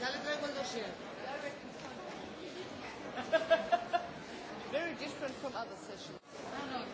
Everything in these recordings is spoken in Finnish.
Ya le traigo el dossier. Very different from other sessions. No, no.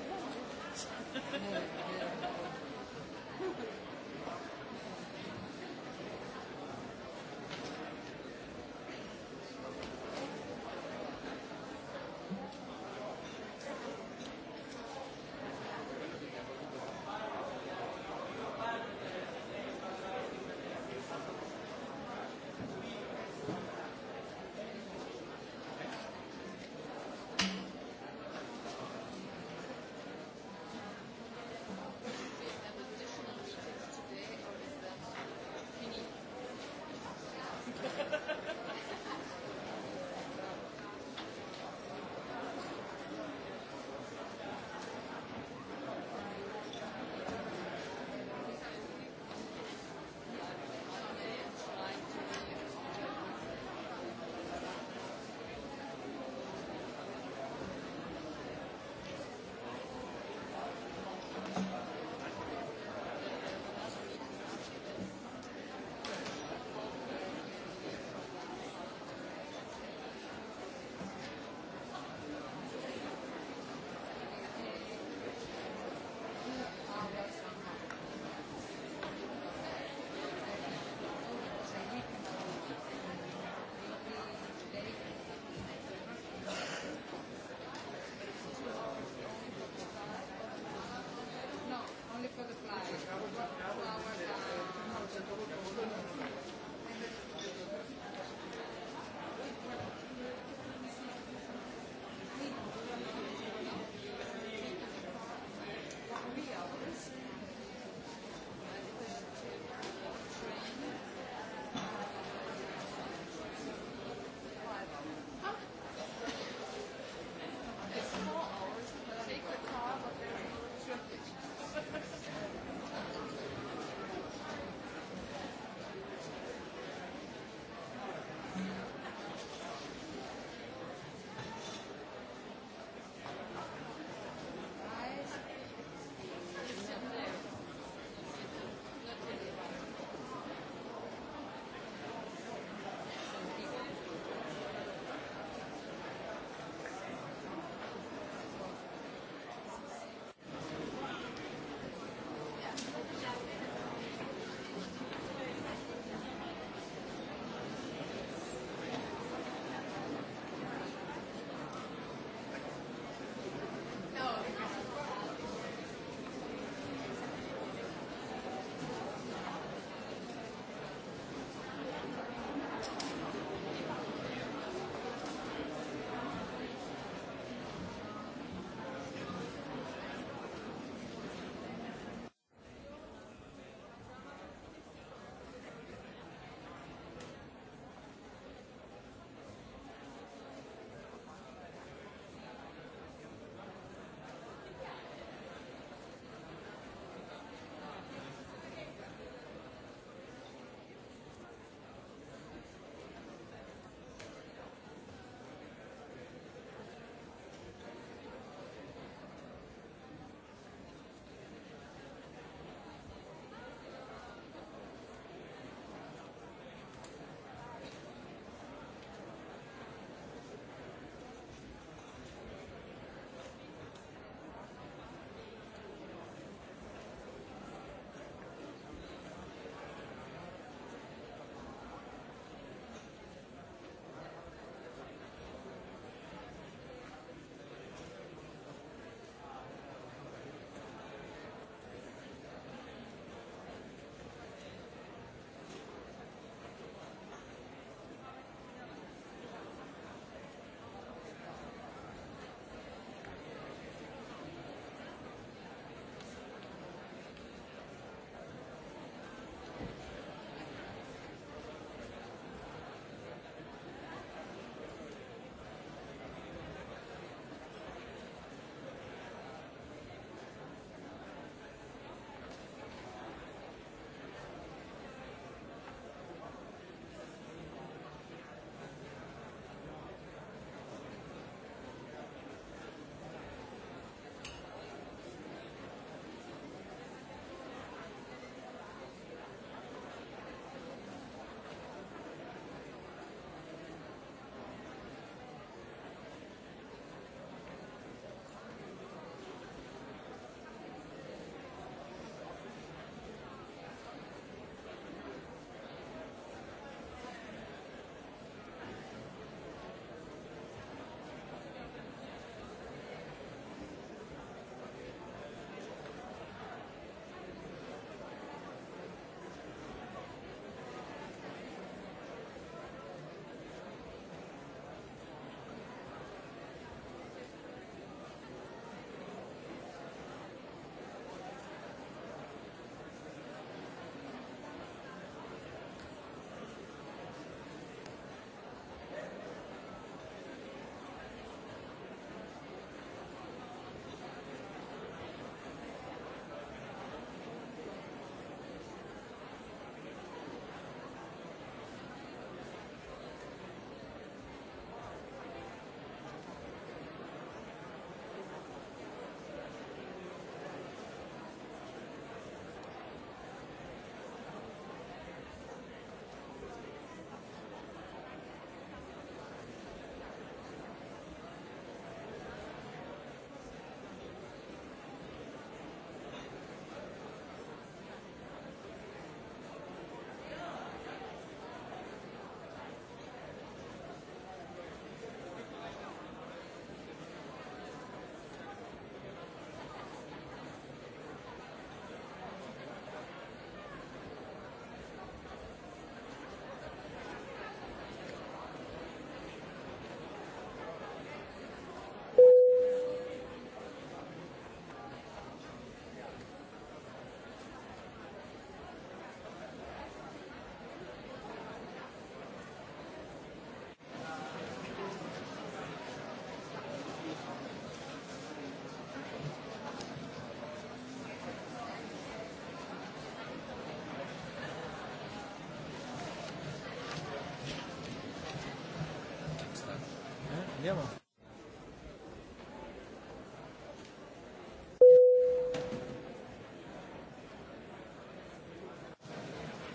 andiamo.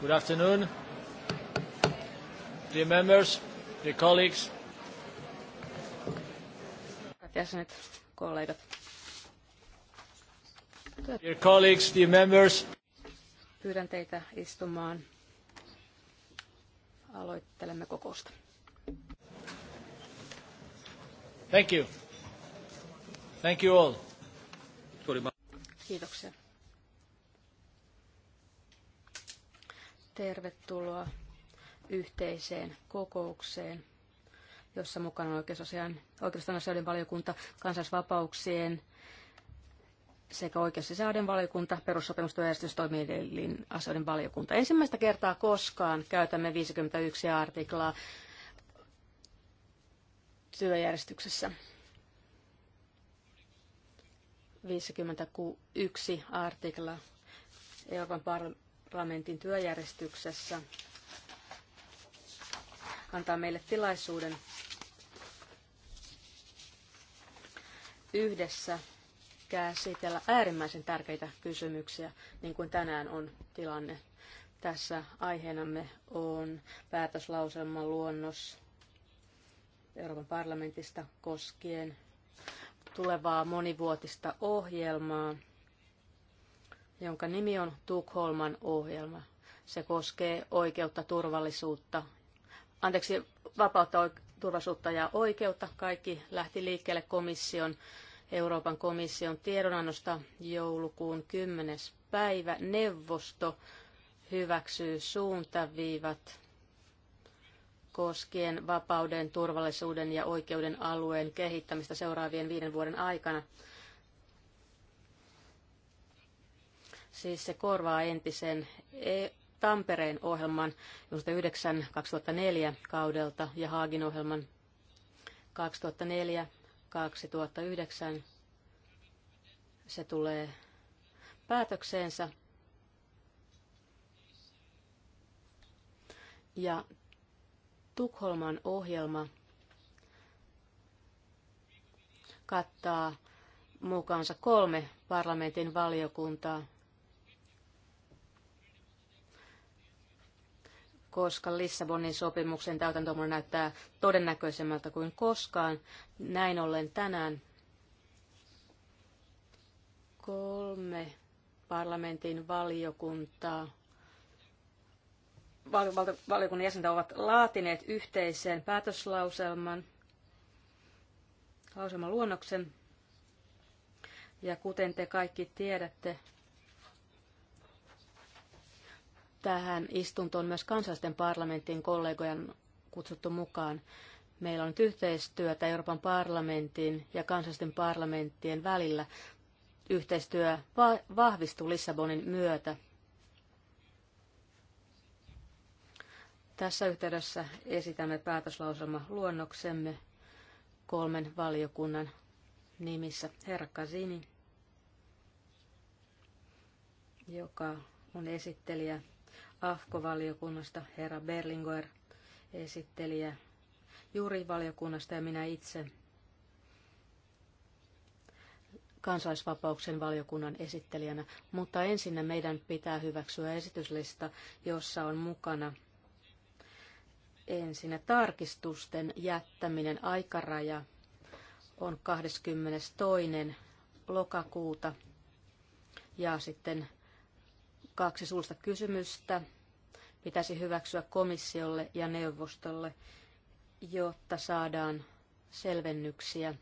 Good afternoon. Dear members, dear colleagues. Dear colleagues, dear members. Pyydän teitä istumaan. Aloittelemme kokousta. Thank you. Thank you all. Kiitoksia. Tervetuloa yhteiseen kokoukseen, jossa mukana on oikeusasian, oikeastaan asioiden valiokunta, kansallisvapauksien sekä oikeusasian valiokunta, perussopimusten järjestystoimielin asioiden valiokunta. Ensimmäistä kertaa koskaan käytämme 51 artiklaa työjärjestyksessä. 51 artikla Euroopan parlamentin työjärjestyksessä antaa meille tilaisuuden yhdessä käsitellä äärimmäisen tärkeitä kysymyksiä, niin kuin tänään on tilanne. Tässä aiheenamme on päätöslauselman luonnos Euroopan parlamentista koskien tulevaa monivuotista ohjelmaa, jonka nimi on Tukholman ohjelma. Se koskee oikeutta, turvallisuutta, anteeksi, vapautta, turvallisuutta ja oikeutta. Kaikki lähti liikkeelle komission, Euroopan komission tiedonannosta joulukuun 10. päivä. Neuvosto hyväksyy suuntaviivat koskien vapauden, turvallisuuden ja oikeuden alueen kehittämistä seuraavien viiden vuoden aikana. Siis se korvaa entisen e- Tampereen ohjelman 2009 2004 kaudelta ja Haagin ohjelman 2004-2009. Se tulee päätökseensä. Ja Tukholman ohjelma kattaa mukaansa kolme parlamentin valiokuntaa, koska Lissabonin sopimuksen täytäntöönpano näyttää todennäköisemmältä kuin koskaan. Näin ollen tänään kolme parlamentin valiokuntaa valiokunnan jäsentä ovat laatineet yhteisen päätöslauselman, lauselman luonnoksen. Ja kuten te kaikki tiedätte, tähän istuntoon myös kansallisten parlamentin kollegojen kutsuttu mukaan. Meillä on nyt yhteistyötä Euroopan parlamentin ja kansallisten parlamenttien välillä. Yhteistyö vahvistuu Lissabonin myötä. Tässä yhteydessä esitämme päätöslauselma luonnoksemme kolmen valiokunnan nimissä. Herra Kasini, joka on esittelijä AFKO-valiokunnasta, herra Berlingoer, esittelijä juurivaliokunnasta ja minä itse kansalaisvapauksen valiokunnan esittelijänä, mutta ensin meidän pitää hyväksyä esityslista, jossa on mukana Ensin tarkistusten jättäminen aikaraja on 22. lokakuuta ja sitten kaksi suusta kysymystä pitäisi hyväksyä komissiolle ja neuvostolle, jotta saadaan selvennyksiä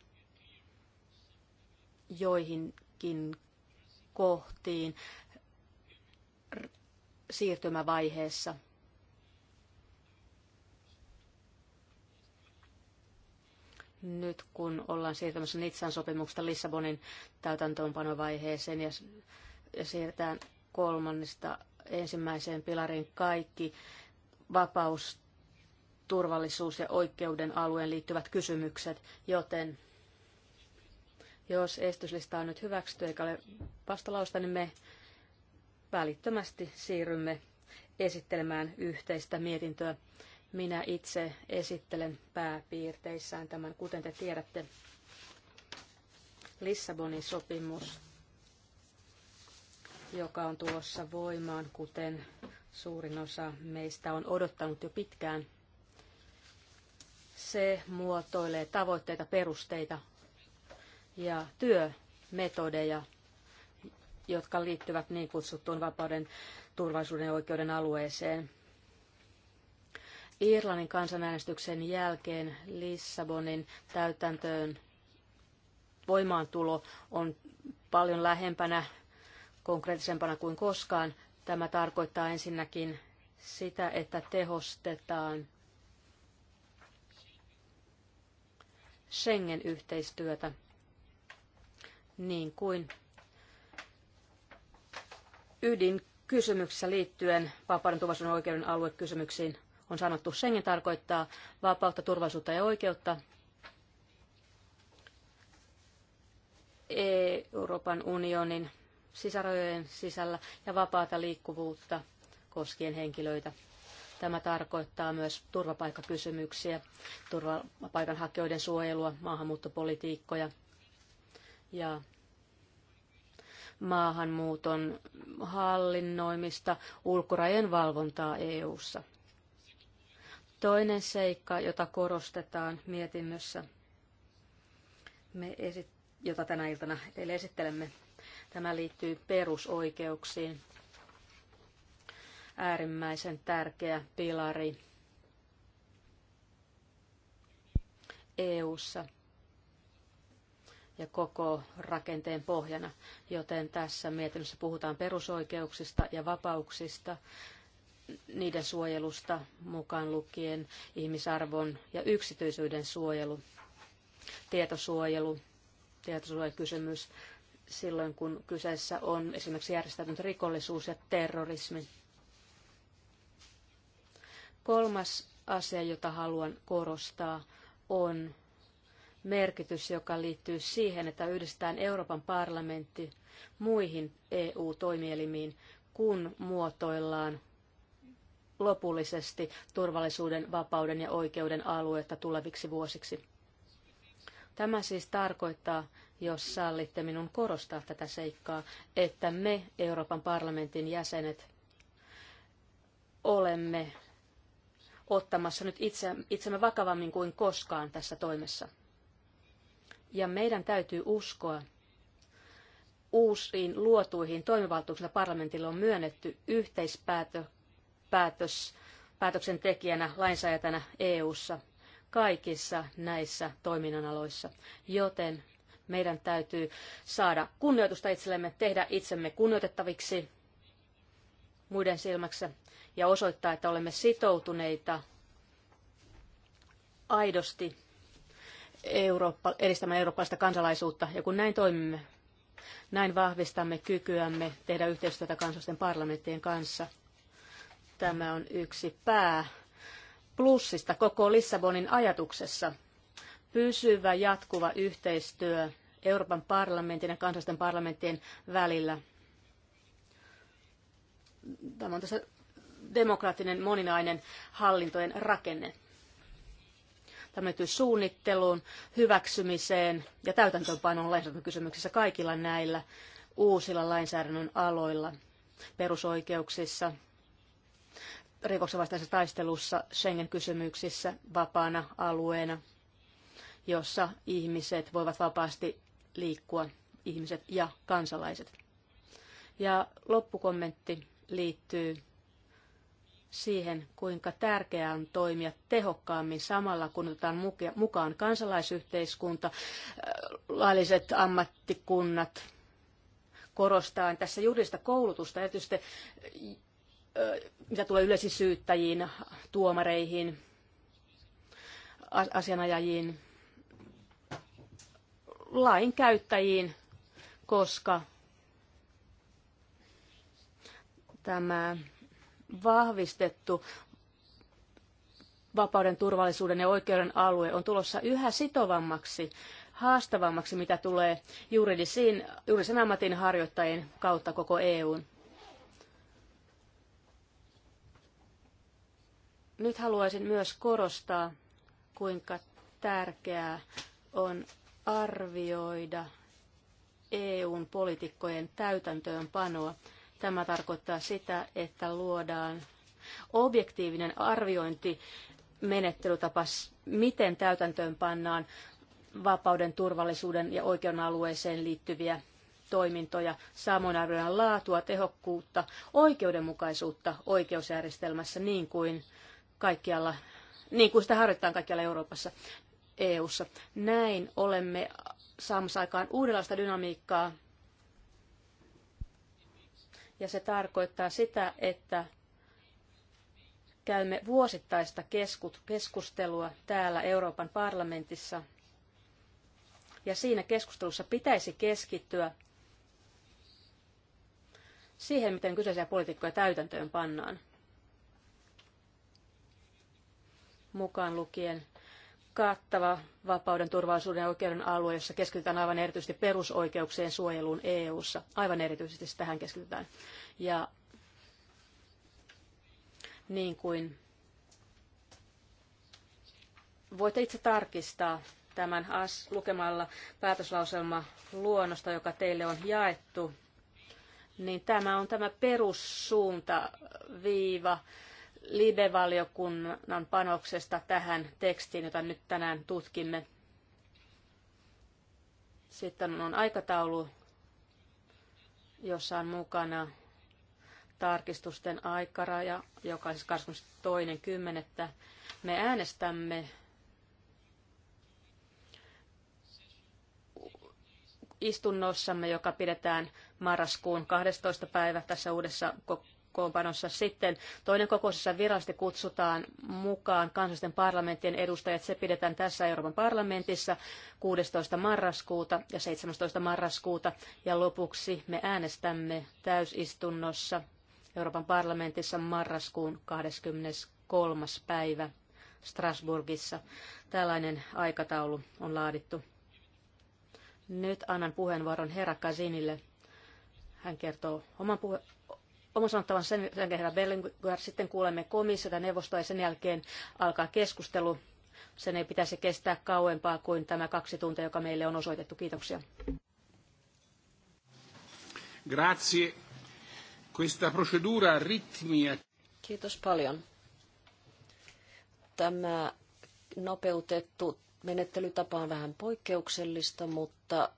joihinkin kohtiin siirtymävaiheessa – nyt kun ollaan siirtämässä Nitsan sopimuksesta Lissabonin täytäntöönpanovaiheeseen ja, ja siirretään kolmannesta ensimmäiseen pilariin kaikki vapaus, turvallisuus ja oikeuden alueen liittyvät kysymykset, joten jos estyslista on nyt hyväksytty eikä ole vastalausta, niin me välittömästi siirrymme esittelemään yhteistä mietintöä. Minä itse esittelen pääpiirteissään tämän, kuten te tiedätte, Lissabonin sopimus, joka on tulossa voimaan, kuten suurin osa meistä on odottanut jo pitkään. Se muotoilee tavoitteita, perusteita ja työmetodeja, jotka liittyvät niin kutsuttuun vapauden, turvallisuuden ja oikeuden alueeseen. Irlannin kansanäänestyksen jälkeen Lissabonin täytäntöön voimaantulo on paljon lähempänä, konkreettisempana kuin koskaan. Tämä tarkoittaa ensinnäkin sitä, että tehostetaan Schengen-yhteistyötä niin kuin ydinkysymyksissä liittyen vapaan tuvasun oikeuden aluekysymyksiin – on sanottu. Schengen tarkoittaa vapautta, turvallisuutta ja oikeutta. Euroopan unionin sisärajojen sisällä ja vapaata liikkuvuutta koskien henkilöitä. Tämä tarkoittaa myös turvapaikkakysymyksiä, turvapaikanhakijoiden suojelua, maahanmuuttopolitiikkoja ja maahanmuuton hallinnoimista, ulkorajojen valvontaa EU:ssa. Toinen seikka, jota korostetaan mietinnössä, me esit- jota tänä iltana teille esittelemme, tämä liittyy perusoikeuksiin. Äärimmäisen tärkeä pilari EU:ssa ja koko rakenteen pohjana, joten tässä mietinnössä puhutaan perusoikeuksista ja vapauksista niiden suojelusta mukaan lukien ihmisarvon ja yksityisyyden suojelu, tietosuojelu, tietosuojakysymys silloin, kun kyseessä on esimerkiksi järjestäytynyt rikollisuus ja terrorismi. Kolmas asia, jota haluan korostaa, on merkitys, joka liittyy siihen, että yhdistetään Euroopan parlamentti muihin EU-toimielimiin, kun muotoillaan lopullisesti turvallisuuden, vapauden ja oikeuden aluetta tuleviksi vuosiksi. Tämä siis tarkoittaa, jos sallitte minun korostaa tätä seikkaa, että me Euroopan parlamentin jäsenet olemme ottamassa nyt itse, itsemme vakavammin kuin koskaan tässä toimessa. Ja meidän täytyy uskoa uusiin luotuihin toimivaltuuksilla parlamentille on myönnetty yhteispäätö päätös, päätöksentekijänä, lainsäätänä EU-ssa kaikissa näissä toiminnanaloissa. Joten meidän täytyy saada kunnioitusta itsellemme, tehdä itsemme kunnioitettaviksi muiden silmässä ja osoittaa, että olemme sitoutuneita aidosti Eurooppa, edistämään eurooppalaista kansalaisuutta. Ja kun näin toimimme, näin vahvistamme kykyämme tehdä yhteistyötä kansallisten parlamenttien kanssa – Tämä on yksi pää plussista koko Lissabonin ajatuksessa. Pysyvä jatkuva yhteistyö Euroopan parlamentin ja kansallisten parlamenttien välillä. Tämä on tässä demokraattinen moninainen hallintojen rakenne. Tämä liittyy suunnitteluun, hyväksymiseen ja täytäntöönpanoon lainsäädäntökysymyksissä kaikilla näillä uusilla lainsäädännön aloilla, perusoikeuksissa, rikoksenvastaisessa taistelussa Schengen-kysymyksissä vapaana alueena, jossa ihmiset voivat vapaasti liikkua, ihmiset ja kansalaiset. Ja loppukommentti liittyy siihen, kuinka tärkeää on toimia tehokkaammin samalla, kun otetaan mukaan kansalaisyhteiskunta, äh, lailliset ammattikunnat. Korostaan tässä juridista koulutusta, erityisesti mitä tulee yleisisyyttäjiin, tuomareihin, asianajajiin, lain käyttäjiin, koska tämä vahvistettu vapauden, turvallisuuden ja oikeuden alue on tulossa yhä sitovammaksi, haastavammaksi, mitä tulee juridisiin, juridisen ammatin harjoittajien kautta koko EUn. Nyt haluaisin myös korostaa, kuinka tärkeää on arvioida EUn poliitikkojen täytäntöönpanoa. Tämä tarkoittaa sitä, että luodaan objektiivinen arviointi menettelytapas, miten täytäntöön pannaan vapauden, turvallisuuden ja oikeuden alueeseen liittyviä toimintoja, samoin arvioidaan laatua, tehokkuutta, oikeudenmukaisuutta oikeusjärjestelmässä niin kuin kaikkialla, niin kuin sitä harjoitetaan kaikkialla Euroopassa, EUssa. Näin olemme saamassa aikaan uudenlaista dynamiikkaa. Ja se tarkoittaa sitä, että käymme vuosittaista keskustelua täällä Euroopan parlamentissa. Ja siinä keskustelussa pitäisi keskittyä siihen, miten kyseisiä poliitikkoja täytäntöön pannaan. mukaan lukien kattava vapauden, turvallisuuden ja oikeuden alue, jossa keskitytään aivan erityisesti perusoikeuksien suojeluun EU-ssa. Aivan erityisesti tähän keskitytään. Ja niin kuin voitte itse tarkistaa tämän as lukemalla päätöslauselma luonnosta, joka teille on jaettu, niin tämä on tämä perussuunta viiva libe valiokunnan panoksesta tähän tekstiin, jota nyt tänään tutkimme. Sitten on aikataulu, jossa on mukana tarkistusten aikaraja, joka on siis 22.10. Me äänestämme istunnossamme, joka pidetään marraskuun 12. päivä tässä uudessa kokoonpanossa sitten. Toinen kokousessa virallisesti kutsutaan mukaan kansallisten parlamenttien edustajat. Se pidetään tässä Euroopan parlamentissa 16. marraskuuta ja 17. marraskuuta. Ja lopuksi me äänestämme täysistunnossa Euroopan parlamentissa marraskuun 23. päivä Strasbourgissa. Tällainen aikataulu on laadittu. Nyt annan puheenvuoron herra Kasinille. Hän kertoo oman puheen Oma sanottavan sen, jälkeen herra Berlinguer, sitten kuulemme komissiota neuvostoa ja sen jälkeen alkaa keskustelu. Sen ei pitäisi kestää kauempaa kuin tämä kaksi tuntia, joka meille on osoitettu. Kiitoksia. Grazie. Questa procedura ritmia. E- Kiitos paljon. Tämä nopeutettu menettelytapa on vähän poikkeuksellista, mutta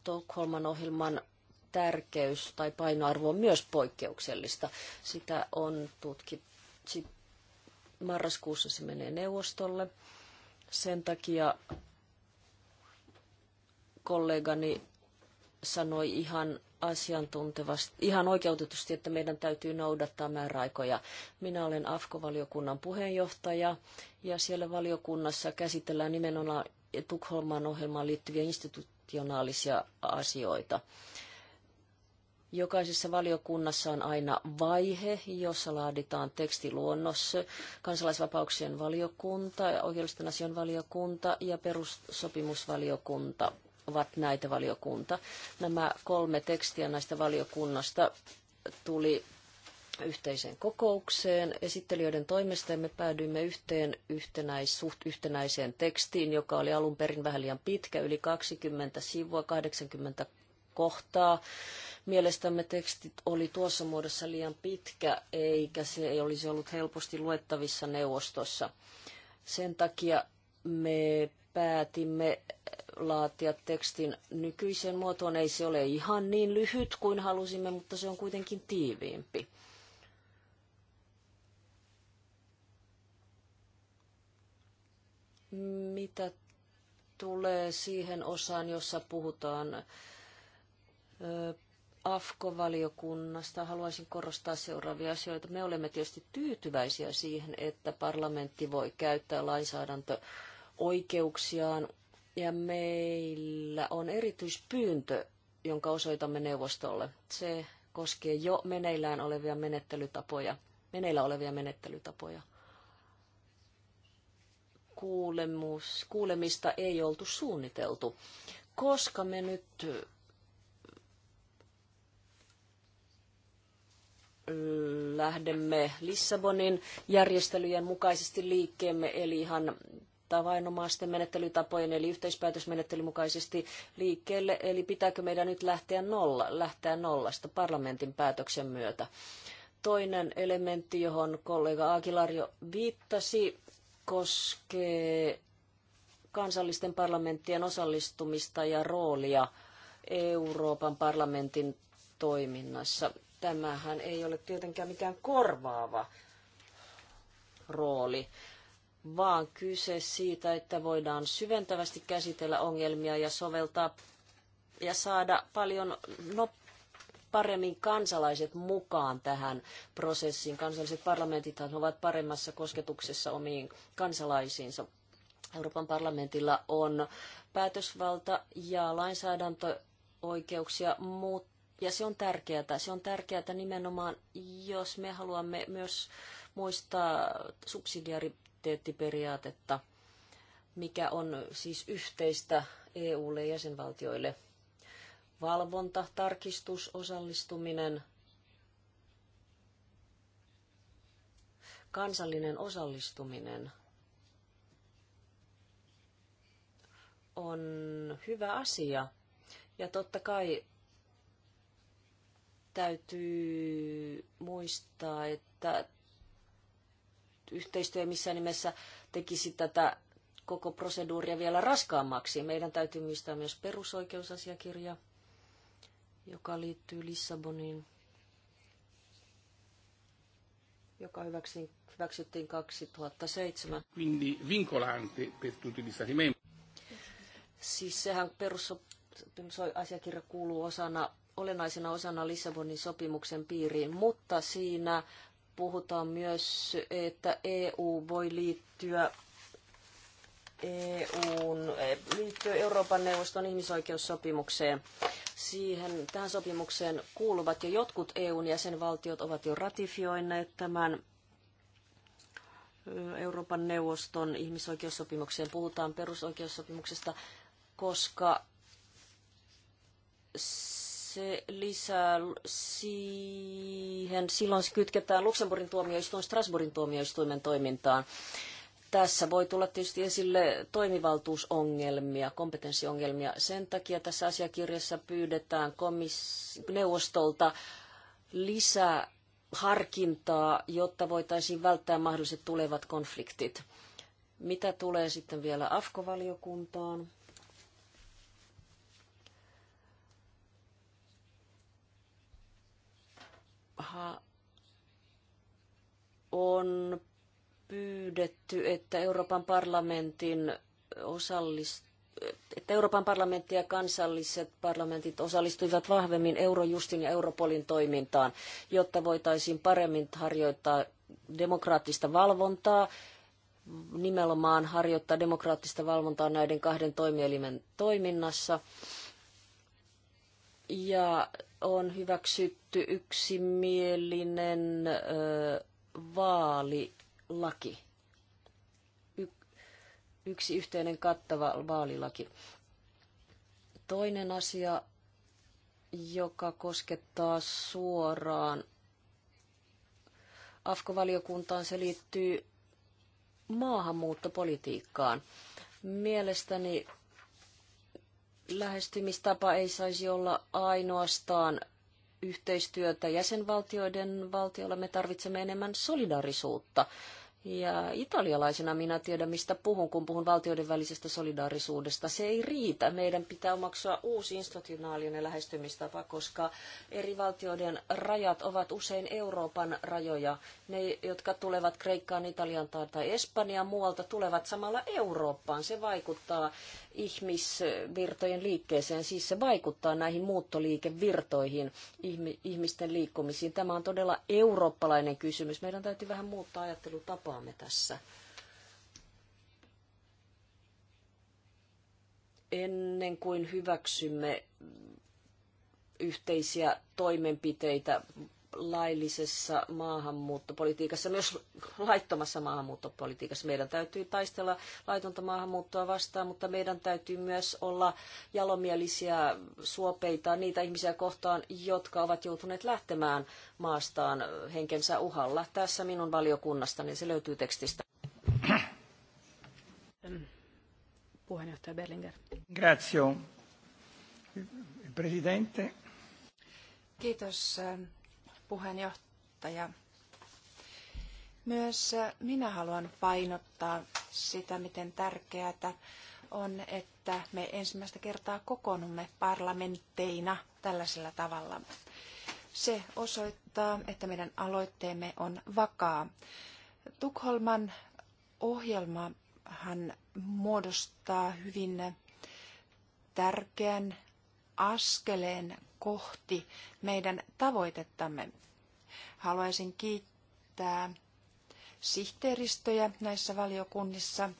Stockholman ohjelman tärkeys tai painoarvo on myös poikkeuksellista. Sitä on tutkittu. Marraskuussa se menee neuvostolle. Sen takia kollegani sanoi ihan asiantuntevasti, ihan oikeutetusti, että meidän täytyy noudattaa määräaikoja. Minä olen AFKO-valiokunnan puheenjohtaja ja siellä valiokunnassa käsitellään nimenomaan Tukholman ohjelmaan liittyviä institutionaalisia asioita. Jokaisessa valiokunnassa on aina vaihe, jossa laaditaan tekstiluonnos, kansalaisvapauksien valiokunta, oikeudellisten asian valiokunta ja perussopimusvaliokunta ovat näitä valiokunta. Nämä kolme tekstiä näistä valiokunnasta tuli yhteiseen kokoukseen esittelijöiden toimesta ja me päädyimme yhteen yhtenäis, suht yhtenäiseen tekstiin, joka oli alun perin vähän liian pitkä, yli 20 sivua, 80 kohtaa. Mielestämme tekstit oli tuossa muodossa liian pitkä, eikä se ei olisi ollut helposti luettavissa neuvostossa. Sen takia me päätimme laatia tekstin nykyisen muotoon. Ei se ole ihan niin lyhyt kuin halusimme, mutta se on kuitenkin tiiviimpi. Mitä tulee siihen osaan, jossa puhutaan AFKO-valiokunnasta haluaisin korostaa seuraavia asioita. Me olemme tietysti tyytyväisiä siihen, että parlamentti voi käyttää lainsäädäntöoikeuksiaan ja meillä on erityispyyntö, jonka osoitamme neuvostolle. Se koskee jo meneillään olevia menettelytapoja. Meneillä olevia menettelytapoja. Kuulemus, kuulemista ei oltu suunniteltu. Koska me nyt lähdemme Lissabonin järjestelyjen mukaisesti liikkeemme, eli ihan tavainomaisten menettelytapojen eli yhteispäätösmenettelyn mukaisesti liikkeelle, eli pitääkö meidän nyt lähteä, nolla, lähteä nollasta parlamentin päätöksen myötä. Toinen elementti, johon kollega Aakilarjo viittasi, koskee kansallisten parlamenttien osallistumista ja roolia Euroopan parlamentin toiminnassa. Tämähän ei ole tietenkään mikään korvaava rooli, vaan kyse siitä, että voidaan syventävästi käsitellä ongelmia ja soveltaa ja saada paljon no, paremmin kansalaiset mukaan tähän prosessiin. Kansalliset parlamentit ovat paremmassa kosketuksessa omiin kansalaisiinsa. Euroopan parlamentilla on päätösvalta ja lainsäädäntöoikeuksia, mutta ja se on tärkeää. Se on tärkeää nimenomaan, jos me haluamme myös muistaa subsidiariteettiperiaatetta, mikä on siis yhteistä EUlle ja jäsenvaltioille. Valvonta, tarkistus, osallistuminen, kansallinen osallistuminen on hyvä asia. Ja totta kai Täytyy muistaa, että yhteistyö missään nimessä tekisi tätä koko proseduuria vielä raskaammaksi. Meidän täytyy muistaa myös perusoikeusasiakirja, joka liittyy Lissaboniin, joka hyväksyttiin 2007. Quindi vincolante per tutti gli Siis sehän perusoikeusasiakirja kuuluu osana olennaisena osana Lissabonin sopimuksen piiriin, mutta siinä puhutaan myös, että EU voi liittyä EUn, liittyy Euroopan neuvoston ihmisoikeussopimukseen. Siihen, tähän sopimukseen kuuluvat jo jotkut EUn jäsenvaltiot ovat jo ratifioineet tämän Euroopan neuvoston ihmisoikeussopimukseen. Puhutaan perusoikeussopimuksesta, koska se lisää siihen, silloin se kytketään Luxemburgin tuomioistuin Strasbourgin tuomioistuimen toimintaan. Tässä voi tulla tietysti esille toimivaltuusongelmia, kompetenssiongelmia. Sen takia tässä asiakirjassa pyydetään neuvostolta lisää harkintaa, jotta voitaisiin välttää mahdolliset tulevat konfliktit. Mitä tulee sitten vielä AFKO-valiokuntaan? on pyydetty, että Euroopan parlamentin osallistuu että Euroopan parlamentti ja kansalliset parlamentit osallistuivat vahvemmin Eurojustin ja Europolin toimintaan, jotta voitaisiin paremmin harjoittaa demokraattista valvontaa, nimenomaan harjoittaa demokraattista valvontaa näiden kahden toimielimen toiminnassa ja on hyväksytty yksimielinen ö, vaalilaki. Y, yksi yhteinen kattava vaalilaki. Toinen asia, joka koskettaa suoraan Afkovaliokuntaan, se liittyy maahanmuuttopolitiikkaan. Mielestäni lähestymistapa ei saisi olla ainoastaan yhteistyötä jäsenvaltioiden valtiolla. Me tarvitsemme enemmän solidaarisuutta. Ja italialaisena minä tiedän, mistä puhun, kun puhun valtioiden välisestä solidaarisuudesta. Se ei riitä. Meidän pitää omaksua uusi institutionaalinen lähestymistapa, koska eri valtioiden rajat ovat usein Euroopan rajoja. Ne, jotka tulevat Kreikkaan, Italiaan tai Espanjaan muualta, tulevat samalla Eurooppaan. Se vaikuttaa ihmisvirtojen liikkeeseen. Siis se vaikuttaa näihin muuttoliikevirtoihin, ihmisten liikkumisiin. Tämä on todella eurooppalainen kysymys. Meidän täytyy vähän muuttaa ajattelutapaamme tässä. Ennen kuin hyväksymme yhteisiä toimenpiteitä laillisessa maahanmuuttopolitiikassa, myös laittomassa maahanmuuttopolitiikassa. Meidän täytyy taistella laitonta maahanmuuttoa vastaan, mutta meidän täytyy myös olla jalomielisiä suopeita niitä ihmisiä kohtaan, jotka ovat joutuneet lähtemään maastaan henkensä uhalla. Tässä minun valiokunnastani, se löytyy tekstistä. Puheenjohtaja Berlinger. Grazie. Presidente. Kiitos puheenjohtaja. Myös minä haluan painottaa sitä, miten tärkeää on, että me ensimmäistä kertaa kokoonnumme parlamentteina tällaisella tavalla. Se osoittaa, että meidän aloitteemme on vakaa. Tukholman ohjelmahan muodostaa hyvin tärkeän askeleen kohti meidän tavoitettamme. Haluaisin kiittää sihteeristöjä näissä valiokunnissa,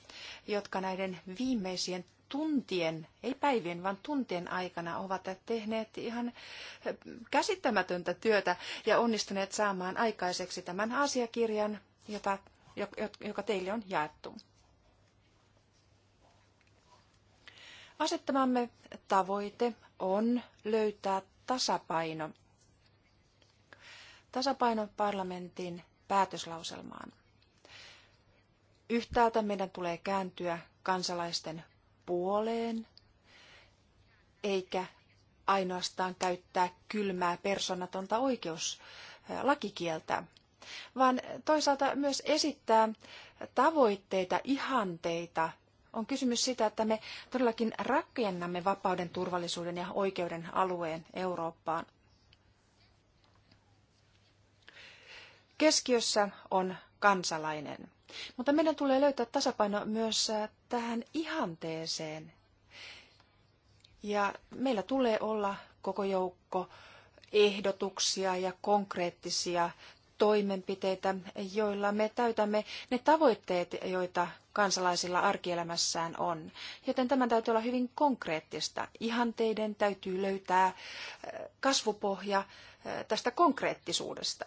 jotka näiden viimeisien tuntien, ei päivien, vaan tuntien aikana ovat tehneet ihan käsittämätöntä työtä ja onnistuneet saamaan aikaiseksi tämän asiakirjan, jota, joka teille on jaettu. Asettamamme tavoite on löytää tasapaino tasapaino parlamentin päätöslauselmaan. Yhtäältä meidän tulee kääntyä kansalaisten puoleen, eikä ainoastaan käyttää kylmää persoonatonta oikeuslakikieltä, vaan toisaalta myös esittää tavoitteita, ihanteita. On kysymys sitä, että me todellakin rakennamme vapauden, turvallisuuden ja oikeuden alueen Eurooppaan. Keskiössä on kansalainen. Mutta meidän tulee löytää tasapaino myös äh, tähän ihanteeseen. Ja meillä tulee olla koko joukko ehdotuksia ja konkreettisia toimenpiteitä, joilla me täytämme ne tavoitteet, joita kansalaisilla arkielämässään on. Joten tämän täytyy olla hyvin konkreettista. Ihanteiden täytyy löytää äh, kasvupohja äh, tästä konkreettisuudesta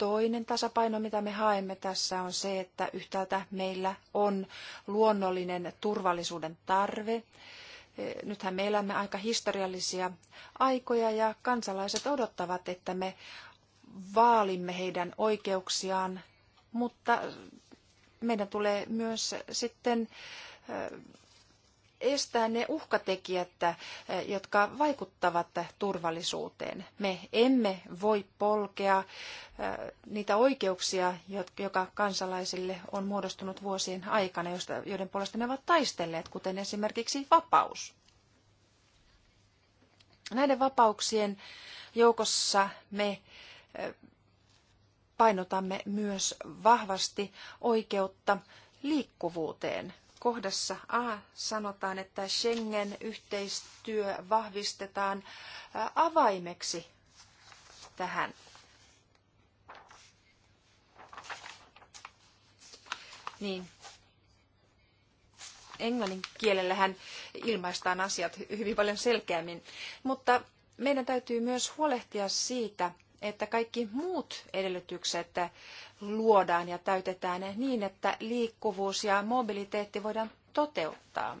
toinen tasapaino, mitä me haemme tässä, on se, että yhtäältä meillä on luonnollinen turvallisuuden tarve. E, nythän me elämme aika historiallisia aikoja ja kansalaiset odottavat, että me vaalimme heidän oikeuksiaan, mutta meidän tulee myös sitten e, estää ne uhkatekijät, eh, jotka vaikuttavat turvallisuuteen. Me emme voi polkea eh, niitä oikeuksia, joka kansalaisille on muodostunut vuosien aikana, joiden puolesta ne ovat taistelleet, kuten esimerkiksi vapaus. Näiden vapauksien joukossa me eh, painotamme myös vahvasti oikeutta liikkuvuuteen – kohdassa A sanotaan, että Schengen-yhteistyö vahvistetaan avaimeksi tähän. Niin. Englannin kielellähän ilmaistaan asiat hyvin paljon selkeämmin, mutta meidän täytyy myös huolehtia siitä, että kaikki muut edellytykset luodaan ja täytetään niin, että liikkuvuus ja mobiliteetti voidaan toteuttaa.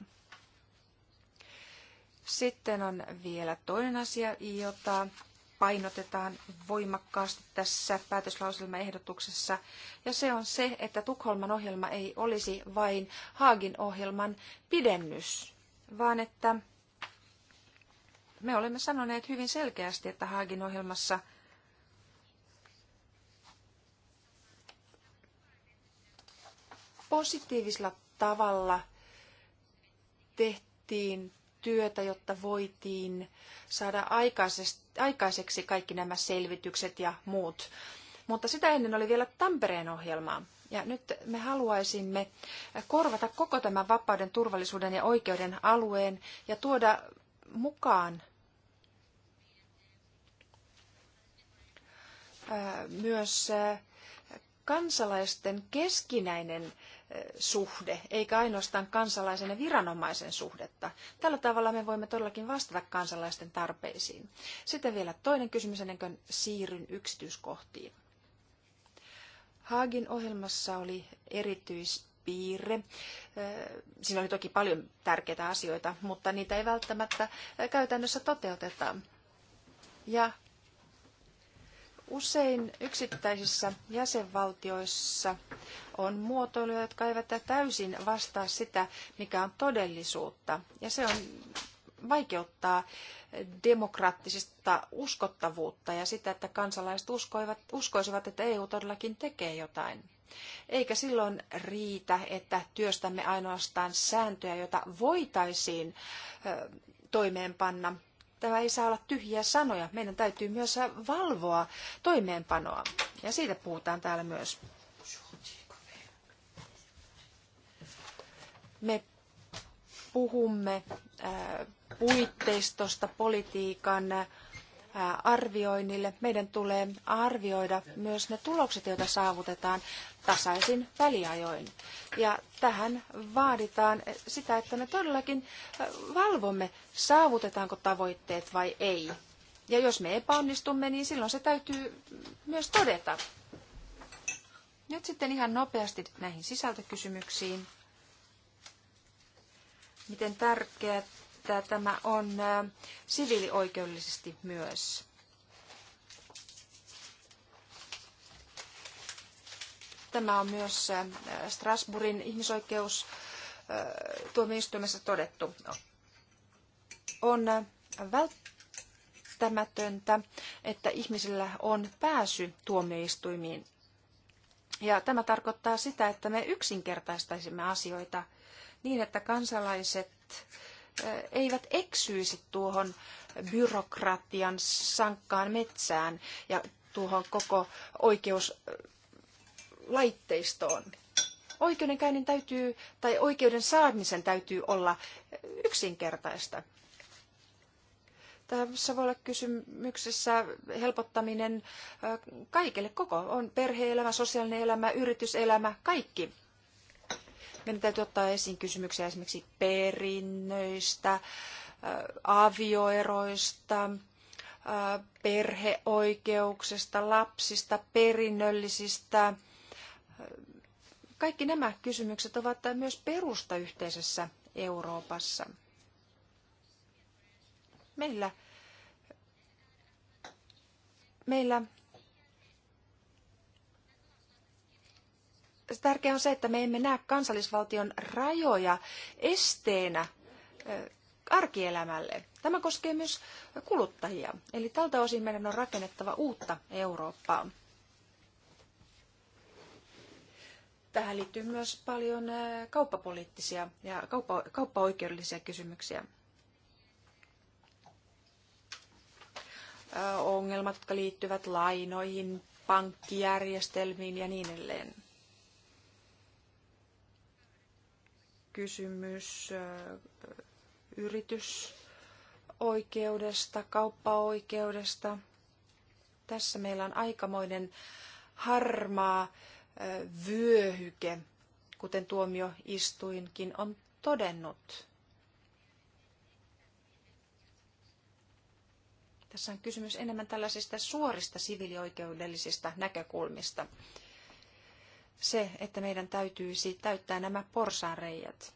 Sitten on vielä toinen asia, jota painotetaan voimakkaasti tässä päätöslauselmaehdotuksessa, ja se on se, että Tukholman ohjelma ei olisi vain Haagin ohjelman pidennys, vaan että me olemme sanoneet hyvin selkeästi, että Haagin ohjelmassa – positiivisella tavalla tehtiin työtä, jotta voitiin saada aikaiseksi kaikki nämä selvitykset ja muut. Mutta sitä ennen oli vielä Tampereen ohjelma. Ja nyt me haluaisimme korvata koko tämän vapauden, turvallisuuden ja oikeuden alueen ja tuoda mukaan myös kansalaisten keskinäinen suhde, eikä ainoastaan kansalaisen ja viranomaisen suhdetta. Tällä tavalla me voimme todellakin vastata kansalaisten tarpeisiin. Sitten vielä toinen kysymys ennen kuin siirryn yksityiskohtiin. Haagin ohjelmassa oli erityispiirre. Siinä oli toki paljon tärkeitä asioita, mutta niitä ei välttämättä käytännössä toteuteta. Ja Usein yksittäisissä jäsenvaltioissa on muotoiluja, jotka eivät täysin vastaa sitä, mikä on todellisuutta. Ja se on vaikeuttaa demokraattisista uskottavuutta ja sitä, että kansalaiset uskoivat, uskoisivat, että EU todellakin tekee jotain. Eikä silloin riitä, että työstämme ainoastaan sääntöjä, joita voitaisiin toimeenpanna tämä ei saa olla tyhjiä sanoja. Meidän täytyy myös valvoa toimeenpanoa. Ja siitä puhutaan täällä myös. Me puhumme äh, puitteistosta, politiikan arvioinnille. Meidän tulee arvioida myös ne tulokset, joita saavutetaan tasaisin väliajoin. Ja tähän vaaditaan sitä, että me todellakin valvomme, saavutetaanko tavoitteet vai ei. Ja jos me epäonnistumme, niin silloin se täytyy myös todeta. Nyt sitten ihan nopeasti näihin sisältökysymyksiin. Miten tärkeät että tämä on siviilioikeudellisesti myös. Tämä on myös Strasbourgin ihmisoikeustuomioistuimessa todettu. On välttämätöntä, että ihmisillä on pääsy tuomioistuimiin. Ja tämä tarkoittaa sitä, että me yksinkertaistaisimme asioita niin, että kansalaiset eivät eksyisi tuohon byrokratian sankkaan metsään ja tuohon koko oikeuslaitteistoon. Oikeudenkäynnin täytyy, tai oikeuden saamisen täytyy olla yksinkertaista. Tässä voi olla kysymyksessä helpottaminen kaikille koko. On perhe-elämä, sosiaalinen elämä, yrityselämä, kaikki. Meidän täytyy ottaa esiin kysymyksiä esimerkiksi perinnöistä, äh, avioeroista, äh, perheoikeuksista, lapsista, perinnöllisistä. Äh, kaikki nämä kysymykset ovat myös perusta yhteisessä Euroopassa. Meillä, meillä tärkeää on se, että me emme näe kansallisvaltion rajoja esteenä arkielämälle. Tämä koskee myös kuluttajia. Eli tältä osin meidän on rakennettava uutta Eurooppaa. Tähän liittyy myös paljon kauppapoliittisia ja kauppa, kauppaoikeudellisia kysymyksiä. Ongelmat, jotka liittyvät lainoihin, pankkijärjestelmiin ja niin edelleen. kysymys yritysoikeudesta, kauppaoikeudesta. Tässä meillä on aikamoinen harmaa vyöhyke, kuten tuomioistuinkin on todennut. Tässä on kysymys enemmän tällaisista suorista sivilioikeudellisista näkökulmista se, että meidän täytyisi täyttää nämä porsaanreijät.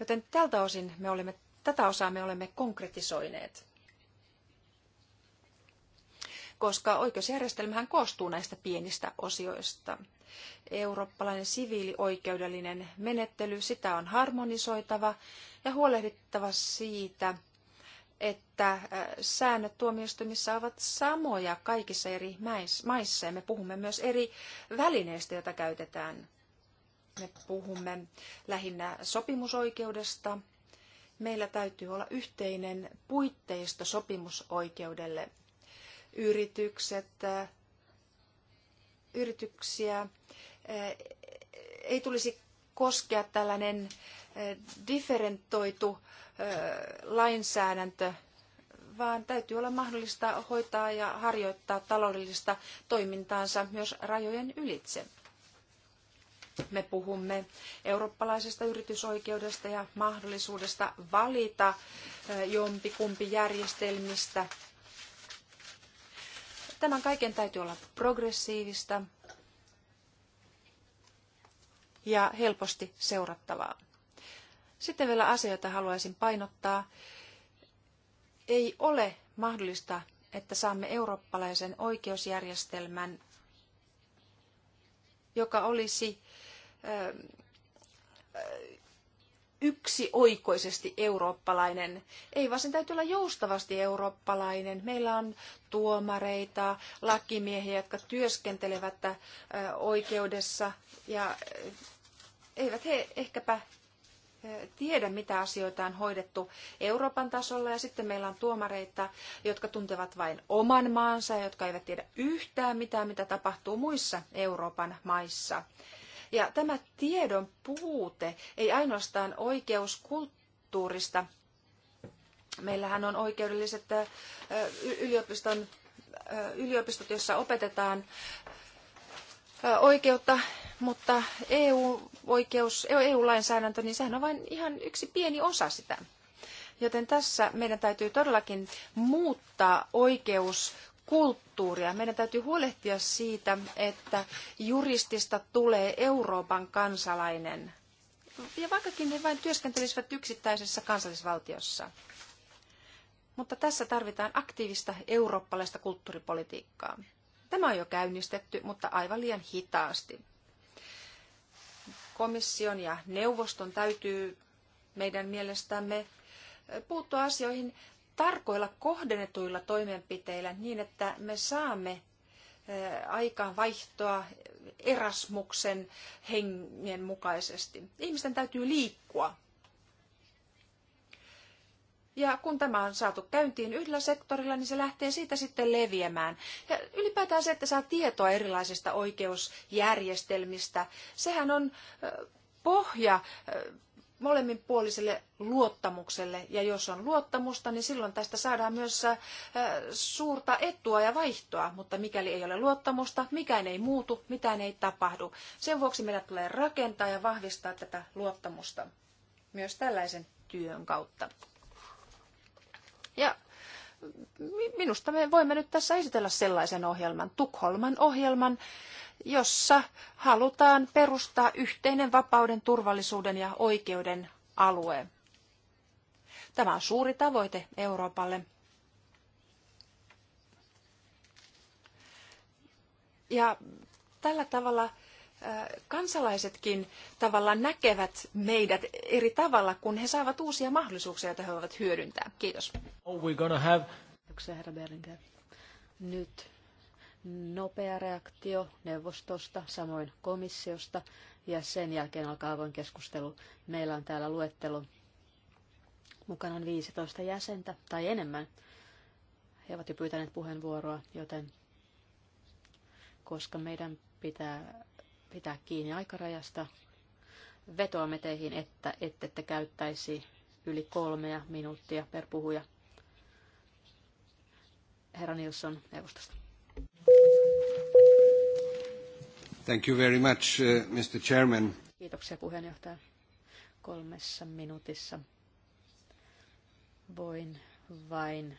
Joten tältä osin me olemme, tätä osaa me olemme konkretisoineet. Koska oikeusjärjestelmähän koostuu näistä pienistä osioista. Eurooppalainen siviilioikeudellinen menettely, sitä on harmonisoitava ja huolehdittava siitä, että äh, säännöt tuomioistuimissa ovat samoja kaikissa eri maissa ja me puhumme myös eri välineistä, joita käytetään. Me puhumme lähinnä sopimusoikeudesta. Meillä täytyy olla yhteinen puitteisto sopimusoikeudelle. Yritykset, äh, yrityksiä äh, ei tulisi koskea tällainen differentoitu lainsäädäntö, vaan täytyy olla mahdollista hoitaa ja harjoittaa taloudellista toimintaansa myös rajojen ylitse. Me puhumme eurooppalaisesta yritysoikeudesta ja mahdollisuudesta valita jompi kumpi järjestelmistä. Tämän kaiken täytyy olla progressiivista ja helposti seurattavaa. Sitten vielä asia, jota haluaisin painottaa. Ei ole mahdollista, että saamme eurooppalaisen oikeusjärjestelmän, joka olisi yksioikoisesti eurooppalainen. Ei vaan sen täytyy olla joustavasti eurooppalainen. Meillä on tuomareita, lakimiehiä, jotka työskentelevät oikeudessa ja eivät he ehkäpä tiedä, mitä asioita on hoidettu Euroopan tasolla. Ja sitten meillä on tuomareita, jotka tuntevat vain oman maansa ja jotka eivät tiedä yhtään mitään, mitä tapahtuu muissa Euroopan maissa. Ja tämä tiedon puute ei ainoastaan oikeuskulttuurista. Meillähän on oikeudelliset yliopiston, yliopistot, joissa opetetaan oikeutta mutta EU-oikeus, EU-lainsäädäntö, niin sehän on vain ihan yksi pieni osa sitä. Joten tässä meidän täytyy todellakin muuttaa oikeuskulttuuria. Meidän täytyy huolehtia siitä, että juristista tulee Euroopan kansalainen. Ja vaikkakin he vain työskentelisivät yksittäisessä kansallisvaltiossa. Mutta tässä tarvitaan aktiivista eurooppalaista kulttuuripolitiikkaa. Tämä on jo käynnistetty, mutta aivan liian hitaasti komission ja neuvoston täytyy meidän mielestämme puuttua asioihin tarkoilla kohdennetuilla toimenpiteillä niin, että me saamme aikaan vaihtoa Erasmuksen hengen mukaisesti. Ihmisten täytyy liikkua. Ja kun tämä on saatu käyntiin yhdellä sektorilla, niin se lähtee siitä sitten leviämään. Ja ylipäätään se, että saa tietoa erilaisista oikeusjärjestelmistä, sehän on pohja molemminpuoliselle luottamukselle. Ja jos on luottamusta, niin silloin tästä saadaan myös suurta etua ja vaihtoa. Mutta mikäli ei ole luottamusta, mikään ei muutu, mitään ei tapahdu. Sen vuoksi meidän tulee rakentaa ja vahvistaa tätä luottamusta myös tällaisen työn kautta. Ja minusta me voimme nyt tässä esitellä sellaisen ohjelman, Tukholman ohjelman, jossa halutaan perustaa yhteinen vapauden, turvallisuuden ja oikeuden alue. Tämä on suuri tavoite Euroopalle. Ja tällä tavalla kansalaisetkin tavallaan näkevät meidät eri tavalla, kun he saavat uusia mahdollisuuksia, joita he voivat hyödyntää. Kiitos. Oh, we're gonna have... Kiitoksia, herra Berlinger. Nyt nopea reaktio neuvostosta, samoin komissiosta, ja sen jälkeen alkaa avoin keskustelu. Meillä on täällä luettelo. Mukana on 15 jäsentä tai enemmän. He ovat jo pyytäneet puheenvuoroa, joten koska meidän pitää pitää kiinni aikarajasta. Vetoamme teihin, että ette te käyttäisi yli kolmea minuuttia per puhuja. Herra Nilsson neuvostosta. Thank you very much, uh, Mr. Chairman. Kiitoksia puheenjohtaja. Kolmessa minuutissa voin vain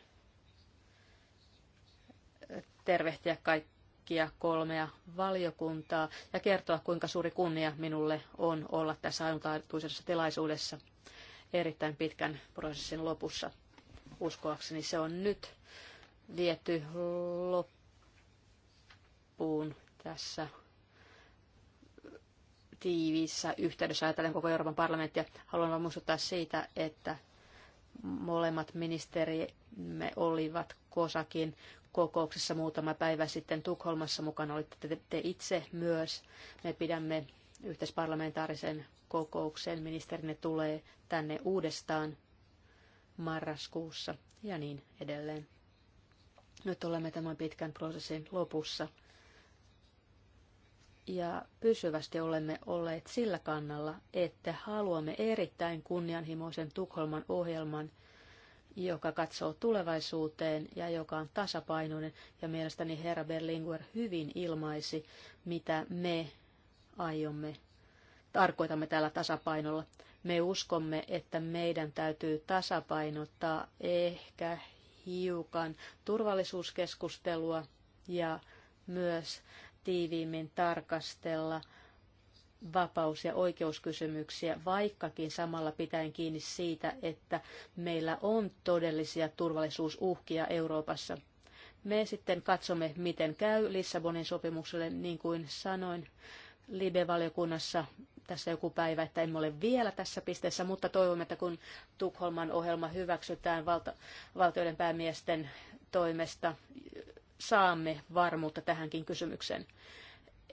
tervehtiä kaikki kaikkia kolmea valiokuntaa ja kertoa, kuinka suuri kunnia minulle on olla tässä ainutlaatuisessa tilaisuudessa erittäin pitkän prosessin lopussa. Uskoakseni se on nyt viety loppuun tässä tiiviissä yhteydessä ajatellen koko Euroopan parlamenttia. Haluan vain muistuttaa siitä, että molemmat ministerimme olivat Kosakin kokouksessa muutama päivä sitten Tukholmassa mukana olitte te, te itse myös. Me pidämme yhteisparlamentaarisen kokouksen. Ministerinne tulee tänne uudestaan marraskuussa ja niin edelleen. Nyt olemme tämän pitkän prosessin lopussa. Ja pysyvästi olemme olleet sillä kannalla, että haluamme erittäin kunnianhimoisen Tukholman ohjelman – joka katsoo tulevaisuuteen ja joka on tasapainoinen. Ja mielestäni herra Berlinguer hyvin ilmaisi, mitä me aiomme, tarkoitamme tällä tasapainolla. Me uskomme, että meidän täytyy tasapainottaa ehkä hiukan turvallisuuskeskustelua ja myös tiiviimmin tarkastella – vapaus- ja oikeuskysymyksiä, vaikkakin samalla pitäen kiinni siitä, että meillä on todellisia turvallisuusuhkia Euroopassa. Me sitten katsomme, miten käy Lissabonin sopimukselle, niin kuin sanoin Libe-valiokunnassa tässä joku päivä, että emme ole vielä tässä pisteessä, mutta toivomme, että kun Tukholman ohjelma hyväksytään valta, valtioiden päämiesten toimesta, saamme varmuutta tähänkin kysymykseen.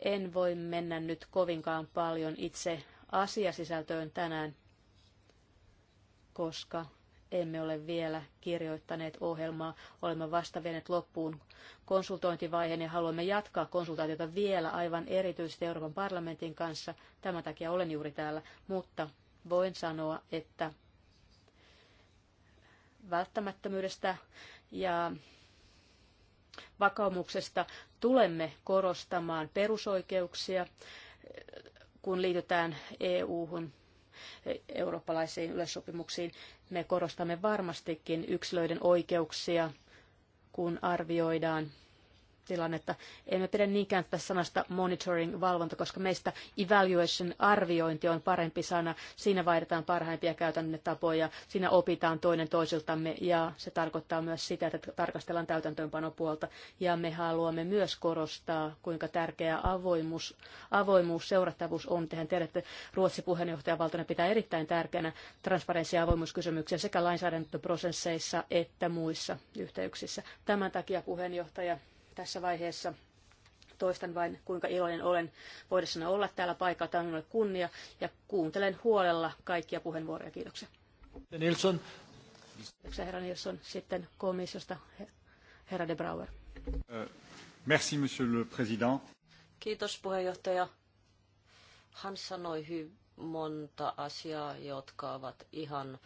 En voi mennä nyt kovinkaan paljon itse asiasisältöön tänään, koska emme ole vielä kirjoittaneet ohjelmaa. Olemme vasta vienet loppuun konsultointivaiheen ja haluamme jatkaa konsultaatiota vielä aivan erityisesti Euroopan parlamentin kanssa. Tämän takia olen juuri täällä, mutta voin sanoa, että välttämättömyydestä ja vakaumuksesta tulemme korostamaan perusoikeuksia, kun liitytään EU-hun eurooppalaisiin yleissopimuksiin. Me korostamme varmastikin yksilöiden oikeuksia, kun arvioidaan tilannetta. Emme pidä niinkään tästä sanasta monitoring, valvonta, koska meistä evaluation, arviointi on parempi sana. Siinä vaihdetaan parhaimpia käytännön tapoja, siinä opitaan toinen toisiltamme ja se tarkoittaa myös sitä, että tarkastellaan täytäntöönpanopuolta. Ja me haluamme myös korostaa, kuinka tärkeä avoimuus, avoimuus seurattavuus on. Tehän tiedätte, Ruotsi puheenjohtajavaltana pitää erittäin tärkeänä transparenssia ja avoimuuskysymyksiä sekä lainsäädäntöprosesseissa että muissa yhteyksissä. Tämän takia puheenjohtaja tässä vaiheessa. Toistan vain, kuinka iloinen olen voidessani olla täällä paikalla. Tämä on minulle kunnia ja kuuntelen huolella kaikkia puheenvuoroja. Kiitoksia. Nilsson. Kiitoksia herra Nilsson. Sitten komissiosta herra De Brouwer. Äh, merci, monsieur le président. Kiitos puheenjohtaja. Hän sanoi hyvin monta asiaa, jotka ovat ihan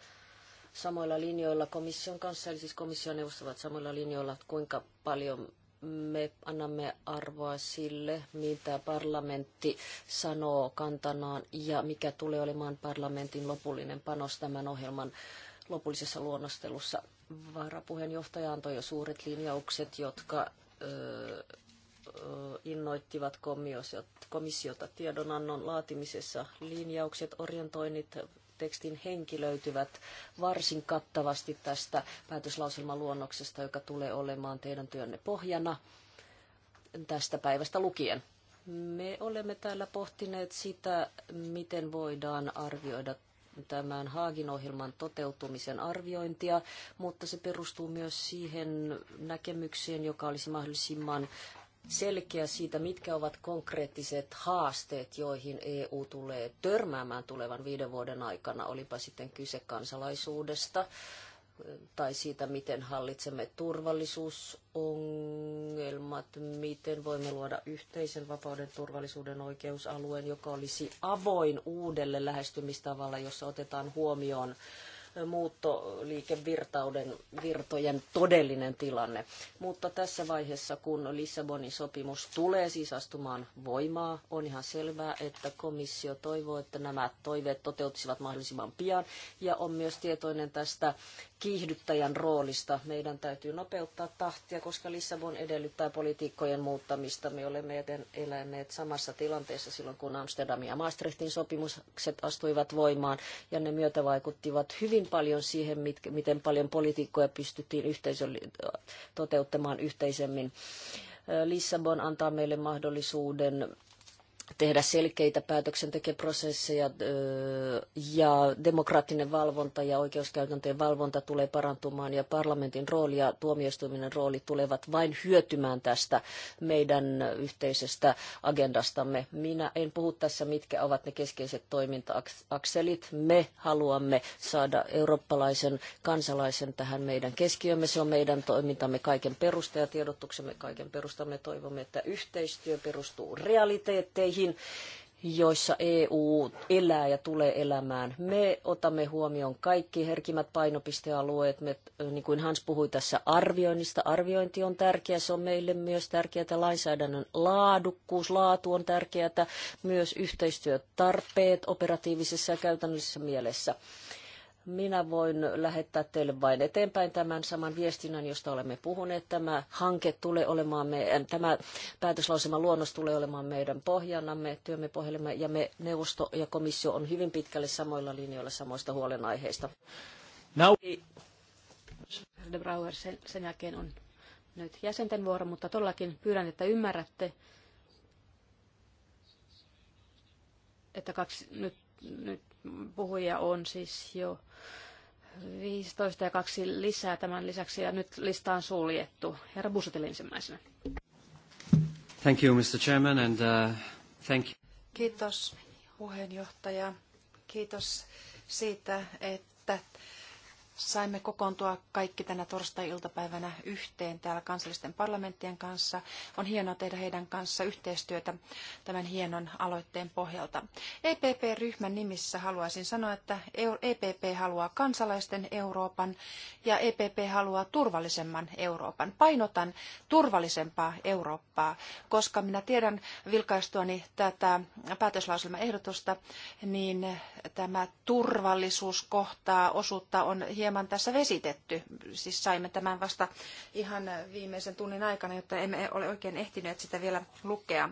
samoilla linjoilla komission kanssa, eli siis komission neuvostavat samoilla linjoilla, kuinka paljon me annamme arvoa sille, mitä parlamentti sanoo kantanaan ja mikä tulee olemaan parlamentin lopullinen panos tämän ohjelman lopullisessa luonnostelussa. Varapuheenjohtaja antoi jo suuret linjaukset, jotka innoittivat komissiota tiedonannon laatimisessa. Linjaukset, orientoinnit tekstin henki löytyvät varsin kattavasti tästä päätöslauselman luonnoksesta, joka tulee olemaan teidän työnne pohjana tästä päivästä lukien. Me olemme täällä pohtineet sitä, miten voidaan arvioida tämän Haagin ohjelman toteutumisen arviointia, mutta se perustuu myös siihen näkemykseen, joka olisi mahdollisimman selkeä siitä, mitkä ovat konkreettiset haasteet, joihin EU tulee törmäämään tulevan viiden vuoden aikana, olipa sitten kyse kansalaisuudesta tai siitä, miten hallitsemme turvallisuusongelmat, miten voimme luoda yhteisen vapauden turvallisuuden oikeusalueen, joka olisi avoin uudelle lähestymistavalle, jossa otetaan huomioon muuttoliikevirtauden virtojen todellinen tilanne. Mutta tässä vaiheessa, kun Lissabonin sopimus tulee siis astumaan voimaa, on ihan selvää, että komissio toivoo, että nämä toiveet toteutuisivat mahdollisimman pian ja on myös tietoinen tästä kiihdyttäjän roolista. Meidän täytyy nopeuttaa tahtia, koska Lissabon edellyttää politiikkojen muuttamista. Me olemme eläneet samassa tilanteessa silloin, kun Amsterdamin ja Maastrichtin sopimukset astuivat voimaan, ja ne myötävaikuttivat hyvin paljon siihen, miten paljon politiikkoja pystyttiin yhteisö- toteuttamaan yhteisemmin. Lissabon antaa meille mahdollisuuden tehdä selkeitä päätöksentekoprosesseja ja demokraattinen valvonta ja oikeuskäytäntöjen valvonta tulee parantumaan ja parlamentin rooli ja tuomioistuimen rooli tulevat vain hyötymään tästä meidän yhteisestä agendastamme. Minä en puhu tässä, mitkä ovat ne keskeiset toimintaakselit. Me haluamme saada eurooppalaisen kansalaisen tähän meidän keskiömme. Se on meidän toimintamme kaiken perusta ja tiedotuksemme kaiken perustamme. Toivomme, että yhteistyö perustuu realiteetteihin maihin, joissa EU elää ja tulee elämään. Me otamme huomioon kaikki herkimmät painopistealueet. Me, niin kuin Hans puhui tässä arvioinnista, arviointi on tärkeä. Se on meille myös tärkeää. Lainsäädännön laadukkuus, laatu on tärkeää. Myös yhteistyötarpeet operatiivisessa ja käytännöllisessä mielessä. Minä voin lähettää teille vain eteenpäin tämän saman viestinnän, josta olemme puhuneet. Tämä hanke tulee olemaan meidän, äh, tämä päätöslausema luonnos tulee olemaan meidän pohjanamme, työmme pohjalle, ja me neuvosto ja komissio on hyvin pitkälle samoilla linjoilla samoista huolenaiheista. Now. De Brauer, sen, sen jälkeen on nyt jäsenten vuoro, mutta todellakin pyydän, että ymmärrätte, että kaksi, nyt, nyt puhujia on siis jo 15 ja kaksi lisää tämän lisäksi, ja nyt lista on suljettu. Herra Busutil ensimmäisenä. Thank you, Mr. Chairman, and uh, thank you. Kiitos puheenjohtaja. Kiitos siitä, että saimme kokoontua kaikki tänä torstai-iltapäivänä yhteen täällä kansallisten parlamenttien kanssa. On hienoa tehdä heidän kanssa yhteistyötä tämän hienon aloitteen pohjalta. EPP-ryhmän nimissä haluaisin sanoa, että EPP e haluaa kansalaisten Euroopan ja EPP haluaa turvallisemman Euroopan. Painotan turvallisempaa Eurooppaa, koska minä tiedän vilkaistuani tätä päätöslauselmaehdotusta, niin tämä turvallisuuskohtaa osuutta on hieman tässä vesitetty. Siis saimme tämän vasta ihan viimeisen tunnin aikana, jotta emme ole oikein ehtineet sitä vielä lukea.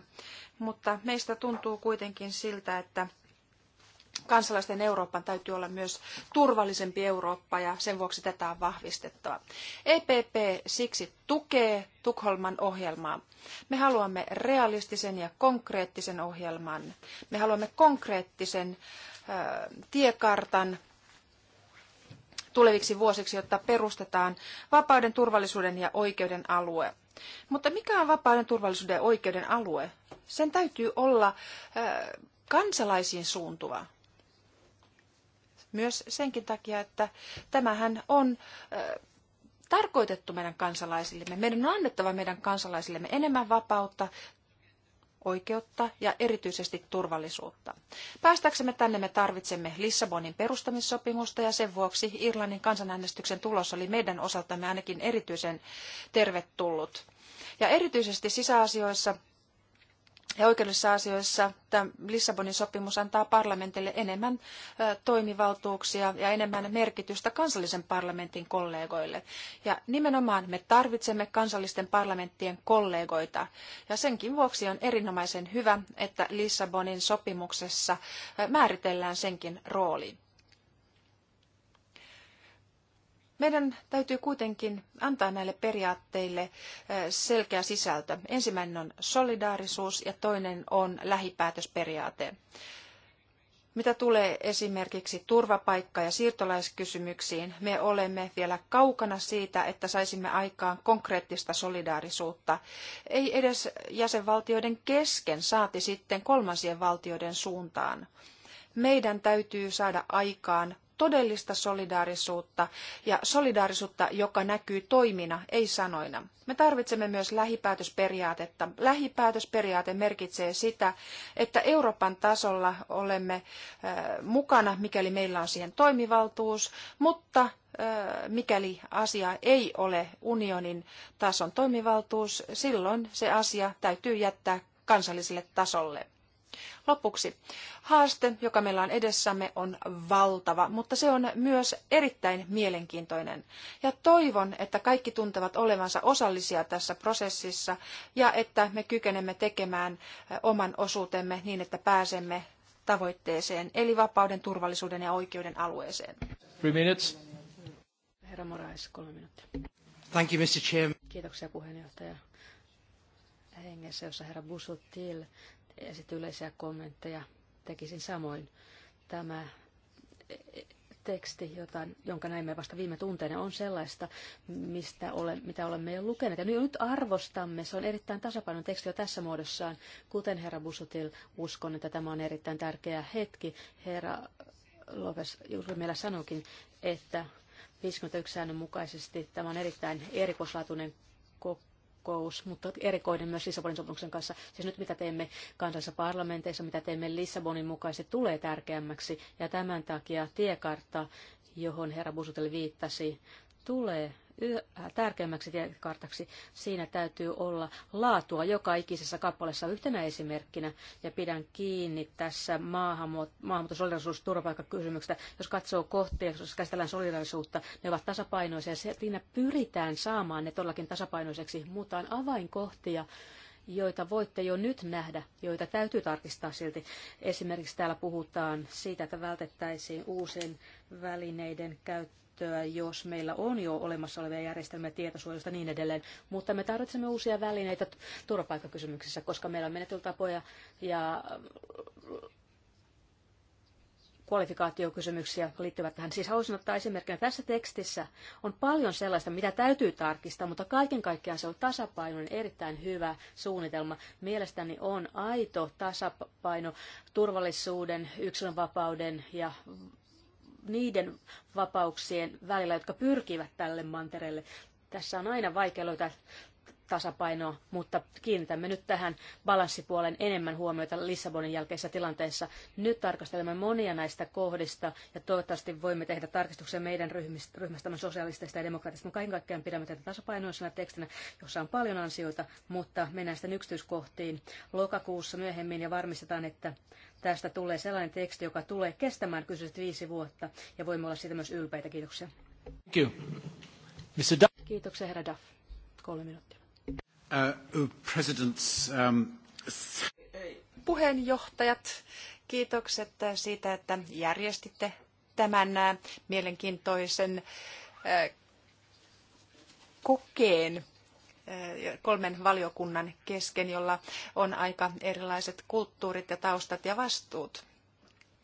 Mutta meistä tuntuu kuitenkin siltä, että kansalaisten Euroopan täytyy olla myös turvallisempi Eurooppa ja sen vuoksi tätä on vahvistettava. EPP siksi tukee Tukholman ohjelmaa. Me haluamme realistisen ja konkreettisen ohjelman. Me haluamme konkreettisen tiekartan tuleviksi vuosiksi, jotta perustetaan vapauden, turvallisuuden ja oikeuden alue. Mutta mikä on vapauden, turvallisuuden ja oikeuden alue? Sen täytyy olla kansalaisiin suuntuva. Myös senkin takia, että tämähän on tarkoitettu meidän kansalaisillemme. Meidän on annettava meidän kansalaisillemme enemmän vapautta, oikeutta ja erityisesti turvallisuutta. Päästäksemme tänne me tarvitsemme Lissabonin perustamissopimusta ja sen vuoksi Irlannin kansanäänestyksen tulos oli meidän osaltamme ainakin erityisen tervetullut. Ja erityisesti sisäasioissa ja oikeudellisissa asioissa tämä Lissabonin sopimus antaa parlamentille enemmän toimivaltuuksia ja enemmän merkitystä kansallisen parlamentin kollegoille. Ja nimenomaan me tarvitsemme kansallisten parlamenttien kollegoita. Ja senkin vuoksi on erinomaisen hyvä, että Lissabonin sopimuksessa määritellään senkin rooli. Meidän täytyy kuitenkin antaa näille periaatteille selkeä sisältö. Ensimmäinen on solidaarisuus ja toinen on lähipäätösperiaate. Mitä tulee esimerkiksi turvapaikka- ja siirtolaiskysymyksiin, me olemme vielä kaukana siitä, että saisimme aikaan konkreettista solidaarisuutta. Ei edes jäsenvaltioiden kesken saati sitten kolmansien valtioiden suuntaan. Meidän täytyy saada aikaan todellista solidaarisuutta ja solidaarisuutta, joka näkyy toimina, ei sanoina. Me tarvitsemme myös lähipäätösperiaatetta. Lähipäätösperiaate merkitsee sitä, että Euroopan tasolla olemme mukana, mikäli meillä on siihen toimivaltuus, mutta mikäli asia ei ole unionin tason toimivaltuus, silloin se asia täytyy jättää kansalliselle tasolle. Lopuksi, haaste, joka meillä on edessämme, on valtava, mutta se on myös erittäin mielenkiintoinen. Ja toivon, että kaikki tuntevat olevansa osallisia tässä prosessissa ja että me kykenemme tekemään oman osuutemme niin, että pääsemme tavoitteeseen, eli vapauden, turvallisuuden ja oikeuden alueeseen. Three minutes. Herra Morais, kolme minuuttia. Thank you, Mr. Chairman. Kiitoksia puheenjohtaja hengessä, jossa herra Busutil ja sitten yleisiä kommentteja tekisin samoin. Tämä teksti, jota, jonka näimme vasta viime tunteina, on sellaista, mistä ole, mitä olemme jo lukeneet. Ja nyt arvostamme, se on erittäin tasapainon teksti jo tässä muodossaan. Kuten herra Busutil, uskon, että tämä on erittäin tärkeä hetki. Herra Lopes juuri meillä sanoikin, että 51 säännön mukaisesti tämä on erittäin erikoislaatuinen Kokous, mutta erikoinen myös Lissabonin sopimuksen kanssa. Siis nyt mitä teemme kansallisissa parlamenteissa, mitä teemme Lissabonin mukaisesti, tulee tärkeämmäksi. Ja tämän takia tiekartta, johon herra Busutel viittasi, tulee Tärkeämmäksi tiekartaksi. Siinä täytyy olla laatua joka ikisessä kappaleessa yhtenä esimerkkinä, ja pidän kiinni tässä maahanmuutto, solidarisuus, turvapaikkakysymyksestä. Jos katsoo kohtia, jos käsitellään solidarisuutta, ne ovat tasapainoisia. Siinä pyritään saamaan ne todellakin tasapainoiseksi, mutta on avainkohtia, joita voitte jo nyt nähdä, joita täytyy tarkistaa silti. Esimerkiksi täällä puhutaan siitä, että vältettäisiin uusien välineiden käyttöä käyttöä, jos meillä on jo olemassa olevia järjestelmiä tietosuojelusta ja niin edelleen. Mutta me tarvitsemme uusia välineitä turvapaikkakysymyksissä, koska meillä on meneteltapoja ja äh, kvalifikaatiokysymyksiä liittyvät tähän. Siis haluaisin ottaa esimerkkinä, tässä tekstissä on paljon sellaista, mitä täytyy tarkistaa, mutta kaiken kaikkiaan se on tasapainoinen, erittäin hyvä suunnitelma. Mielestäni on aito tasapaino turvallisuuden, yksilönvapauden ja niiden vapauksien välillä, jotka pyrkivät tälle mantereelle. Tässä on aina vaikea löytää tasapainoa, mutta kiinnitämme nyt tähän balanssipuolen enemmän huomiota Lissabonin jälkeisessä tilanteessa. Nyt tarkastelemme monia näistä kohdista ja toivottavasti voimme tehdä tarkistuksia meidän ryhmästämme sosialisteista ja demokraatista. Kaiken kaikkiaan pidämme tätä tasapainoisena tekstinä, jossa on paljon ansioita, mutta mennään sitten yksityiskohtiin lokakuussa myöhemmin ja varmistetaan, että tästä tulee sellainen teksti, joka tulee kestämään kyseiset viisi vuotta ja voimme olla siitä myös ylpeitä. Kiitoksia. Thank you. Mr. Duff. Kiitoksia herra Duff. Kolme minuuttia. Uh, oh, presidents, um, Puheenjohtajat, kiitokset siitä, että järjestitte tämän uh, mielenkiintoisen uh, kokeen uh, kolmen valiokunnan kesken, jolla on aika erilaiset kulttuurit ja taustat ja vastuut.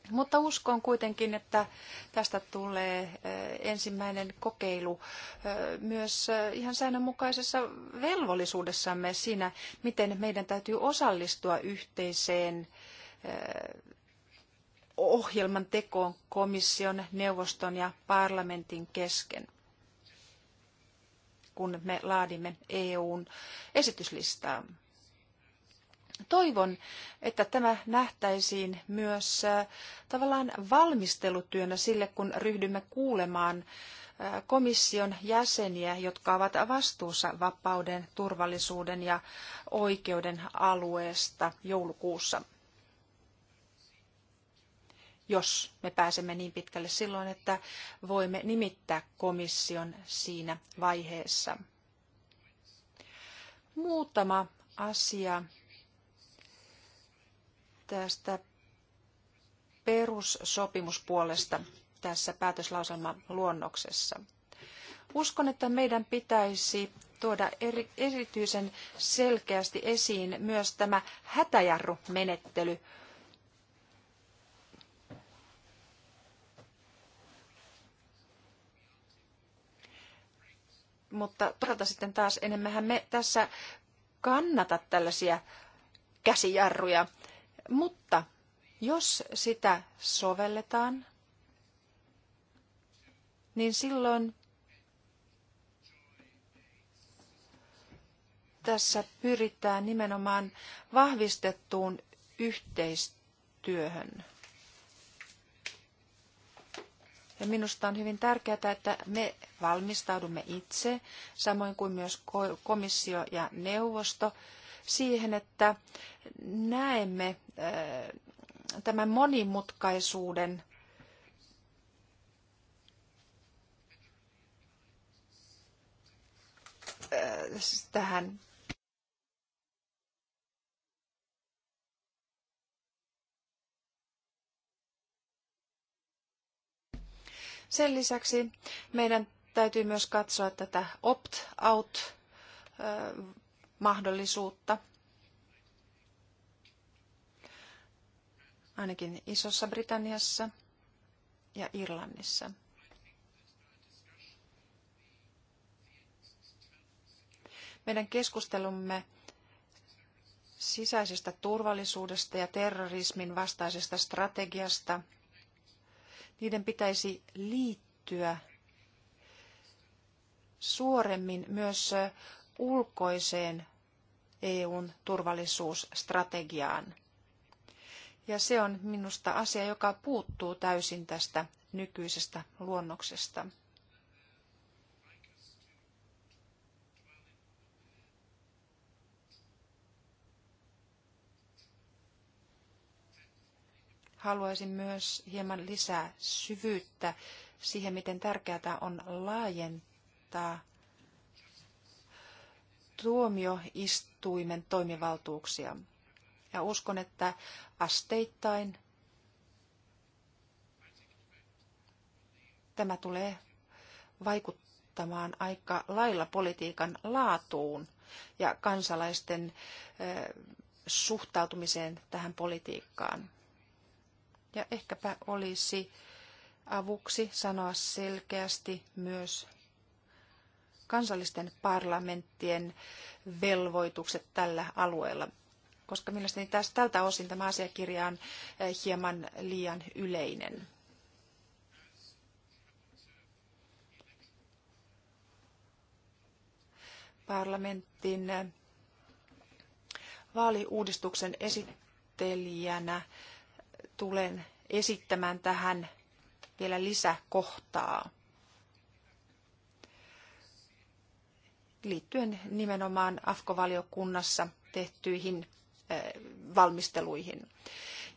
Mutta uskon kuitenkin, että tästä tulee eh, ensimmäinen kokeilu eh, myös eh, ihan säännönmukaisessa velvollisuudessamme siinä, miten meidän täytyy osallistua yhteiseen ohjelman tekoon komission, neuvoston ja parlamentin kesken, kun me laadimme EUn esityslistaa. Toivon, että tämä nähtäisiin myös äh, tavallaan valmistelutyönä sille, kun ryhdymme kuulemaan äh, komission jäseniä, jotka ovat vastuussa vapauden, turvallisuuden ja oikeuden alueesta joulukuussa. Jos me pääsemme niin pitkälle silloin, että voimme nimittää komission siinä vaiheessa. Muutama asia, tästä perussopimuspuolesta tässä päätöslauselman luonnoksessa. Uskon, että meidän pitäisi tuoda eri, erityisen selkeästi esiin myös tämä hätäjarrumenettely. Mutta toisaalta sitten taas enemmän me tässä kannata tällaisia käsijarruja mutta jos sitä sovelletaan, niin silloin tässä pyritään nimenomaan vahvistettuun yhteistyöhön. Ja minusta on hyvin tärkeää, että me valmistaudumme itse, samoin kuin myös komissio ja neuvosto, siihen, että näemme äh, tämän monimutkaisuuden äh, tähän Sen lisäksi meidän täytyy myös katsoa tätä opt-out äh, mahdollisuutta. Ainakin Isossa Britanniassa ja Irlannissa. Meidän keskustelumme sisäisestä turvallisuudesta ja terrorismin vastaisesta strategiasta, niiden pitäisi liittyä suoremmin myös ulkoiseen EUn turvallisuusstrategiaan. Ja se on minusta asia, joka puuttuu täysin tästä nykyisestä luonnoksesta. haluaisin myös hieman lisää syvyyttä siihen, miten tärkeää on laajentaa tuomioistuimen toimivaltuuksia. Ja uskon, että asteittain tämä tulee vaikuttamaan aika lailla politiikan laatuun ja kansalaisten suhtautumiseen tähän politiikkaan. Ja ehkäpä olisi avuksi sanoa selkeästi myös kansallisten parlamenttien velvoitukset tällä alueella, koska mielestäni tässä, tältä osin tämä asiakirja on eh, hieman liian yleinen. Parlamentin eh, vaaliuudistuksen esittelijänä eh, tulen esittämään tähän vielä lisäkohtaa. liittyen nimenomaan AFKO-valiokunnassa tehtyihin valmisteluihin.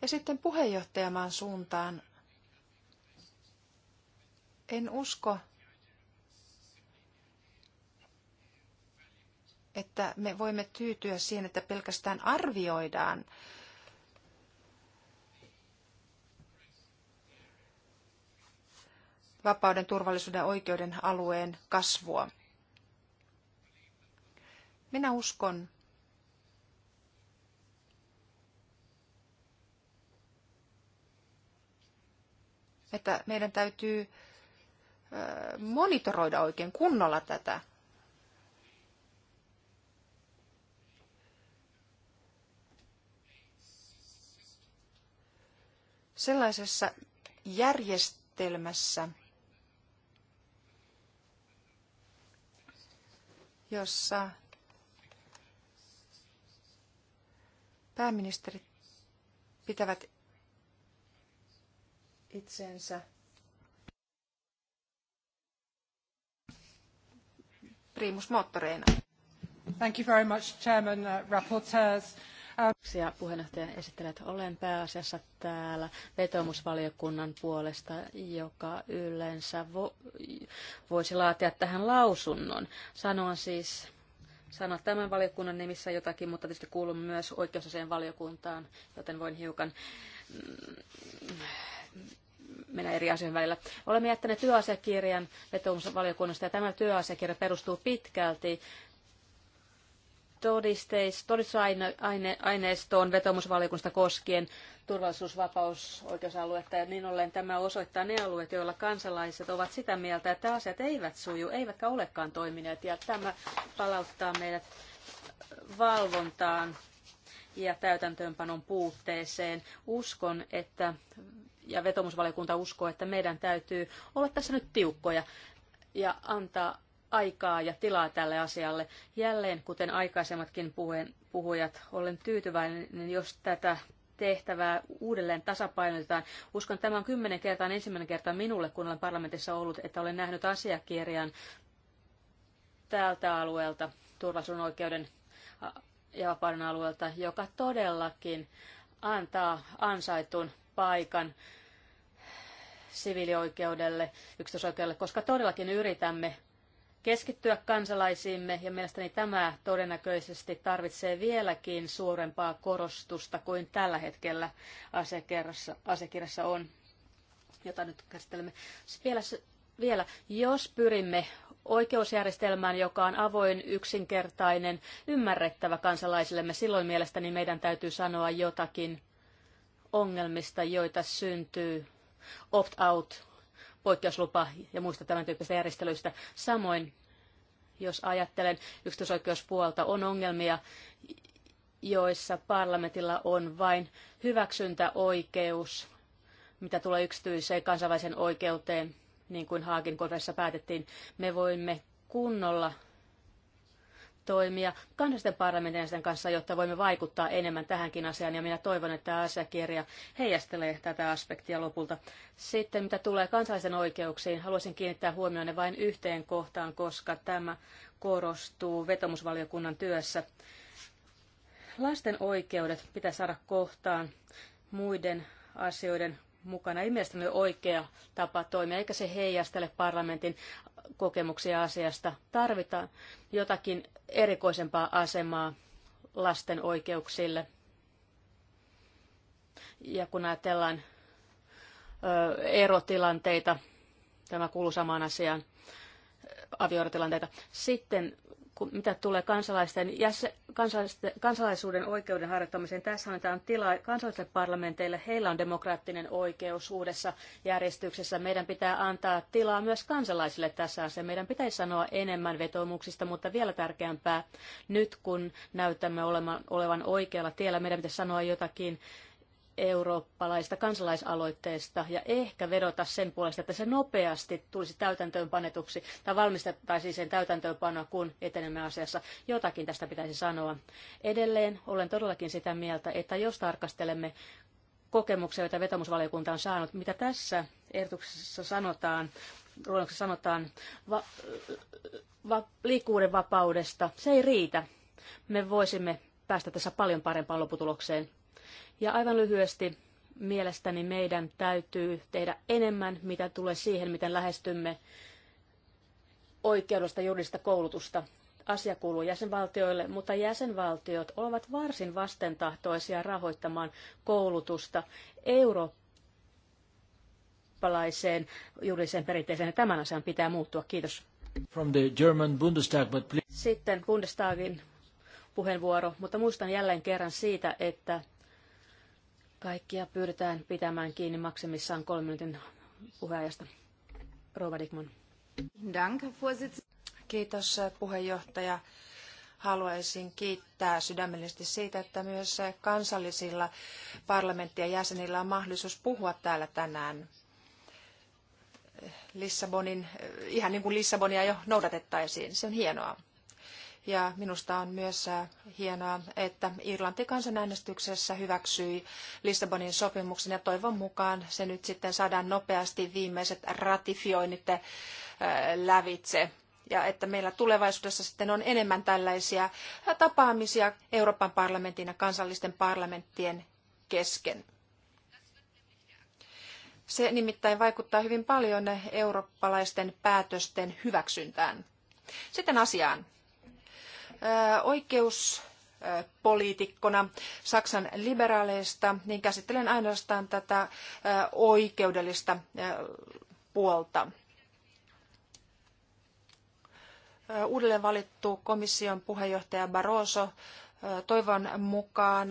Ja sitten puheenjohtajamaan suuntaan. En usko, että me voimme tyytyä siihen, että pelkästään arvioidaan vapauden, turvallisuuden ja oikeuden alueen kasvua. Minä uskon, että meidän täytyy monitoroida oikein kunnolla tätä. Sellaisessa järjestelmässä, jossa Pääministerit pitävät itsensä primusmoottoreina. Thank you very much, Chairman, uh, rapporteurs. Ja puheenjohtajan esittelijät, olen pääasiassa täällä vetomusvaliokunnan puolesta, joka yleensä vo- voisi laatia tähän lausunnon. Sanon siis sanoa tämän valiokunnan nimissä jotakin, mutta tietysti kuulun myös oikeusasian valiokuntaan, joten voin hiukan mm, mennä eri asioiden välillä. Olemme jättäneet työasiakirjan vetoomusvaliokunnasta ja tämä työasiakirja perustuu pitkälti todistusaineistoon vetomusvaliokunnasta koskien turvallisuusvapausoikeusaluetta ja niin ollen tämä osoittaa ne alueet, joilla kansalaiset ovat sitä mieltä, että asiat eivät suju, eivätkä olekaan toimineet ja tämä palauttaa meidät valvontaan ja täytäntöönpanon puutteeseen. Uskon, että ja vetomusvaliokunta uskoo, että meidän täytyy olla tässä nyt tiukkoja ja antaa aikaa ja tilaa tälle asialle. Jälleen, kuten aikaisemmatkin puheen, puhujat, olen tyytyväinen, niin jos tätä tehtävää uudelleen tasapainotetaan. Uskon, että tämä on kymmenen kertaa ensimmäinen kerta minulle, kun olen parlamentissa ollut, että olen nähnyt asiakirjan tältä alueelta, turvallisuuden oikeuden ja vapauden alueelta, joka todellakin antaa ansaitun paikan siviilioikeudelle, yksityisoikeudelle, koska todellakin yritämme keskittyä kansalaisiimme ja mielestäni tämä todennäköisesti tarvitsee vieläkin suurempaa korostusta kuin tällä hetkellä asiakirjassa, asiakirjassa on, jota nyt käsittelemme. Vielä, vielä, jos pyrimme oikeusjärjestelmään, joka on avoin, yksinkertainen, ymmärrettävä kansalaisillemme, silloin mielestäni meidän täytyy sanoa jotakin ongelmista, joita syntyy opt-out poikkeuslupa ja muista tämän tyyppisistä järjestelyistä. Samoin, jos ajattelen yksityisoikeuspuolta, on ongelmia, joissa parlamentilla on vain hyväksyntäoikeus, mitä tulee yksityiseen kansainväliseen oikeuteen, niin kuin Haakin konferenssissa päätettiin. Me voimme kunnolla toimia kansallisten parlamentin kanssa, jotta voimme vaikuttaa enemmän tähänkin asiaan. Ja minä toivon, että tämä asiakirja heijastelee tätä aspektia lopulta. Sitten mitä tulee kansallisen oikeuksiin, haluaisin kiinnittää huomioon vain yhteen kohtaan, koska tämä korostuu vetomusvaliokunnan työssä. Lasten oikeudet pitää saada kohtaan muiden asioiden mukana. Ei mielestäni ole oikea tapa toimia, eikä se heijastele parlamentin kokemuksia asiasta. Tarvitaan jotakin erikoisempaa asemaa lasten oikeuksille. Ja kun ajatellaan ö, erotilanteita, tämä kuuluu samaan asiaan, aviorotilanteita, Sitten kun, mitä tulee kansalaisten, jäs, kansalaisten, kansalaisuuden oikeuden harjoittamiseen, tässä annetaan tilaa kansallisille parlamenteille. Heillä on demokraattinen oikeus uudessa järjestyksessä. Meidän pitää antaa tilaa myös kansalaisille tässä asiassa. Meidän pitäisi sanoa enemmän vetoomuksista, mutta vielä tärkeämpää, nyt kun näytämme olevan, olevan oikealla tiellä, meidän pitäisi sanoa jotakin eurooppalaista kansalaisaloitteesta ja ehkä vedota sen puolesta, että se nopeasti tulisi täytäntöönpanetuksi tai valmistettaisiin sen täytäntöönpanoa, kun etenemme asiassa. Jotakin tästä pitäisi sanoa. Edelleen olen todellakin sitä mieltä, että jos tarkastelemme kokemuksia, joita vetomusvaliokunta on saanut, mitä tässä ehdotuksessa sanotaan, ruoduksessa sanotaan va, va, liikkuuden vapaudesta, se ei riitä. Me voisimme päästä tässä paljon parempaan lopputulokseen ja aivan lyhyesti mielestäni meidän täytyy tehdä enemmän, mitä tulee siihen, miten lähestymme oikeudesta juridista koulutusta. Asia kuuluu jäsenvaltioille, mutta jäsenvaltiot ovat varsin vastentahtoisia rahoittamaan koulutusta eurooppalaiseen juridiseen perinteeseen. Tämän asian pitää muuttua. Kiitos. From the German Bundestag, but please... Sitten Bundestagin puheenvuoro, mutta muistan jälleen kerran siitä, että Kaikkia pyydetään pitämään kiinni maksimissaan kolmen minuutin puheajasta. Rova Dickman. Kiitos puheenjohtaja. Haluaisin kiittää sydämellisesti siitä, että myös kansallisilla parlamenttien jäsenillä on mahdollisuus puhua täällä tänään. Lissabonin, ihan niin kuin Lissabonia jo noudatettaisiin. Se on hienoa. Ja minusta on myös äh, hienoa, että Irlanti kansanäänestyksessä hyväksyi Lissabonin sopimuksen ja toivon mukaan se nyt sitten saadaan nopeasti viimeiset ratifioinnit äh, lävitse ja että meillä tulevaisuudessa sitten on enemmän tällaisia tapaamisia Euroopan parlamentin ja kansallisten parlamenttien kesken. Se nimittäin vaikuttaa hyvin paljon eurooppalaisten päätösten hyväksyntään. Sitten asiaan oikeuspoliitikkona Saksan liberaaleista, niin käsittelen ainoastaan tätä oikeudellista puolta. Uudelleen valittu komission puheenjohtaja Barroso toivon mukaan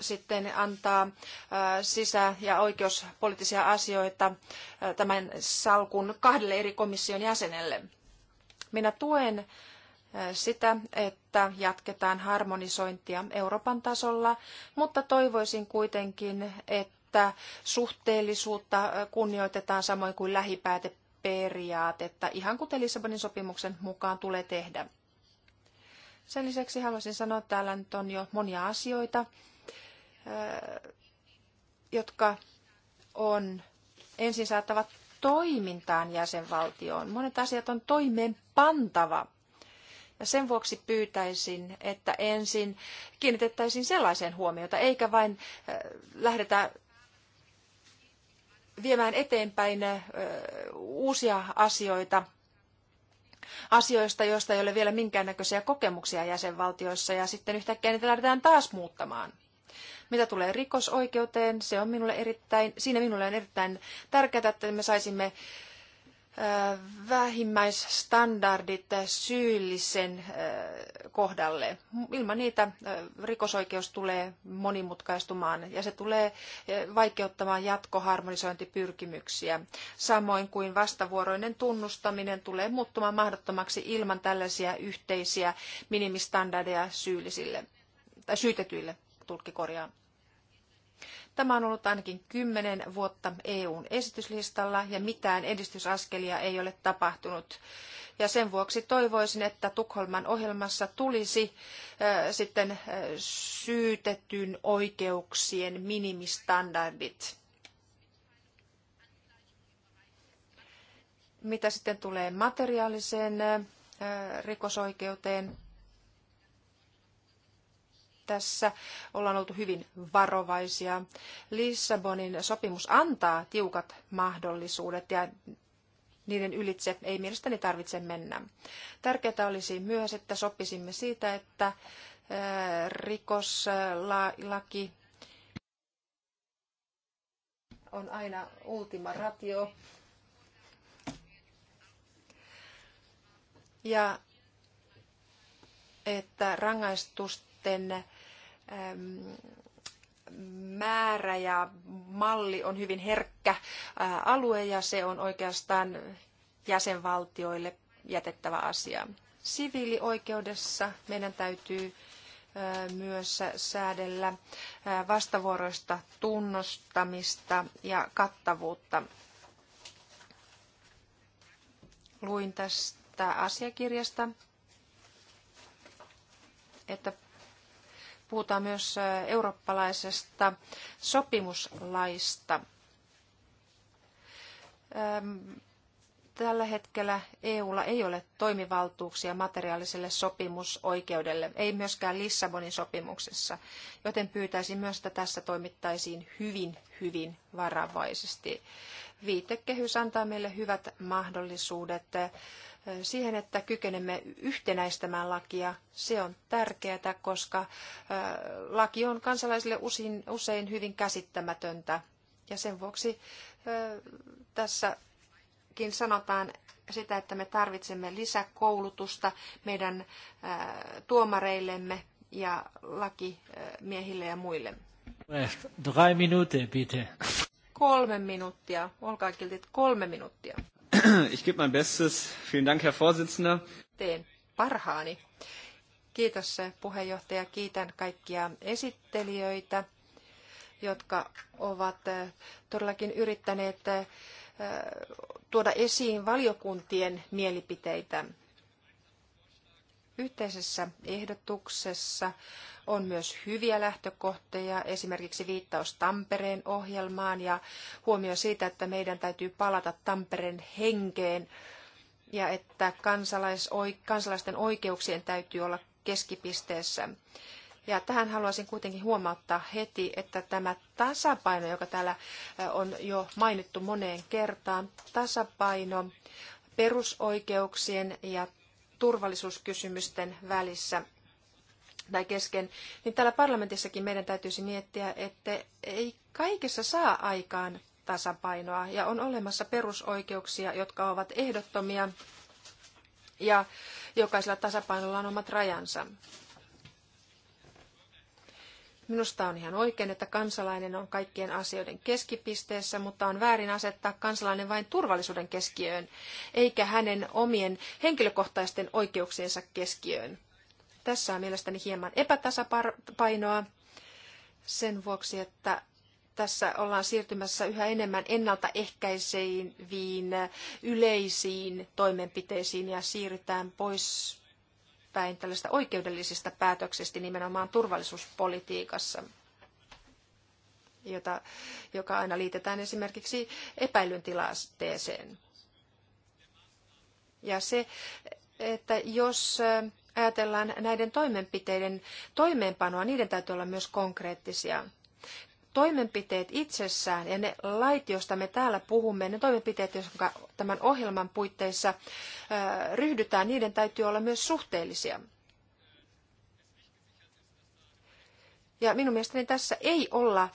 sitten antaa sisä- ja oikeuspoliittisia asioita tämän salkun kahdelle eri komission jäsenelle. Minä tuen äh, sitä, että jatketaan harmonisointia Euroopan tasolla, mutta toivoisin kuitenkin, että suhteellisuutta äh, kunnioitetaan samoin kuin lähipääteperiaatetta, ihan kuten Lissabonin sopimuksen mukaan tulee tehdä. Sen lisäksi haluaisin sanoa, että täällä nyt on jo monia asioita, äh, jotka on ensin saattavat toimintaan jäsenvaltioon. Monet asiat on toimeenpantava. Ja sen vuoksi pyytäisin, että ensin kiinnitettäisiin sellaiseen huomiota, eikä vain äh, lähdetä viemään eteenpäin äh, uusia asioita asioista, joista ei ole vielä minkäännäköisiä kokemuksia jäsenvaltioissa, ja sitten yhtäkkiä niitä lähdetään taas muuttamaan. Mitä tulee rikosoikeuteen, se on minulle erittäin, siinä minulle on erittäin tärkeää, että me saisimme vähimmäisstandardit syyllisen kohdalle. Ilman niitä rikosoikeus tulee monimutkaistumaan ja se tulee vaikeuttamaan jatkoharmonisointipyrkimyksiä. Samoin kuin vastavuoroinen tunnustaminen tulee muuttumaan mahdottomaksi ilman tällaisia yhteisiä minimistandardeja syyllisille tai syytetyille tulkkikorjaan. Tämä on ollut ainakin kymmenen vuotta EUn esityslistalla ja mitään edistysaskelia ei ole tapahtunut. Ja sen vuoksi toivoisin, että Tukholman ohjelmassa tulisi sitten syytetyn oikeuksien minimistandardit. Mitä sitten tulee materiaaliseen rikosoikeuteen, tässä ollaan oltu hyvin varovaisia. Lissabonin sopimus antaa tiukat mahdollisuudet ja niiden ylitse ei mielestäni tarvitse mennä. Tärkeää olisi myös, että sopisimme siitä, että äh, rikoslaki on aina ultima ratio. Ja että rangaistusten Ehm, määrä ja malli on hyvin herkkä äh, alue ja se on oikeastaan jäsenvaltioille jätettävä asia. Siviilioikeudessa meidän täytyy äh, myös säädellä äh, vastavuoroista tunnustamista ja kattavuutta. Luin tästä asiakirjasta, että puhutaan myös eurooppalaisesta sopimuslaista tällä hetkellä EUlla ei ole toimivaltuuksia materiaaliselle sopimusoikeudelle, ei myöskään Lissabonin sopimuksessa, joten pyytäisin myös, että tässä toimittaisiin hyvin, hyvin varovaisesti. Viitekehys antaa meille hyvät mahdollisuudet eh, siihen, että kykenemme yhtenäistämään lakia. Se on tärkeää, koska eh, laki on kansalaisille usein hyvin käsittämätöntä ja sen vuoksi eh, tässä kuitenkin sanotaan sitä, että me tarvitsemme lisäkoulutusta meidän äh, tuomareillemme ja lakimiehille ja muille. Drei bitte. Kolme minuuttia. Olkaa kiltit kolme minuuttia. Ich gebe mein Bestes. Vielen Dank, Herr Vorsitzender. Teen parhaani. Kiitos puheenjohtaja. Kiitän kaikkia esittelijöitä, jotka ovat äh, todellakin yrittäneet äh, tuoda esiin valiokuntien mielipiteitä. Yhteisessä ehdotuksessa on myös hyviä lähtökohtia, esimerkiksi viittaus Tampereen ohjelmaan ja huomio siitä, että meidän täytyy palata Tampereen henkeen ja että kansalaisten oikeuksien täytyy olla keskipisteessä. Ja tähän haluaisin kuitenkin huomauttaa heti, että tämä tasapaino, joka täällä on jo mainittu moneen kertaan, tasapaino perusoikeuksien ja turvallisuuskysymysten välissä tai kesken, niin täällä parlamentissakin meidän täytyisi miettiä, että ei kaikessa saa aikaan tasapainoa ja on olemassa perusoikeuksia, jotka ovat ehdottomia ja jokaisella tasapainolla on omat rajansa. Minusta on ihan oikein, että kansalainen on kaikkien asioiden keskipisteessä, mutta on väärin asettaa kansalainen vain turvallisuuden keskiöön, eikä hänen omien henkilökohtaisten oikeuksiensa keskiöön. Tässä on mielestäni hieman epätasapainoa sen vuoksi, että tässä ollaan siirtymässä yhä enemmän ennaltaehkäiseviin yleisiin toimenpiteisiin ja siirrytään pois poispäin tällaisista oikeudellisista päätöksistä nimenomaan turvallisuuspolitiikassa, jota, joka aina liitetään esimerkiksi epäilyn tilanteeseen. Ja se, että jos ajatellaan näiden toimenpiteiden toimeenpanoa, niiden täytyy olla myös konkreettisia toimenpiteet itsessään ja ne lait, joista me täällä puhumme, ne toimenpiteet, jotka tämän ohjelman puitteissa ryhdytään, niiden täytyy olla myös suhteellisia. Ja minun mielestäni tässä ei olla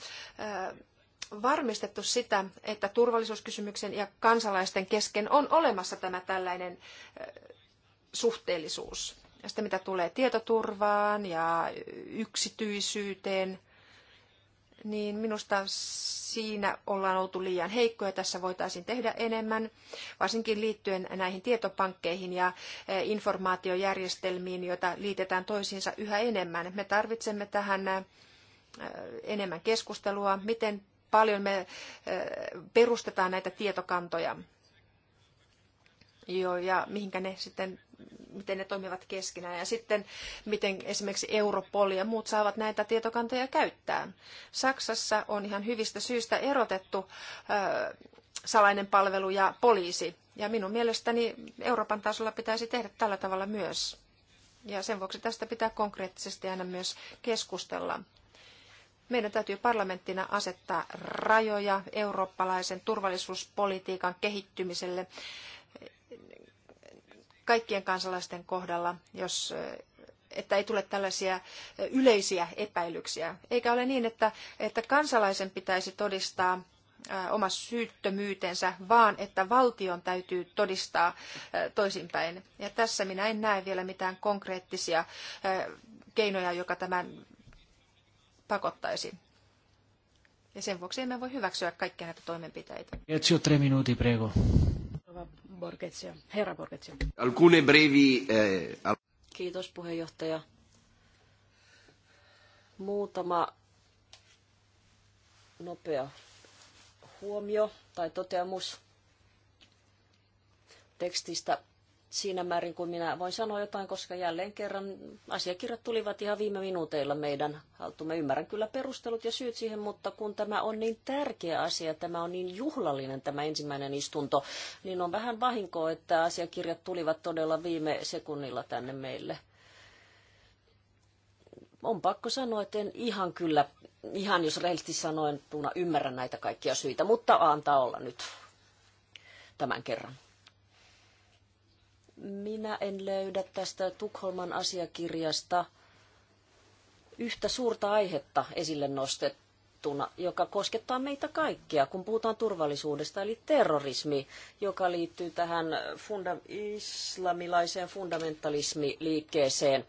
varmistettu sitä, että turvallisuuskysymyksen ja kansalaisten kesken on olemassa tämä tällainen suhteellisuus. Ja mitä tulee tietoturvaan ja yksityisyyteen – niin minusta siinä ollaan oltu liian heikkoja. Tässä voitaisiin tehdä enemmän, varsinkin liittyen näihin tietopankkeihin ja e, informaatiojärjestelmiin, joita liitetään toisiinsa yhä enemmän. Me tarvitsemme tähän e, enemmän keskustelua, miten paljon me e, perustetaan näitä tietokantoja jo, ja mihinkä ne sitten miten ne toimivat keskenään ja sitten miten esimerkiksi Europol ja muut saavat näitä tietokantoja käyttää. Saksassa on ihan hyvistä syistä erotettu salainen palvelu ja poliisi. Ja minun mielestäni Euroopan tasolla pitäisi tehdä tällä tavalla myös. Ja sen vuoksi tästä pitää konkreettisesti aina myös keskustella. Meidän täytyy parlamenttina asettaa rajoja eurooppalaisen turvallisuuspolitiikan kehittymiselle kaikkien kansalaisten kohdalla, jos että ei tule tällaisia yleisiä epäilyksiä. Eikä ole niin, että, että kansalaisen pitäisi todistaa oma syyttömyytensä, vaan että valtion täytyy todistaa toisinpäin. Ja tässä minä en näe vielä mitään konkreettisia keinoja, joka tämän pakottaisi. Ja sen vuoksi emme voi hyväksyä kaikkia näitä toimenpiteitä. Ezio, tre prego. Borgetsio. Herra Borgetsio. Alcune brevi... Eh, al... Kiitos puheenjohtaja. Muutama nopea huomio tai toteamus tekstistä siinä määrin, kuin minä voin sanoa jotain, koska jälleen kerran asiakirjat tulivat ihan viime minuuteilla meidän haltumme. Ymmärrän kyllä perustelut ja syyt siihen, mutta kun tämä on niin tärkeä asia, tämä on niin juhlallinen tämä ensimmäinen istunto, niin on vähän vahinkoa, että asiakirjat tulivat todella viime sekunnilla tänne meille. On pakko sanoa, että en ihan kyllä, ihan jos rehellisesti sanoen, Tuuna, ymmärrän näitä kaikkia syitä, mutta antaa olla nyt tämän kerran. Minä en löydä tästä Tukholman asiakirjasta yhtä suurta aihetta esille nostettuna, joka koskettaa meitä kaikkia, kun puhutaan turvallisuudesta, eli terrorismi, joka liittyy tähän funda- islamilaiseen fundamentalismiliikkeeseen.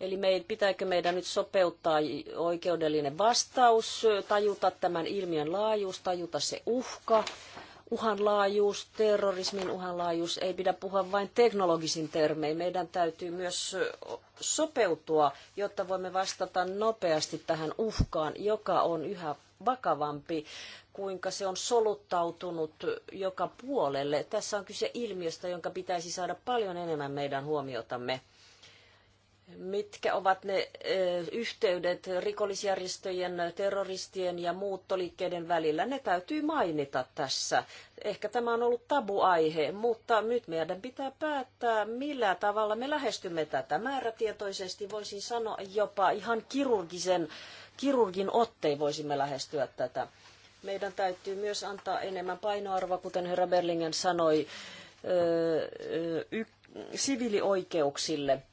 Eli me, pitääkö meidän nyt sopeuttaa oikeudellinen vastaus, tajuta tämän ilmiön laajuus, tajuta se uhka, uhanlaajuus, terrorismin uhanlaajuus, ei pidä puhua vain teknologisin termein. Meidän täytyy myös sopeutua, jotta voimme vastata nopeasti tähän uhkaan, joka on yhä vakavampi, kuinka se on soluttautunut joka puolelle. Tässä on kyse ilmiöstä, jonka pitäisi saada paljon enemmän meidän huomiotamme mitkä ovat ne yhteydet rikollisjärjestöjen, terroristien ja muuttoliikkeiden välillä. Ne täytyy mainita tässä. Ehkä tämä on ollut tabuaihe, mutta nyt meidän pitää päättää, millä tavalla me lähestymme tätä. Määrätietoisesti voisin sanoa jopa ihan kirurgisen, kirurgin ottein voisimme lähestyä tätä. Meidän täytyy myös antaa enemmän painoarvoa, kuten herra Berlingen sanoi, siviilioikeuksille –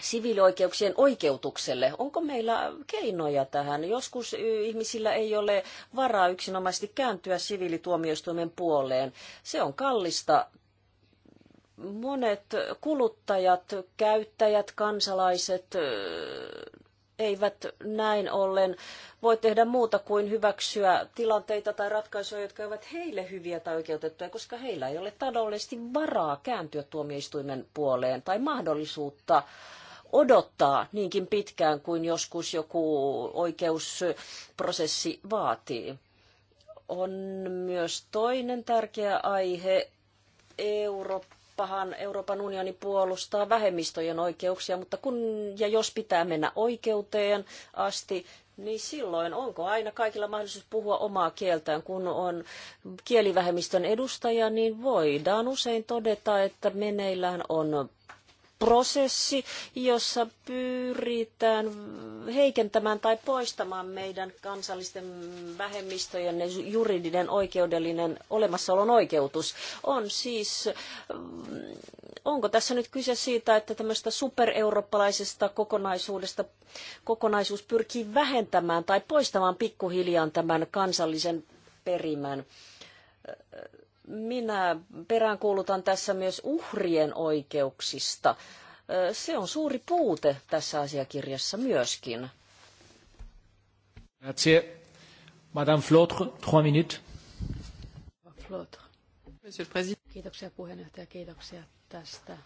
siviilioikeuksien oikeutukselle. Onko meillä keinoja tähän? Joskus ihmisillä ei ole varaa yksinomaisesti kääntyä siviilituomioistuimen puoleen. Se on kallista. Monet kuluttajat, käyttäjät, kansalaiset eivät näin ollen voi tehdä muuta kuin hyväksyä tilanteita tai ratkaisuja, jotka ovat heille hyviä tai oikeutettuja, koska heillä ei ole taloudellisesti varaa kääntyä tuomioistuimen puoleen tai mahdollisuutta äh, odottaa niinkin pitkään kuin joskus joku oikeusprosessi vaatii. On myös toinen tärkeä aihe. Eurooppahan, Euroopan unioni puolustaa vähemmistöjen oikeuksia, mutta kun ja jos pitää mennä oikeuteen asti, niin silloin onko aina kaikilla mahdollisuus puhua omaa kieltään? Kun on kielivähemmistön edustaja, niin voidaan usein todeta, että meneillään on prosessi, jossa pyritään heikentämään tai poistamaan meidän kansallisten vähemmistöjen juridinen oikeudellinen olemassaolon oikeutus. On siis, mm, onko tässä nyt kyse siitä, että tämmöistä supereurooppalaisesta kokonaisuudesta kokonaisuus pyrkii vähentämään tai poistamaan pikkuhiljaa tämän kansallisen perimän minä peräänkuulutan tässä myös uhrien oikeuksista. Se on suuri puute tässä asiakirjassa myöskin. Grazie. Madame Flotre, trois minutes. Kiitoksia puheenjohtaja, kiitoksia tästä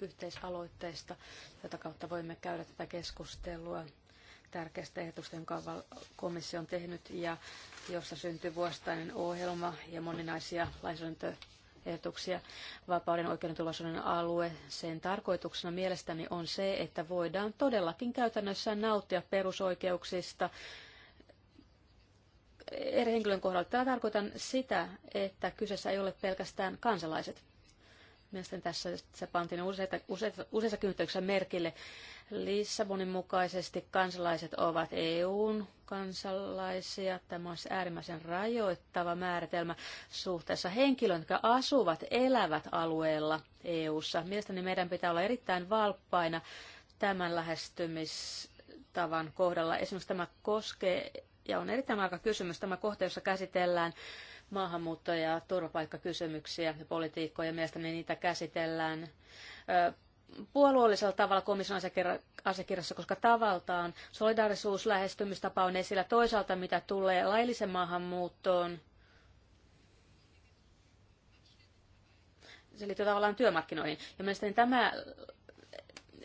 yhteisaloitteesta, jota kautta voimme käydä tätä keskustelua tärkeästä ehdotuksesta, jonka komissio on tehnyt ja jossa syntyy vuosittainen ohjelma ja moninaisia lainsäädäntöehdotuksia. Vapauden oikeudentuloisuuden alue, sen tarkoituksena mielestäni on se, että voidaan todellakin käytännössä nauttia perusoikeuksista, eri henkilön kohdalla. Tällä tarkoitan sitä, että kyseessä ei ole pelkästään kansalaiset. Mielestäni tässä se pantiin useita, useita, useissa merkille Lissabonin mukaisesti kansalaiset ovat EUn kansalaisia. Tämä on siis äärimmäisen rajoittava määritelmä suhteessa henkilöön, jotka asuvat, elävät alueella EUssa. Mielestäni meidän pitää olla erittäin valppaina tämän lähestymistavan kohdalla. Esimerkiksi tämä koskee, ja on erittäin aika kysymys, tämä kohta, jossa käsitellään maahanmuutto- ja turvapaikkakysymyksiä ja politiikkoja. Mielestäni niitä käsitellään puolueellisella tavalla komission asiakirjassa, koska tavaltaan solidaarisuuslähestymistapa on esillä toisaalta, mitä tulee laillisen maahanmuuttoon. Se liittyy tavallaan työmarkkinoihin. Ja mielestäni tämä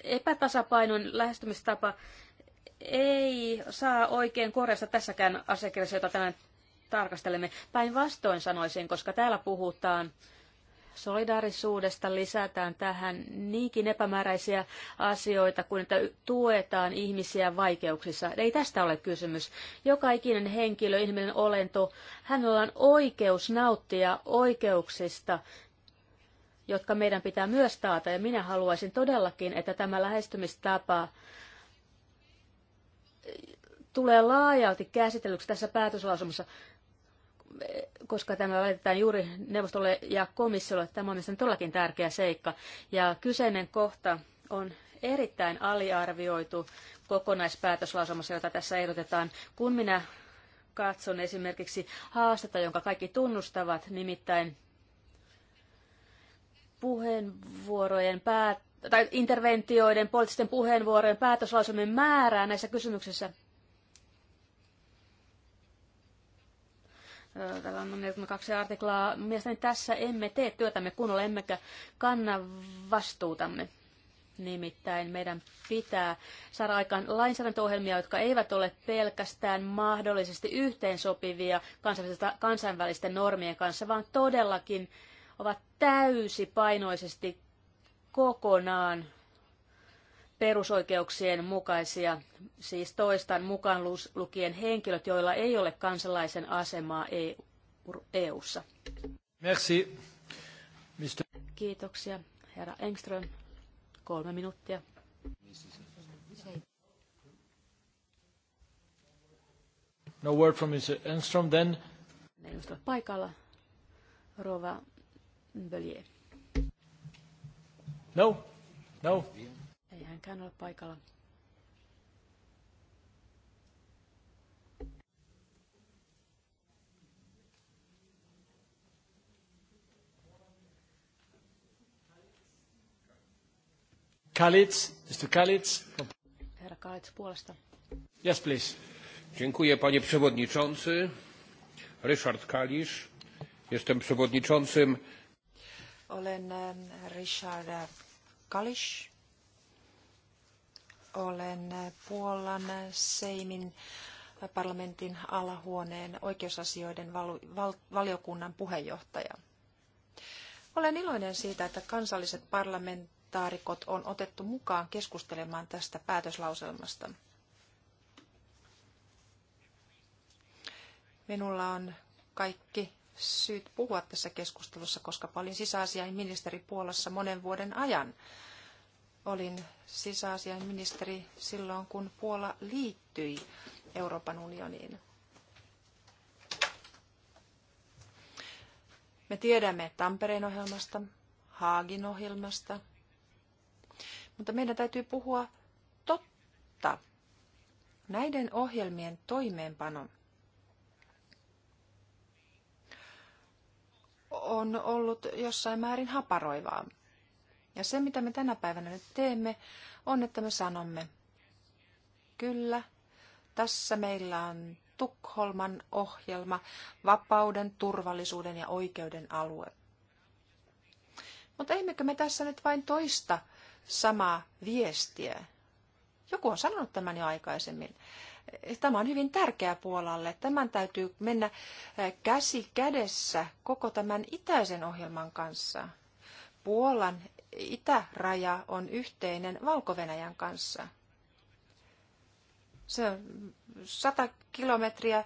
epätasapainon lähestymistapa ei saa oikein korjasta tässäkään asiakirjassa, jota tänään tarkastelemme. Päinvastoin sanoisin, koska täällä puhutaan solidaarisuudesta lisätään tähän niinkin epämääräisiä asioita kuin, että tuetaan ihmisiä vaikeuksissa. Ei tästä ole kysymys. Joka ikinen henkilö, ihminen olento, hänellä on oikeus nauttia oikeuksista, jotka meidän pitää myös taata. Ja minä haluaisin todellakin, että tämä lähestymistapa tulee laajalti käsitellyksi tässä päätöslausumassa koska tämä välitetään juuri neuvostolle ja komissiolle. Tämä on mielestäni todellakin tärkeä seikka. Ja kyseinen kohta on erittäin aliarvioitu kokonaispäätöslausumassa, jota tässä ehdotetaan. Kun minä katson esimerkiksi haastetta, jonka kaikki tunnustavat, nimittäin puheenvuorojen päät- tai interventioiden, poliittisten puheenvuorojen päätöslausumien määrää näissä kysymyksissä, Täällä on 42 artiklaa. Mielestäni tässä emme tee työtämme kunnolla, emmekä kanna vastuutamme. Nimittäin meidän pitää saada aikaan lainsäädäntöohjelmia, jotka eivät ole pelkästään mahdollisesti yhteensopivia kansainvälisten normien kanssa, vaan todellakin ovat täysipainoisesti kokonaan perusoikeuksien mukaisia, siis toistan mukaan lukien henkilöt, joilla ei ole kansalaisen asemaa EU-ssa. E Merci. Mr. Kiitoksia, herra Engström. Kolme minuuttia. No word from Mr. Engström then. Ne ovat paikalla. Rova Belier. No, no. Ei hänkään ole paikalla. Kalitz, Mr. Kalitz. Herra Kalitz puolesta. Yes, please. Dziękuję, panie przewodniczący. Ryszard Kalisz. Jestem przewodniczącym. Olen Richard Kalisz olen Puolan Seimin parlamentin alahuoneen oikeusasioiden valiokunnan puheenjohtaja. Olen iloinen siitä, että kansalliset parlamentaarikot on otettu mukaan keskustelemaan tästä päätöslauselmasta. Minulla on kaikki syyt puhua tässä keskustelussa, koska olin sisäasiain ministeri Puolassa monen vuoden ajan olin sisäasian ministeri silloin, kun Puola liittyi Euroopan unioniin. Me tiedämme Tampereen ohjelmasta, Haagin ohjelmasta, mutta meidän täytyy puhua totta. Näiden ohjelmien toimeenpano on ollut jossain määrin haparoivaa. Ja se, mitä me tänä päivänä nyt teemme, on, että me sanomme, kyllä, tässä meillä on Tukholman ohjelma, vapauden, turvallisuuden ja oikeuden alue. Mutta emmekö me tässä nyt vain toista samaa viestiä? Joku on sanonut tämän jo aikaisemmin. Tämä on hyvin tärkeä Puolalle. Tämän täytyy mennä käsi kädessä koko tämän itäisen ohjelman kanssa. Puolan itäraja on yhteinen valko kanssa. Se on 100 kilometriä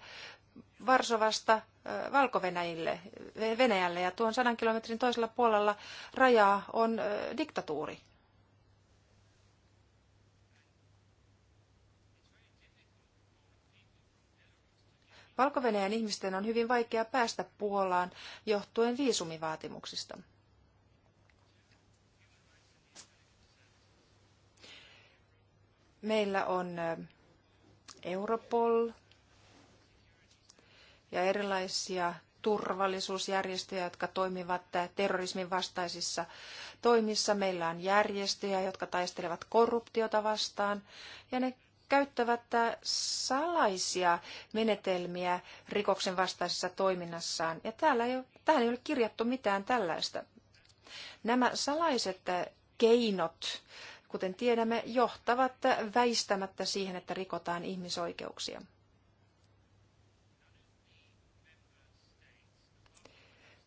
Varsovasta äh, valko Venäjälle ja tuon 100 kilometrin toisella puolella rajaa on äh, diktatuuri. valko ihmisten on hyvin vaikea päästä Puolaan johtuen viisumivaatimuksista. Meillä on Europol ja erilaisia turvallisuusjärjestöjä, jotka toimivat terrorismin vastaisissa toimissa. Meillä on järjestöjä, jotka taistelevat korruptiota vastaan ja ne käyttävät salaisia menetelmiä rikoksen vastaisessa toiminnassaan. Ja täällä ei ole, tähän ei ole kirjattu mitään tällaista. Nämä salaiset keinot kuten tiedämme, johtavat väistämättä siihen, että rikotaan ihmisoikeuksia.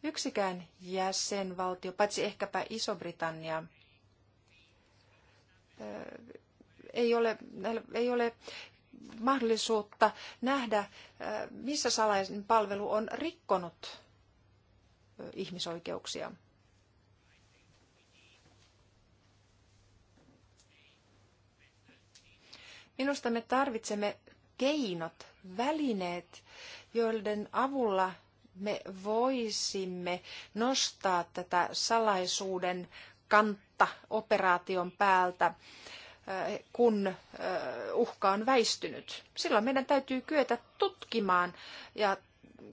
Yksikään jäsenvaltio, paitsi ehkäpä Iso-Britannia, ei ole, ei ole mahdollisuutta nähdä, missä salainen palvelu on rikkonut ihmisoikeuksia. Minusta me tarvitsemme keinot, välineet, joiden avulla me voisimme nostaa tätä salaisuuden kantta operaation päältä, eh, kun eh, uhka on väistynyt. Silloin meidän täytyy kyetä tutkimaan ja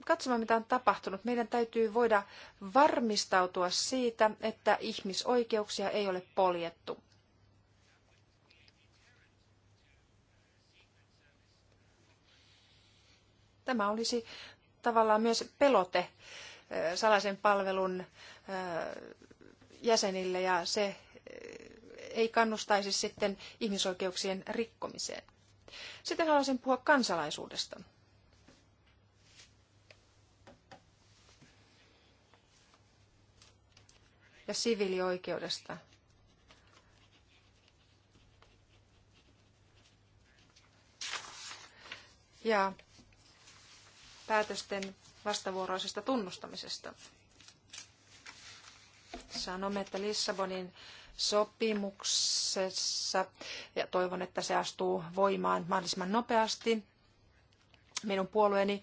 katsomaan, mitä on tapahtunut. Meidän täytyy voida varmistautua siitä, että ihmisoikeuksia ei ole poljettu. Tämä olisi tavallaan myös pelote salaisen palvelun jäsenille ja se ei kannustaisi sitten ihmisoikeuksien rikkomiseen. Sitten haluaisin puhua kansalaisuudesta. Ja siviilioikeudesta. Ja päätösten vastavuoroisesta tunnustamisesta. Sanomme, että Lissabonin sopimuksessa, ja toivon, että se astuu voimaan mahdollisimman nopeasti, minun puolueeni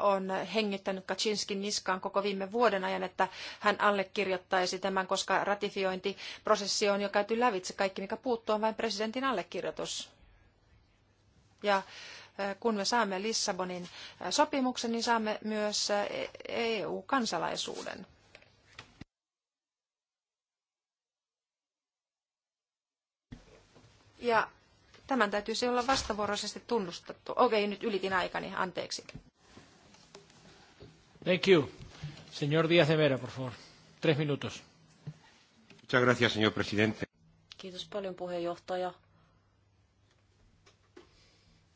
on hengittänyt Kaczynskin niskaan koko viime vuoden ajan, että hän allekirjoittaisi tämän, koska ratifiointiprosessi on jo käyty lävitse. Kaikki, mikä puuttuu, on vain presidentin allekirjoitus. Ja kun me saamme Lissabonin sopimuksen, niin saamme myös EU-kansalaisuuden. Ja tämän täytyisi olla vastavuoroisesti tunnustettu. Okei, nyt ylitin aikani, anteeksi. Thank you. Señor Díaz de Vera, por favor. Tres minutos. Muchas gracias, señor presidente. Kiitos paljon puheenjohtaja.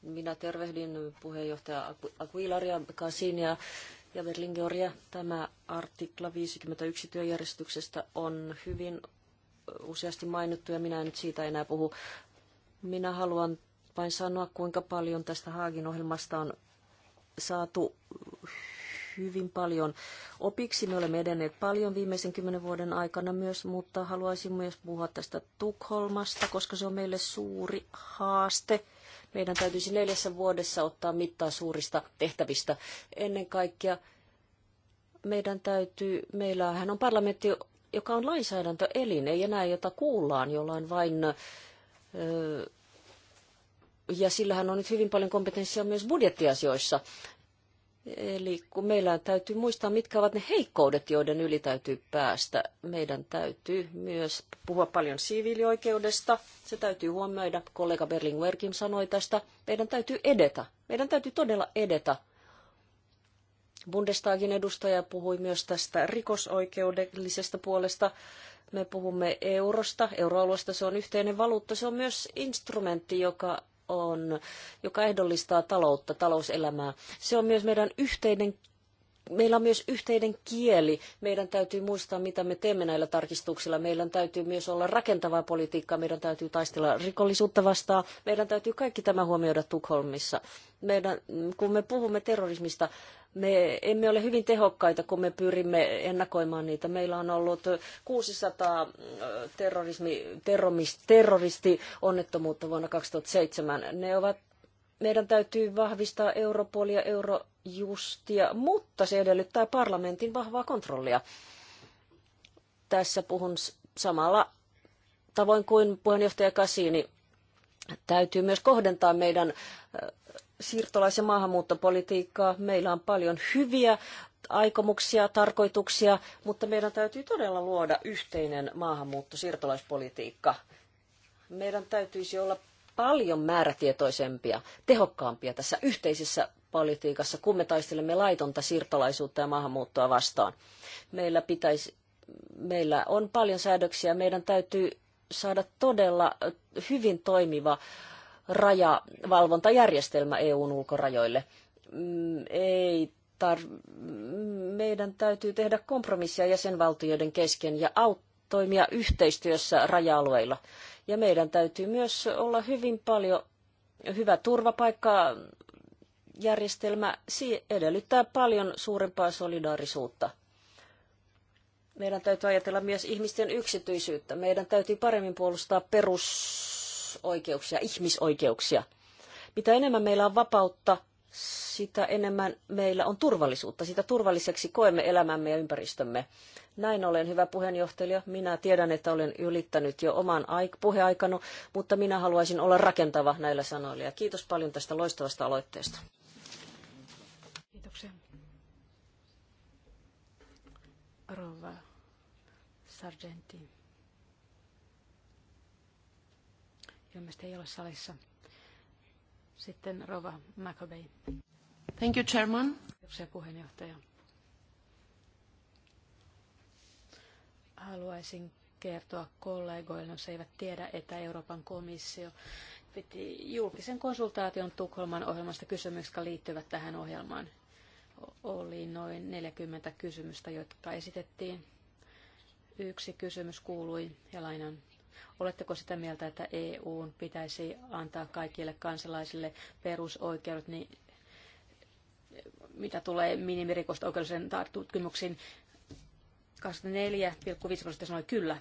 Minä tervehdin puheenjohtaja Aquilaria, Kasinia ja Verlingoria. Tämä artikla 51 työjärjestyksestä on hyvin useasti mainittu ja minä en nyt siitä enää puhu. Minä haluan vain sanoa, kuinka paljon tästä Haagin ohjelmasta on saatu hyvin paljon opiksi. Me olemme edenneet paljon viimeisen kymmenen vuoden aikana myös, mutta haluaisin myös puhua tästä Tukholmasta, koska se on meille suuri haaste meidän täytyisi neljässä vuodessa ottaa mittaa suurista tehtävistä. Ennen kaikkea meidän täytyy, meillähän on parlamentti, joka on lainsäädäntöelin, ei enää jota kuullaan, jolla on vain... ö, ja sillähän on nyt hyvin paljon kompetenssia myös budjettiasioissa. Eli kun meillä täytyy muistaa, mitkä ovat ne heikkoudet, joiden yli täytyy päästä. Meidän täytyy myös puhua paljon siviilioikeudesta. Se täytyy huomioida. Kollega Berlingwerkin sanoi tästä. Meidän täytyy edetä. Meidän täytyy todella edetä. Bundestagin edustaja puhui myös tästä rikosoikeudellisesta puolesta. Me puhumme eurosta, euroalueesta. Se on yhteinen valuutta. Se on myös instrumentti, joka on, joka ehdollistaa taloutta, talouselämää. Se on myös meidän yhteinen meillä on myös yhteinen kieli. Meidän täytyy muistaa, mitä me teemme näillä tarkistuksilla. Meidän täytyy myös olla rakentavaa politiikkaa. Meidän täytyy taistella rikollisuutta vastaan. Meidän täytyy kaikki tämä huomioida Tukholmissa. Meidän, kun me puhumme terrorismista, me emme ole hyvin tehokkaita, kun me pyrimme ennakoimaan niitä. Meillä on ollut 600 äh, terrorismi, terrorist, terroristionnettomuutta vuonna 2007. Ne ovat meidän täytyy vahvistaa Europolia, Eurojustia, mutta se edellyttää parlamentin vahvaa kontrollia. Tässä puhun samalla tavoin kuin puheenjohtaja Kasini. Täytyy myös kohdentaa meidän äh, siirtolais- ja maahanmuuttopolitiikkaa. Meillä on paljon hyviä aikomuksia, tarkoituksia, mutta meidän täytyy todella luoda yhteinen maahanmuutto-siirtolaispolitiikka. Meidän täytyisi olla paljon määrätietoisempia, tehokkaampia tässä yhteisessä politiikassa, kun me taistelemme laitonta siirtolaisuutta ja maahanmuuttoa vastaan. Meillä, pitäisi, meillä on paljon säädöksiä, meidän täytyy saada todella hyvin toimiva äh, rajavalvontajärjestelmä EUn ulkorajoille. Mm, ei tar- meidän täytyy tehdä kompromissia jäsenvaltioiden kesken ja aut- toimia yhteistyössä raja-alueilla. Ja meidän täytyy myös olla hyvin paljon hyvä turvapaikka järjestelmä edellyttää paljon suurempaa solidaarisuutta. Meidän täytyy ajatella myös ihmisten yksityisyyttä. Meidän täytyy paremmin puolustaa perus perusoikeuksia, ihmisoikeuksia. Mitä enemmän meillä on vapautta, sitä enemmän meillä on turvallisuutta. Sitä turvalliseksi koemme elämämme ja ympäristömme. Näin olen, hyvä puheenjohtaja. Minä tiedän, että olen ylittänyt jo oman puheaikani, mutta minä haluaisin olla rakentava näillä sanoilla. Ja kiitos paljon tästä loistavasta aloitteesta. Kiitoksia. Rova Sargentin. 20 ei ole salissa. Sitten Rova McAbey. Thank you, Chairman. Kiitoksia puheenjohtaja. Haluaisin kertoa kollegoille, jos eivät tiedä, että Euroopan komissio piti julkisen konsultaation Tukholman ohjelmasta kysymyksiä, jotka liittyvät tähän ohjelmaan. Oli noin 40 kysymystä, jotka esitettiin. Yksi kysymys kuului, ja lainan Oletteko sitä mieltä, että EUn pitäisi antaa kaikille kansalaisille perusoikeudet, niin mitä tulee minimirikosta oikeudellisen tutkimuksiin? 24,5 prosenttia sanoi kyllä.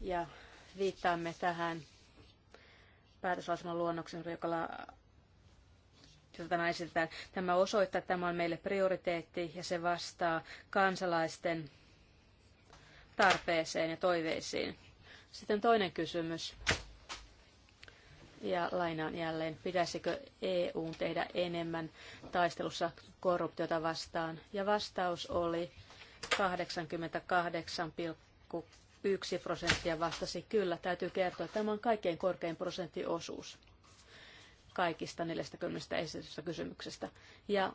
Ja viittaamme tähän päätöslauselman luonnoksen, joka jota tänään esitetään. Tämä osoittaa, että tämä on meille prioriteetti ja se vastaa kansalaisten tarpeeseen ja toiveisiin. Sitten toinen kysymys. Ja lainaan jälleen, pitäisikö EU tehdä enemmän taistelussa korruptiota vastaan? Ja vastaus oli 88,1 prosenttia vastasi kyllä. Täytyy kertoa, että tämä on kaikkein korkein prosenttiosuus kaikista 40 esitetystä kysymyksestä. Ja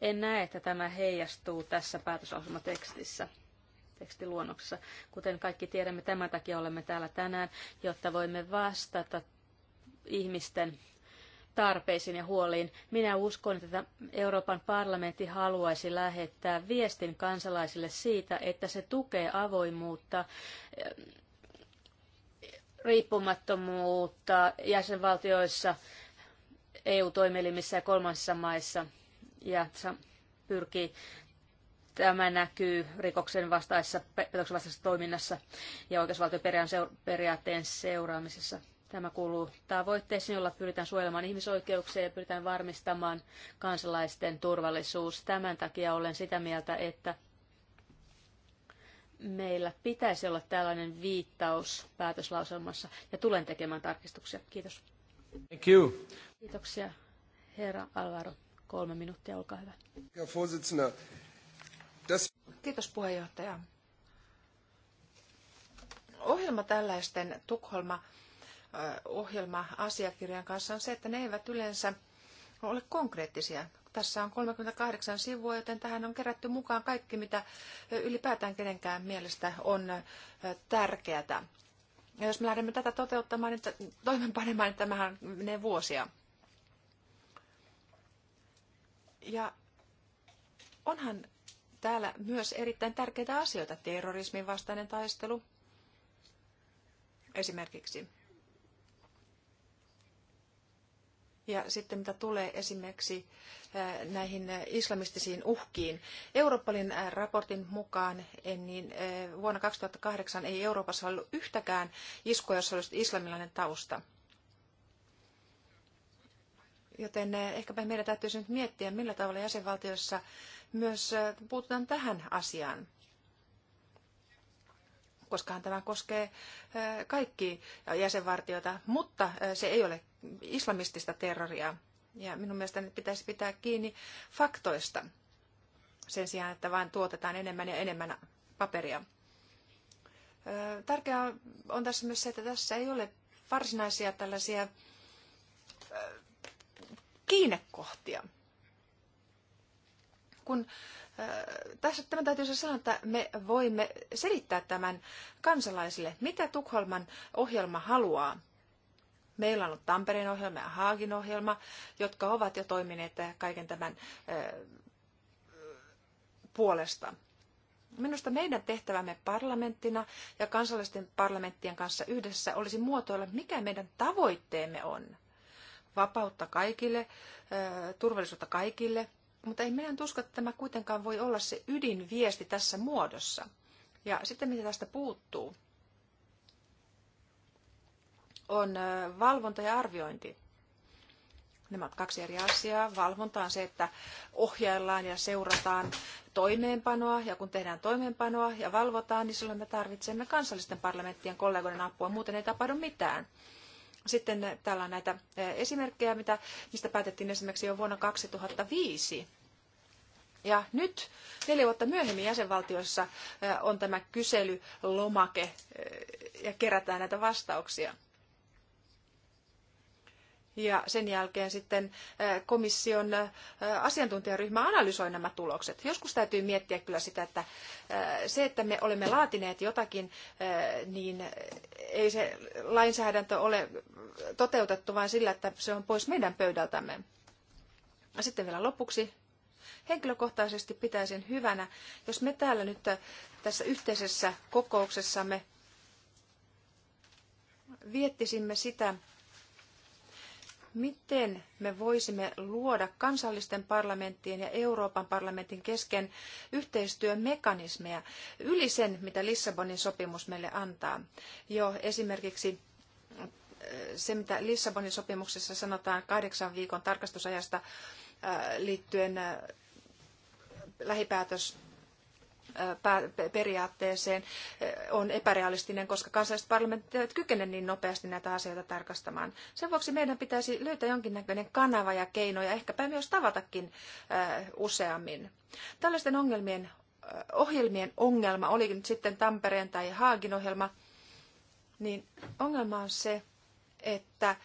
en näe, että tämä heijastuu tässä päätöslausumatekstissä. tekstissä tekstiluonnoksessa. Kuten kaikki tiedämme, tämän takia olemme täällä tänään, jotta voimme vastata ihmisten tarpeisiin ja huoliin. Minä uskon, että Euroopan parlamentti haluaisi lähettää viestin kansalaisille siitä, että se tukee avoimuutta, riippumattomuutta jäsenvaltioissa, EU-toimielimissä ja kolmansissa maissa ja pyrkii Tämä näkyy rikoksen vastaisessa, petoksen vastaisessa toiminnassa ja oikeusvaltioperiaatteen seuraamisessa. Tämä kuuluu tavoitteisiin, jolla pyritään suojelemaan ihmisoikeuksia ja pyritään varmistamaan kansalaisten turvallisuus. Tämän takia olen sitä mieltä, että meillä pitäisi olla tällainen viittaus päätöslauselmassa ja tulen tekemään tarkistuksia. Kiitos. Thank you. Kiitoksia, herra Alvaro. Kolme minuuttia, olkaa hyvä. Ja Kiitos puheenjohtaja. Ohjelma tällaisten Tukholma ohjelma-asiakirjan kanssa on se, että ne eivät yleensä ole konkreettisia. Tässä on 38 sivua, joten tähän on kerätty mukaan kaikki, mitä ylipäätään kenenkään mielestä on tärkeää. Ja jos me lähdemme tätä toteuttamaan, niin toimenpanemaan, niin tämähän menee vuosia. Ja onhan täällä myös erittäin tärkeitä asioita. Terrorismin vastainen taistelu esimerkiksi. Ja sitten mitä tulee esimerkiksi äh, näihin äh, islamistisiin uhkiin. Euroopan äh, raportin mukaan niin vuonna 2008 ei Euroopassa ollut yhtäkään iskua, jossa olisi islamilainen tausta. Joten ehkäpä meidän täytyisi nyt miettiä, millä tavalla jäsenvaltiossa myös äh, puututaan tähän asiaan, koska tämä koskee äh, kaikki jäsenvartioita, mutta äh, se ei ole islamistista terroria. Ja minun mielestäni pitäisi pitää kiinni faktoista sen sijaan, että vain tuotetaan enemmän ja enemmän paperia. Tärkeää on tässä myös se, että tässä ei ole varsinaisia tällaisia kiinnekohtia kun äh, tässä tämä täytyy siis sanoa, että me voimme selittää tämän kansalaisille, mitä Tukholman ohjelma haluaa. Meillä on ollut Tampereen ohjelma ja Haagin ohjelma, jotka ovat jo toimineet kaiken tämän äh, puolesta. Minusta meidän tehtävämme parlamenttina ja kansallisten parlamenttien kanssa yhdessä olisi muotoilla, mikä meidän tavoitteemme on. Vapautta kaikille, äh, turvallisuutta kaikille, mutta ei meidän usko, että tämä kuitenkaan voi olla se ydinviesti tässä muodossa. Ja sitten mitä tästä puuttuu, on valvonta ja arviointi. Nämä ovat kaksi eri asiaa. Valvonta on se, että ohjaillaan ja seurataan toimeenpanoa, ja kun tehdään toimeenpanoa ja valvotaan, niin silloin me tarvitsemme kansallisten parlamenttien kollegoiden apua, muuten ei tapahdu mitään. Sitten täällä on näitä eh, esimerkkejä, mitä, mistä päätettiin esimerkiksi jo vuonna 2005. Ja nyt neljä vuotta myöhemmin jäsenvaltioissa eh, on tämä kyselylomake eh, ja kerätään näitä vastauksia. Ja sen jälkeen sitten komission asiantuntijaryhmä analysoi nämä tulokset. Joskus täytyy miettiä kyllä sitä, että se, että me olemme laatineet jotakin, niin ei se lainsäädäntö ole toteutettu vain sillä, että se on pois meidän pöydältämme. Sitten vielä lopuksi. Henkilökohtaisesti pitäisin hyvänä, jos me täällä nyt tässä yhteisessä kokouksessamme viettisimme sitä, miten me voisimme luoda kansallisten parlamenttien ja Euroopan parlamentin kesken yhteistyömekanismeja yli sen, mitä Lissabonin sopimus meille antaa. Jo esimerkiksi eh, se, mitä Lissabonin sopimuksessa sanotaan kahdeksan viikon tarkastusajasta eh, liittyen eh, lähipäätös periaatteeseen eh, on epärealistinen, koska kansalliset parlamentit eivät kykene niin nopeasti näitä asioita tarkastamaan. Sen vuoksi meidän pitäisi löytää jonkinnäköinen kanava ja keino ja ehkäpä myös tavatakin eh, useammin. Tällaisten ongelmien, eh, ohjelmien ongelma, oli nyt sitten Tampereen tai Haagin ohjelma, niin ongelma on se, että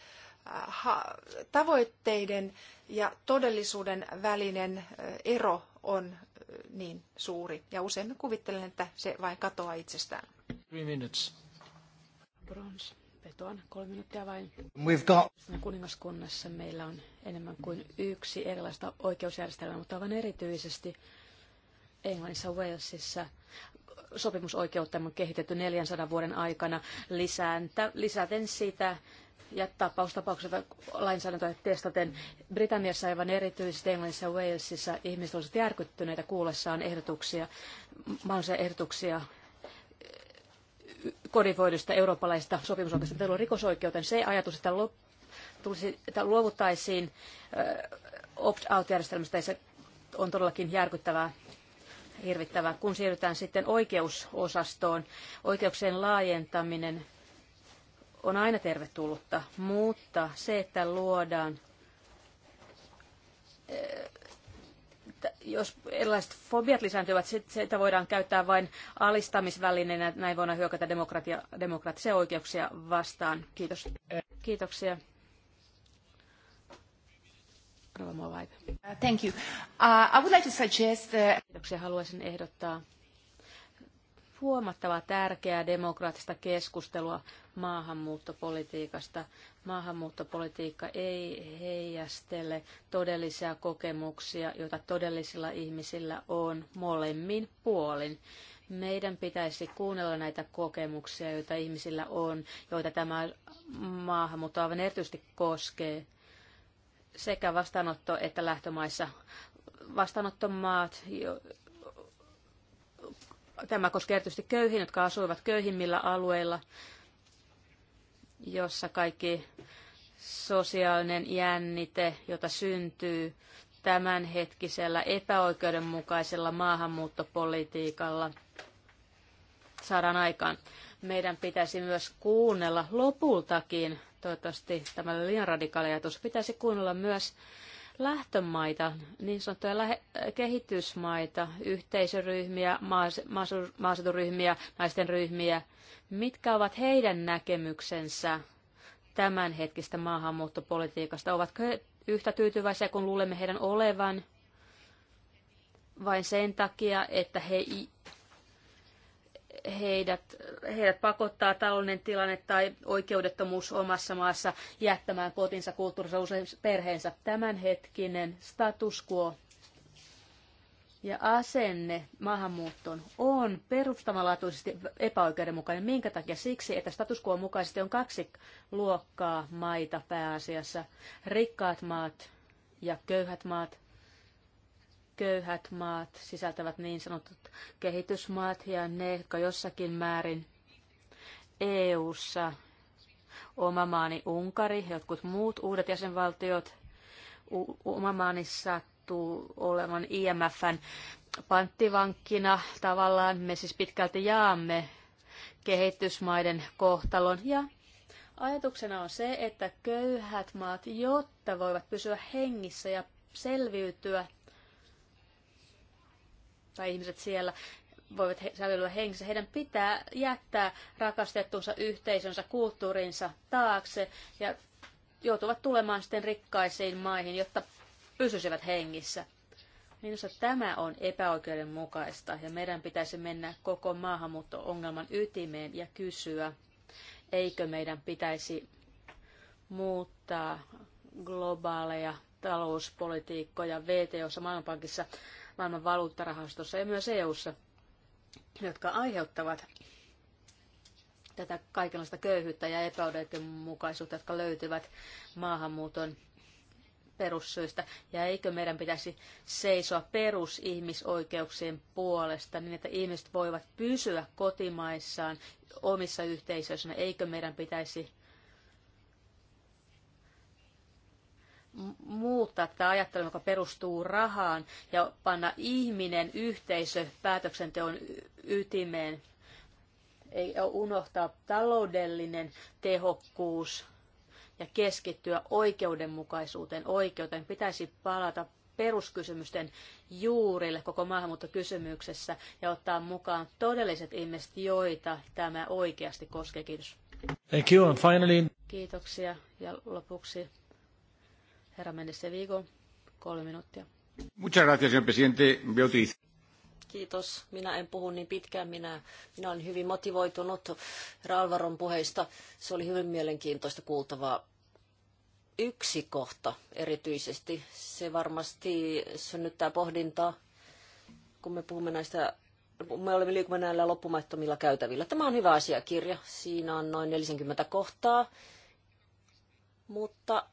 tavoitteiden ja todellisuuden välinen ero on niin suuri. Ja usein mä kuvittelen, että se vain katoaa itsestään. Three minutes. Vetoan kolme minuuttia vain. We've got... Kuningaskunnassa meillä on enemmän kuin yksi erilaista oikeusjärjestelmää, mutta aivan erityisesti Englannissa Walesissa sopimusoikeutta on kehitetty 400 vuoden aikana lisääntä, lisäten sitä, ja tapaustapaukselta lainsäädäntöä testaten. Britanniassa aivan erityisesti Englannissa ja Walesissa ihmiset olisivat järkyttyneitä kuullessaan ehdotuksia, mahdollisia ehdotuksia kodivoidusta eurooppalaisista sopimusoikeudesta rikosoikeuteen. Se ajatus, että, lop, tulisi, että luovuttaisiin opt-out-järjestelmästä, se on todellakin järkyttävää hirvittävää. Kun siirrytään sitten oikeusosastoon, oikeuksien laajentaminen on aina tervetullutta, mutta se, että luodaan eh, jos erilaiset fobiat lisääntyvät, sitä voidaan käyttää vain alistamisvälineenä. Näin voidaan hyökätä demokratia, demokraattisia oikeuksia vastaan. Kiitos. Kiitoksia. Thank you. Uh, I would like to suggest... Uh, Kiitoksia. Haluaisin ehdottaa huomattavaa tärkeää demokraattista keskustelua maahanmuuttopolitiikasta. Maahanmuuttopolitiikka ei heijastele todellisia kokemuksia, joita todellisilla ihmisillä on molemmin puolin. Meidän pitäisi kuunnella näitä kokemuksia, joita ihmisillä on, joita tämä maahanmuutto aivan erityisesti koskee sekä vastaanotto- että lähtömaissa. Vastaanottomaat, Tämä koskee erityisesti köyhiä, jotka asuivat köyhimmillä alueilla, jossa kaikki sosiaalinen jännite, jota syntyy tämänhetkisellä epäoikeudenmukaisella maahanmuuttopolitiikalla, saadaan aikaan. Meidän pitäisi myös kuunnella lopultakin, toivottavasti tämä liian radikaali ajatus, pitäisi kuunnella myös lähtömaita, niin sanottuja lähe- kehitysmaita, yhteisöryhmiä, maas- maaseuturyhmiä, naisten ryhmiä. Mitkä ovat heidän näkemyksensä tämänhetkistä maahanmuuttopolitiikasta? Ovatko he yhtä tyytyväisiä kuin luulemme heidän olevan? Vain sen takia, että he heidät, heidät pakottaa taloudellinen tilanne tai oikeudettomuus omassa maassa jättämään kotinsa, kulttuurinsa, usein perheensä. Tämänhetkinen status quo ja asenne maahanmuuttoon on perustavanlaatuisesti epäoikeudenmukainen. Minkä takia? Siksi, että status quo mukaisesti on kaksi luokkaa maita pääasiassa. Rikkaat maat ja köyhät maat, köyhät maat sisältävät niin sanotut kehitysmaat ja ne, jotka jossakin määrin EU-ssa, oma maani Unkari, jotkut muut uudet jäsenvaltiot, oma maani sattuu olemaan IMFn panttivankkina tavallaan. Me siis pitkälti jaamme kehitysmaiden kohtalon ja Ajatuksena on se, että köyhät maat, jotta voivat pysyä hengissä ja selviytyä tai ihmiset siellä voivat he, säilyä hengissä. Heidän pitää jättää rakastettunsa yhteisönsä, kulttuurinsa taakse ja joutuvat tulemaan sitten rikkaisiin maihin, jotta pysyisivät hengissä. Minusta tämä on epäoikeudenmukaista ja meidän pitäisi mennä koko maahanmuutto-ongelman ytimeen ja kysyä, eikö meidän pitäisi muuttaa globaaleja talouspolitiikkoja VTOssa Maailmanpankissa maailman valuuttarahastossa ja myös EU:ssa, jotka aiheuttavat tätä kaikenlaista köyhyyttä ja epäoikeudenmukaisuutta, jotka löytyvät maahanmuuton perussyistä. Ja eikö meidän pitäisi seisoa perusihmisoikeuksien puolesta niin, että ihmiset voivat pysyä kotimaissaan omissa yhteisöissä? Eikö meidän pitäisi muuttaa tätä ajattelua, joka perustuu rahaan, ja panna ihminen, yhteisö päätöksenteon ytimeen. Ei unohtaa taloudellinen tehokkuus ja keskittyä oikeudenmukaisuuteen. Oikeuteen pitäisi palata peruskysymysten juurille koko maahanmuuttokysymyksessä ja ottaa mukaan todelliset ihmiset, joita tämä oikeasti koskee. Kiitos. Thank you. And finally... Kiitoksia. Ja lopuksi Herra kolme minuuttia. Muchas gracias, señor presidente. Kiitos. Minä en puhu niin pitkään. Minä, minä olen hyvin motivoitunut Ralvaron puheista. Se oli hyvin mielenkiintoista kuultavaa. Yksi kohta erityisesti. Se varmasti synnyttää pohdintaa, kun me puhumme näistä me olemme liikumme näillä loppumattomilla käytävillä. Tämä on hyvä asiakirja. Siinä on noin 40 kohtaa. Mutta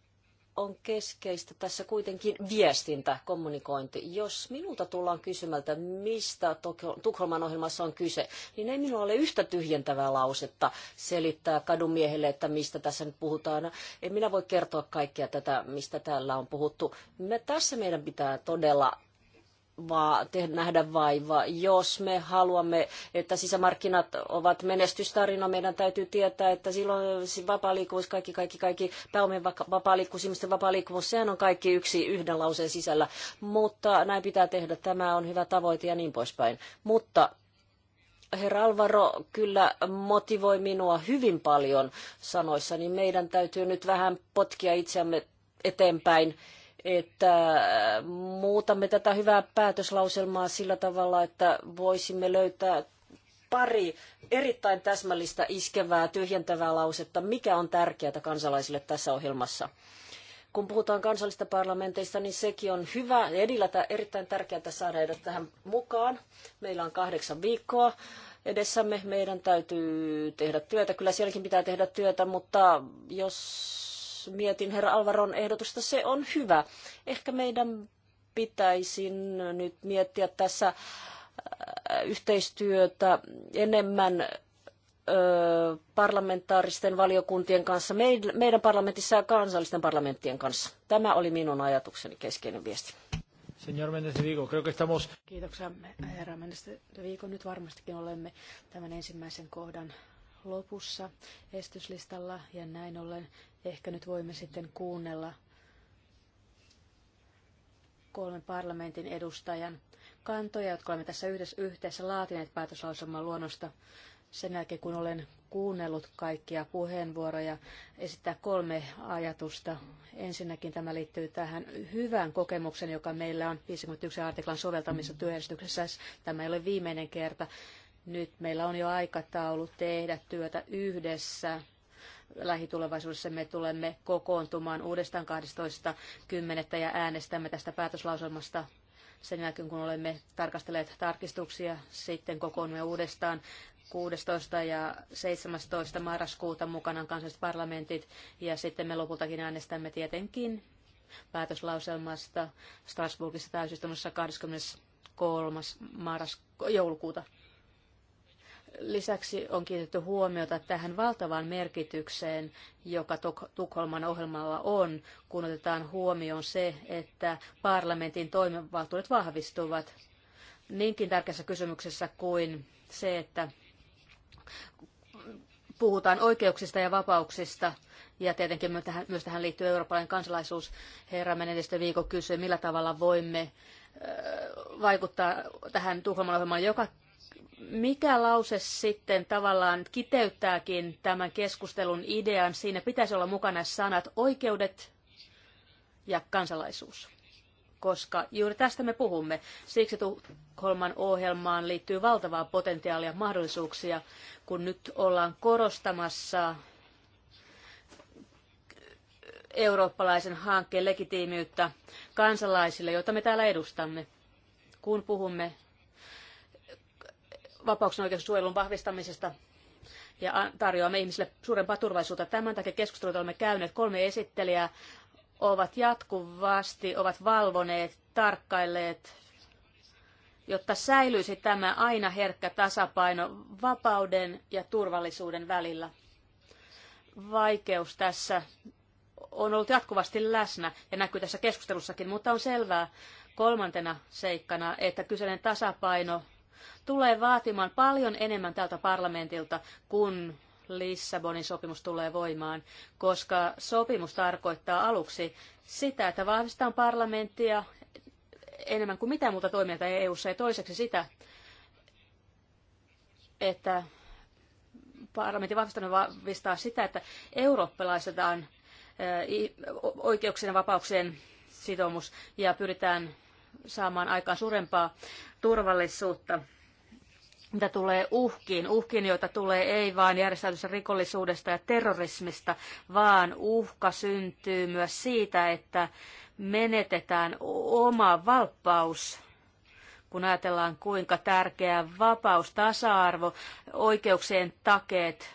on keskeistä tässä kuitenkin viestintä, kommunikointi. Jos minulta tullaan kysymältä, mistä Tukholman ohjelmassa on kyse, niin ei minulla ole yhtä tyhjentävää lausetta selittää kadumiehelle, että mistä tässä nyt puhutaan. En minä voi kertoa kaikkea tätä, mistä täällä on puhuttu. Me tässä meidän pitää todella va- te- nähdä vaivaa. Jos me haluamme, että sisämarkkinat ovat menestystarina, meidän täytyy tietää, että silloin vapaa liikkuvuus, kaikki, kaikki, kaikki, pääomien vapaa liikkuvuus, ihmisten vapaa liikkuvuus, sehän on kaikki yksi yhden lauseen sisällä. Mutta näin pitää tehdä, tämä on hyvä tavoite ja niin poispäin. Mutta herra Alvaro kyllä motivoi minua hyvin paljon sanoissa, niin meidän täytyy nyt vähän potkia itseämme eteenpäin että äh, muutamme tätä hyvää päätöslauselmaa sillä tavalla, että voisimme löytää pari erittäin täsmällistä, iskevää, tyhjentävää lausetta, mikä on tärkeää kansalaisille tässä ohjelmassa. Kun puhutaan kansallisista parlamenteista, niin sekin on hyvä. Edillä erittäin tärkeää saada heidät tähän mukaan. Meillä on kahdeksan viikkoa edessämme. Meidän täytyy tehdä työtä. Kyllä sielläkin pitää tehdä työtä, mutta jos mietin herra Alvaron ehdotusta, se on hyvä. Ehkä meidän pitäisi nyt miettiä tässä äh, yhteistyötä enemmän äh, parlamentaaristen valiokuntien kanssa, meidän parlamentissa ja kansallisten parlamenttien kanssa. Tämä oli minun ajatukseni keskeinen viesti. Señor de Vigo, creo que estamos... Kiitoksia, herra de Vigo. Nyt varmastikin olemme tämän ensimmäisen kohdan lopussa estyslistalla ja näin ollen ehkä nyt voimme sitten kuunnella kolmen parlamentin edustajan kantoja, jotka olemme tässä yhdessä, yhteensä laatineet päätöslausumman luonnosta sen jälkeen, kun olen kuunnellut kaikkia puheenvuoroja, esittää kolme ajatusta. Ensinnäkin tämä liittyy tähän hyvään kokemukseen, joka meillä on 51 artiklan soveltamissa työjärjestyksessä. Tämä ei ole viimeinen kerta, nyt meillä on jo aikataulu tehdä työtä yhdessä. Lähitulevaisuudessa me tulemme kokoontumaan uudestaan 12.10. ja äänestämme tästä päätöslauselmasta sen jälkeen, kun olemme tarkastelleet tarkistuksia. Sitten kokoonnumme uudestaan 16. ja 17. marraskuuta mukana kansalliset parlamentit ja sitten me lopultakin äänestämme tietenkin päätöslauselmasta Strasbourgissa täysistunnossa 23. Marrasku- joulukuuta. Lisäksi on kiinnitetty huomiota tähän valtavaan merkitykseen, joka Tukholman ohjelmalla on, kun otetaan huomioon se, että parlamentin toimivaltuudet vahvistuvat niinkin tärkeässä kysymyksessä kuin se, että puhutaan oikeuksista ja vapauksista. Ja tietenkin myös tähän liittyy eurooppalainen kansalaisuus. Herra Menedistö Viikko kysyi, millä tavalla voimme vaikuttaa tähän Tukholman ohjelmaan joka mikä lause sitten tavallaan kiteyttääkin tämän keskustelun idean? Siinä pitäisi olla mukana sanat oikeudet ja kansalaisuus, koska juuri tästä me puhumme. Siksi Tukholman ohjelmaan liittyy valtavaa potentiaalia mahdollisuuksia, kun nyt ollaan korostamassa eurooppalaisen hankkeen legitiimiyttä kansalaisille, joita me täällä edustamme, kun puhumme vapauksien oikeuksien suojelun vahvistamisesta ja tarjoamme ihmisille suurempaa turvallisuutta. Tämän takia keskustelut olemme käyneet. Kolme esittelijää ovat jatkuvasti, ovat valvoneet, tarkkailleet, jotta säilyisi tämä aina herkkä tasapaino vapauden ja turvallisuuden välillä. Vaikeus tässä on ollut jatkuvasti läsnä ja näkyy tässä keskustelussakin, mutta on selvää kolmantena seikkana, että kyseinen tasapaino tulee vaatimaan paljon enemmän tältä parlamentilta, kun Lissabonin sopimus tulee voimaan, koska sopimus tarkoittaa aluksi sitä, että vahvistetaan parlamenttia enemmän kuin mitään muuta toimijoita EU-ssa ja toiseksi sitä, että parlamentin vahvistaminen vahvistaa sitä, että eurooppalaistetaan oikeuksien ja vapauksien sitoumus ja pyritään saamaan aikaan suurempaa turvallisuutta mitä tulee uhkiin, uhkiin, joita tulee ei vain järjestäytyessä rikollisuudesta ja terrorismista, vaan uhka syntyy myös siitä, että menetetään oma valppaus, kun ajatellaan kuinka tärkeä vapaus, tasa-arvo, oikeuksien takeet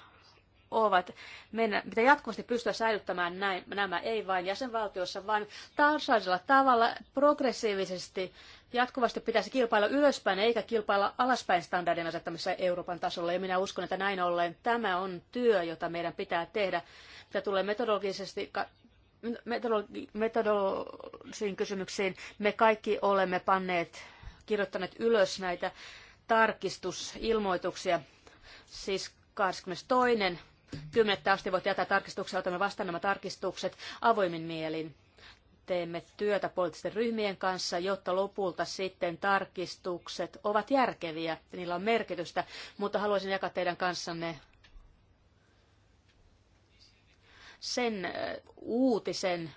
ovat. Meidän pitää jatkuvasti pystyä säilyttämään näin, nämä ei vain jäsenvaltioissa, vaan tasaisella tavalla progressiivisesti jatkuvasti pitäisi kilpailla ylöspäin eikä kilpailla alaspäin standardien asettamisessa Euroopan tasolla. Ja minä uskon, että näin ollen tämä on työ, jota meidän pitää tehdä. Mitä tulee metodologisesti metodologisiin kysymyksiin, me kaikki olemme panneet, kirjoittaneet ylös näitä tarkistusilmoituksia. Siis 22. kymmenettä asti voit jättää tarkistuksia, otamme vastaan nämä tarkistukset avoimin mielin teemme työtä poliittisten ryhmien kanssa, jotta lopulta sitten tarkistukset ovat järkeviä ja niillä on merkitystä, mutta haluaisin jakaa teidän kanssanne sen uutisen,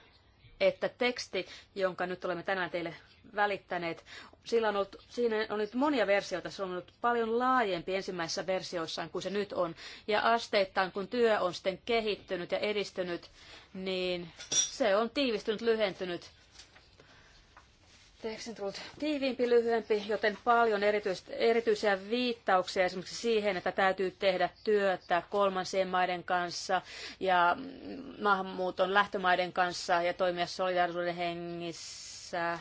että teksti, jonka nyt olemme tänään teille välittäneet, sillä on ollut, siinä on nyt monia versioita, se on ollut paljon laajempi ensimmäisissä versioissaan kuin se nyt on. Ja asteittain, kun työ on sitten kehittynyt ja edistynyt, niin se on tiivistynyt, lyhentynyt on tullut tiiviimpi, lyhyempi, joten paljon erityis- erityisiä viittauksia esimerkiksi siihen, että täytyy tehdä työtä kolmansien maiden kanssa ja maahanmuuton lähtömaiden kanssa ja toimia solidaarisuuden hengissä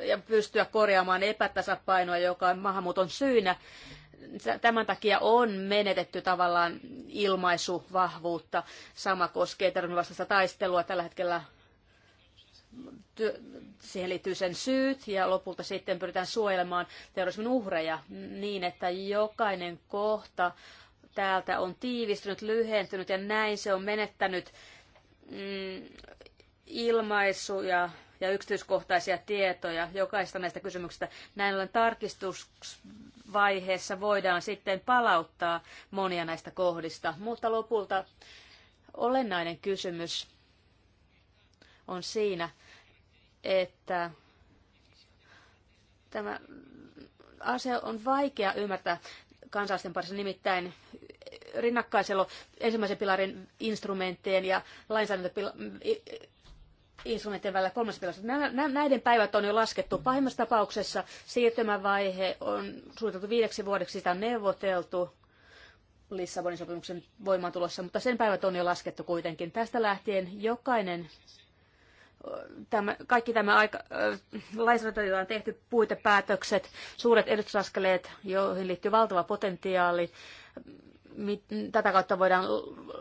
ja pystyä korjaamaan epätasapainoa, joka on maahanmuuton syynä. Tämän takia on menetetty tavallaan ilmaisuvahvuutta. Sama koskee terrorismin taistelua. Tällä hetkellä siihen liittyy sen syyt ja lopulta sitten pyritään suojelemaan terrorismin uhreja niin, että jokainen kohta täältä on tiivistynyt, lyhentynyt ja näin se on menettänyt mm, ilmaisuja ja yksityiskohtaisia tietoja jokaista näistä kysymyksistä. Näin ollen tarkistusvaiheessa voidaan sitten palauttaa monia näistä kohdista, mutta lopulta olennainen kysymys on siinä, että tämä asia on vaikea ymmärtää kansalaisten parissa, nimittäin rinnakkaiselo ensimmäisen pilarin instrumenttien ja lainsäädäntöinstrumenttien välillä kolmas pilari. Näiden päivät on jo laskettu. Pahimmassa tapauksessa siirtymävaihe on suunniteltu viideksi vuodeksi, sitä on neuvoteltu Lissabonin sopimuksen voimaantulossa, mutta sen päivät on jo laskettu kuitenkin. Tästä lähtien jokainen tämä, kaikki tämä aika, äh, lainsäädäntö, jota on tehty, puitepäätökset, suuret edistysaskeleet, joihin liittyy valtava potentiaali, tätä kautta voidaan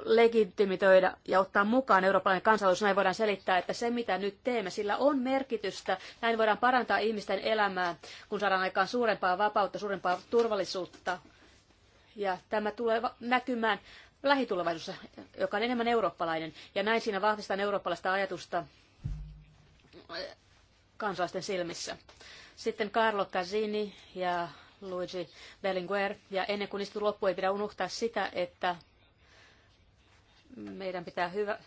legitimitoida ja ottaa mukaan eurooppalainen kansallisuus. Näin voidaan selittää, että se mitä nyt teemme, sillä on merkitystä. Näin voidaan parantaa ihmisten elämää, kun saadaan aikaan suurempaa vapautta, suurempaa turvallisuutta. Ja tämä tulee näkymään lähitulevaisuudessa, joka on enemmän eurooppalainen. Ja näin siinä vahvistetaan eurooppalaista ajatusta kansalaisten silmissä. Sitten Carlo Casini ja Luigi Berlinguer. Ja ennen kuin niistä loppu, ei pidä unohtaa sitä, että meidän pitää hyvä,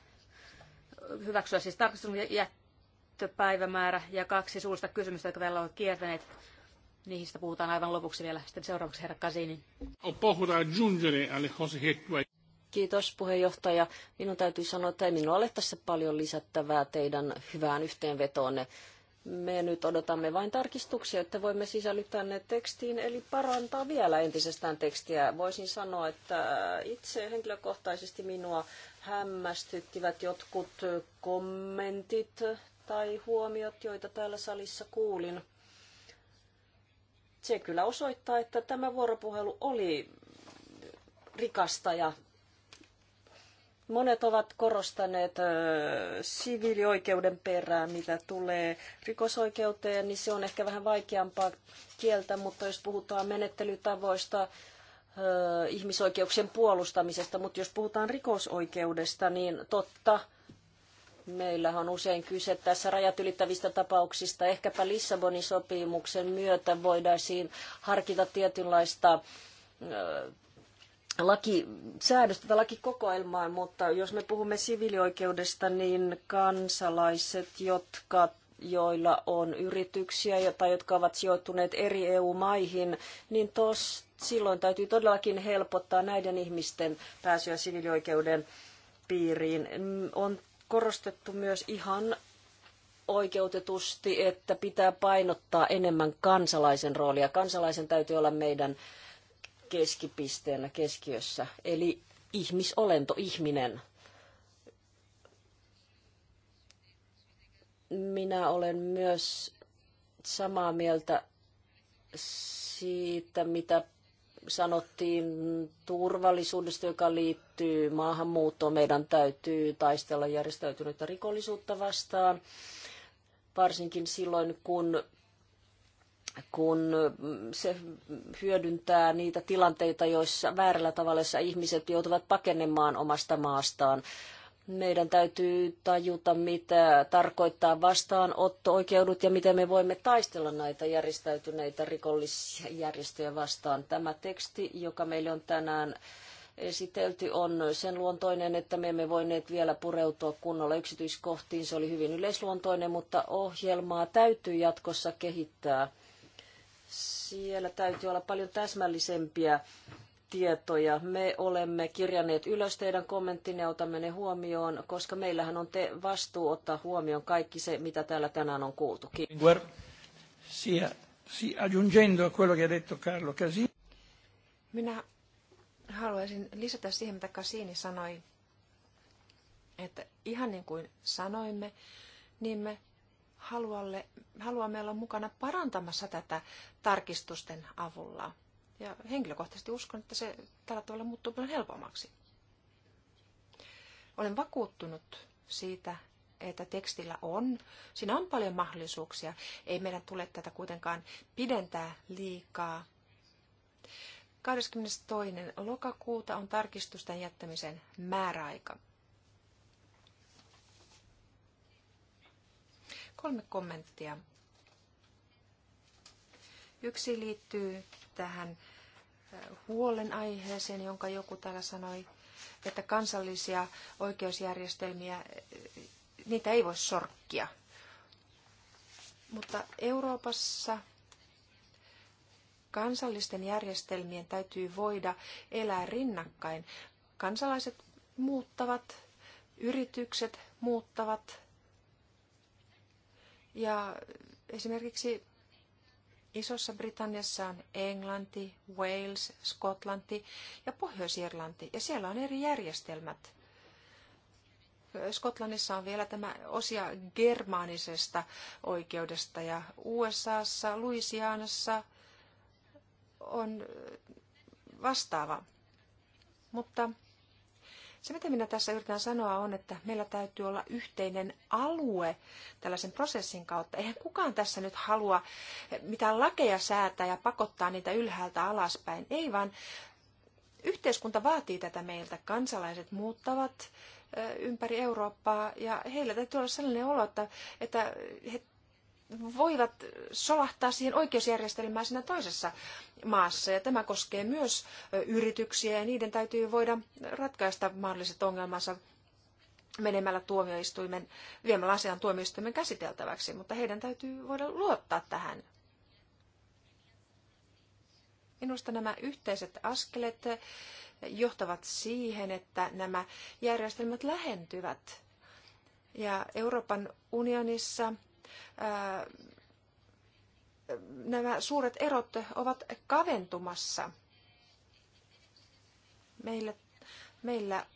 hyväksyä siis tarkastelun jättöpäivämäärä ja kaksi suurista kysymystä, jotka täällä on kiertäneet. Niistä puhutaan aivan lopuksi vielä. Sitten seuraavaksi herra Kasini. Kiitos puheenjohtaja. Minun täytyy sanoa, että ei minulla ole tässä paljon lisättävää teidän hyvään yhteenvetoonne. Me nyt odotamme vain tarkistuksia, että voimme sisällyttää ne tekstiin, eli parantaa vielä entisestään tekstiä. Voisin sanoa, että itse henkilökohtaisesti minua hämmästyttivät jotkut kommentit tai huomiot, joita täällä salissa kuulin. Se kyllä osoittaa, että tämä vuoropuhelu oli rikasta ja Monet ovat korostaneet siviilioikeuden perään, mitä tulee rikosoikeuteen, niin se on ehkä vähän vaikeampaa kieltä, mutta jos puhutaan menettelytavoista, ihmisoikeuksien puolustamisesta, mutta jos puhutaan rikosoikeudesta, niin totta, meillä on usein kyse tässä rajat ylittävistä tapauksista. Ehkäpä Lissabonin sopimuksen myötä voidaan harkita tietynlaista laki, säädöstä tai lakikokoelmaan, mutta jos me puhumme siviilioikeudesta, niin kansalaiset, jotka joilla on yrityksiä tai jotka ovat sijoittuneet eri EU-maihin, niin tos, silloin täytyy todellakin helpottaa näiden ihmisten pääsyä siviilioikeuden piiriin. Mm, on korostettu myös ihan oikeutetusti, että pitää painottaa enemmän kansalaisen roolia. Kansalaisen täytyy olla meidän keskipisteenä, keskiössä, eli ihmisolento, ihminen. Minä olen myös samaa mieltä siitä, mitä sanottiin turvallisuudesta, joka liittyy maahanmuuttoon. Meidän täytyy taistella järjestäytynyttä rikollisuutta vastaan, varsinkin silloin, kun kun mm, se hyödyntää niitä tilanteita, joissa väärällä tavalla joissa ihmiset joutuvat pakenemaan omasta maastaan. Meidän täytyy tajuta, mitä tarkoittaa vastaanotto-oikeudut ja miten me voimme taistella näitä järjestäytyneitä rikollisjärjestöjä vastaan. Tämä teksti, joka meille on tänään esitelty, on sen luontoinen, että me emme voineet vielä pureutua kunnolla yksityiskohtiin. Se oli hyvin yleisluontoinen, mutta ohjelmaa täytyy jatkossa kehittää siellä täytyy olla paljon täsmällisempiä tietoja. Me olemme kirjanneet ylös teidän kommenttinne ja otamme ne huomioon, koska meillähän on te vastuu ottaa huomioon kaikki se, mitä täällä tänään on kuultu. Kiitos. Minä haluaisin lisätä siihen, mitä Cassini sanoi, että ihan niin kuin sanoimme, niin me haluamme olla mukana parantamassa tätä tarkistusten avulla. Ja henkilökohtaisesti uskon, että se tällä tavalla muuttuu paljon helpommaksi. Olen vakuuttunut siitä, että tekstillä on. Siinä on paljon mahdollisuuksia. Ei meidän tule tätä kuitenkaan pidentää liikaa. 22. lokakuuta on tarkistusten jättämisen määräaika. Kolme kommenttia. Yksi liittyy tähän huolenaiheeseen, jonka joku täällä sanoi, että kansallisia oikeusjärjestelmiä, niitä ei voi sorkkia. Mutta Euroopassa kansallisten järjestelmien täytyy voida elää rinnakkain. Kansalaiset muuttavat, yritykset muuttavat, ja esimerkiksi Isossa Britanniassa on Englanti, Wales, Skotlanti ja Pohjois-Irlanti, ja siellä on eri järjestelmät. Skotlannissa on vielä tämä osia germaanisesta oikeudesta, ja USAssa, Louisianassa on vastaava. Mutta se, mitä minä tässä yritän sanoa, on, että meillä täytyy olla yhteinen alue tällaisen prosessin kautta. Eihän kukaan tässä nyt halua mitään lakeja säätää ja pakottaa niitä ylhäältä alaspäin. Ei, vaan yhteiskunta vaatii tätä meiltä. Kansalaiset muuttavat ympäri Eurooppaa ja heillä täytyy olla sellainen olo, että, että he voivat solahtaa siihen oikeusjärjestelmään siinä toisessa maassa. Ja tämä koskee myös yrityksiä ja niiden täytyy voida ratkaista mahdolliset ongelmansa menemällä tuomioistuimen, viemällä asian tuomioistuimen käsiteltäväksi, mutta heidän täytyy voida luottaa tähän. Minusta nämä yhteiset askeleet johtavat siihen, että nämä järjestelmät lähentyvät. Ja Euroopan unionissa – nämä suuret erot ovat kaventumassa. Meillä, meillä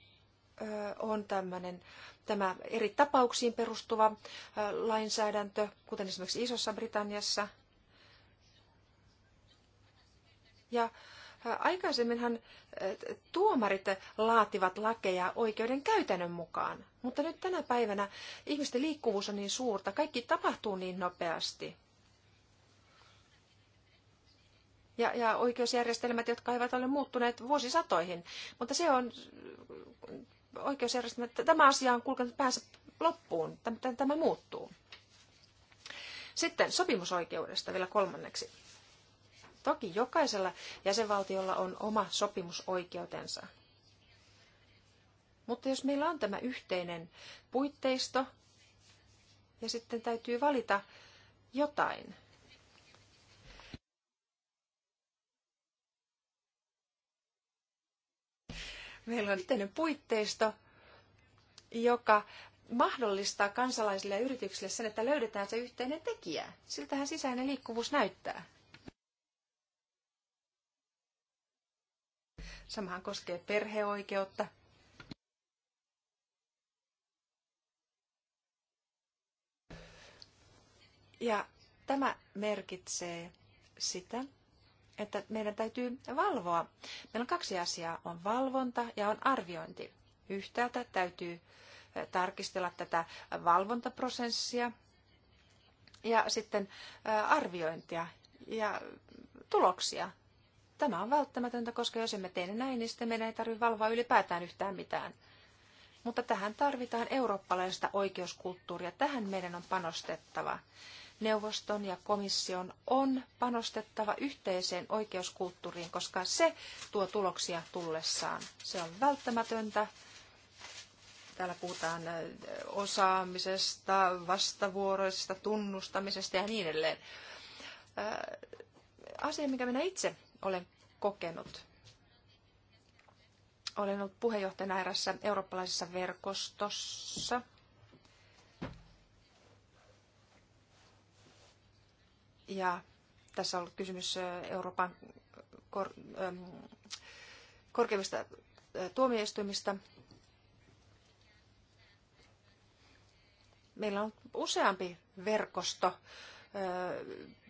on tämmöinen tämä eri tapauksiin perustuva lainsäädäntö, kuten esimerkiksi Isossa Britanniassa. Ja Aikaisemminhan tuomarit laativat lakeja oikeuden käytännön mukaan, mutta nyt tänä päivänä ihmisten liikkuvuus on niin suurta, kaikki tapahtuu niin nopeasti. Ja, ja oikeusjärjestelmät, jotka eivät ole muuttuneet vuosisatoihin, mutta se on oikeusjärjestelmä, että tämä asia on kulkenut päänsä loppuun, tämä, tämä muuttuu. Sitten sopimusoikeudesta vielä kolmanneksi. Toki jokaisella jäsenvaltiolla on oma sopimusoikeutensa. Mutta jos meillä on tämä yhteinen puitteisto ja sitten täytyy valita jotain, meillä on yhteinen puitteisto, joka mahdollistaa kansalaisille ja yrityksille sen, että löydetään se yhteinen tekijä. Siltähän sisäinen liikkuvuus näyttää. Samahan koskee perheoikeutta. Ja tämä merkitsee sitä, että meidän täytyy valvoa. Meillä on kaksi asiaa, on valvonta ja on arviointi. Yhtäältä täytyy eh, tarkistella tätä valvontaprosessia ja sitten eh, arviointia ja tuloksia. Tämä on välttämätöntä, koska jos emme tee näin, niin sitten meidän ei tarvitse valvoa ylipäätään yhtään mitään. Mutta tähän tarvitaan eurooppalaista oikeuskulttuuria. Tähän meidän on panostettava. Neuvoston ja komission on panostettava yhteiseen oikeuskulttuuriin, koska se tuo tuloksia tullessaan. Se on välttämätöntä. Täällä puhutaan osaamisesta, vastavuoroisesta tunnustamisesta ja niin edelleen. Asia, mikä minä itse olen kokenut. Olen ollut puheenjohtajana erässä eurooppalaisessa verkostossa. Ja tässä on ollut kysymys Euroopan kor- korkeimmista tuomioistuimista. Meillä on useampi verkosto,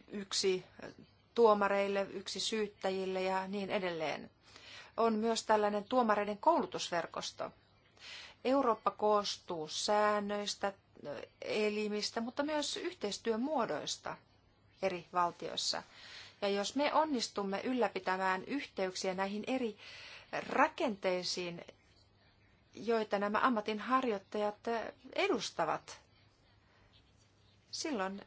yksi tuomareille, yksi syyttäjille ja niin edelleen. On myös tällainen tuomareiden koulutusverkosto. Eurooppa koostuu säännöistä, elimistä, mutta myös yhteistyömuodoista eri valtioissa. Ja jos me onnistumme ylläpitämään yhteyksiä näihin eri rakenteisiin, joita nämä ammatinharjoittajat edustavat, silloin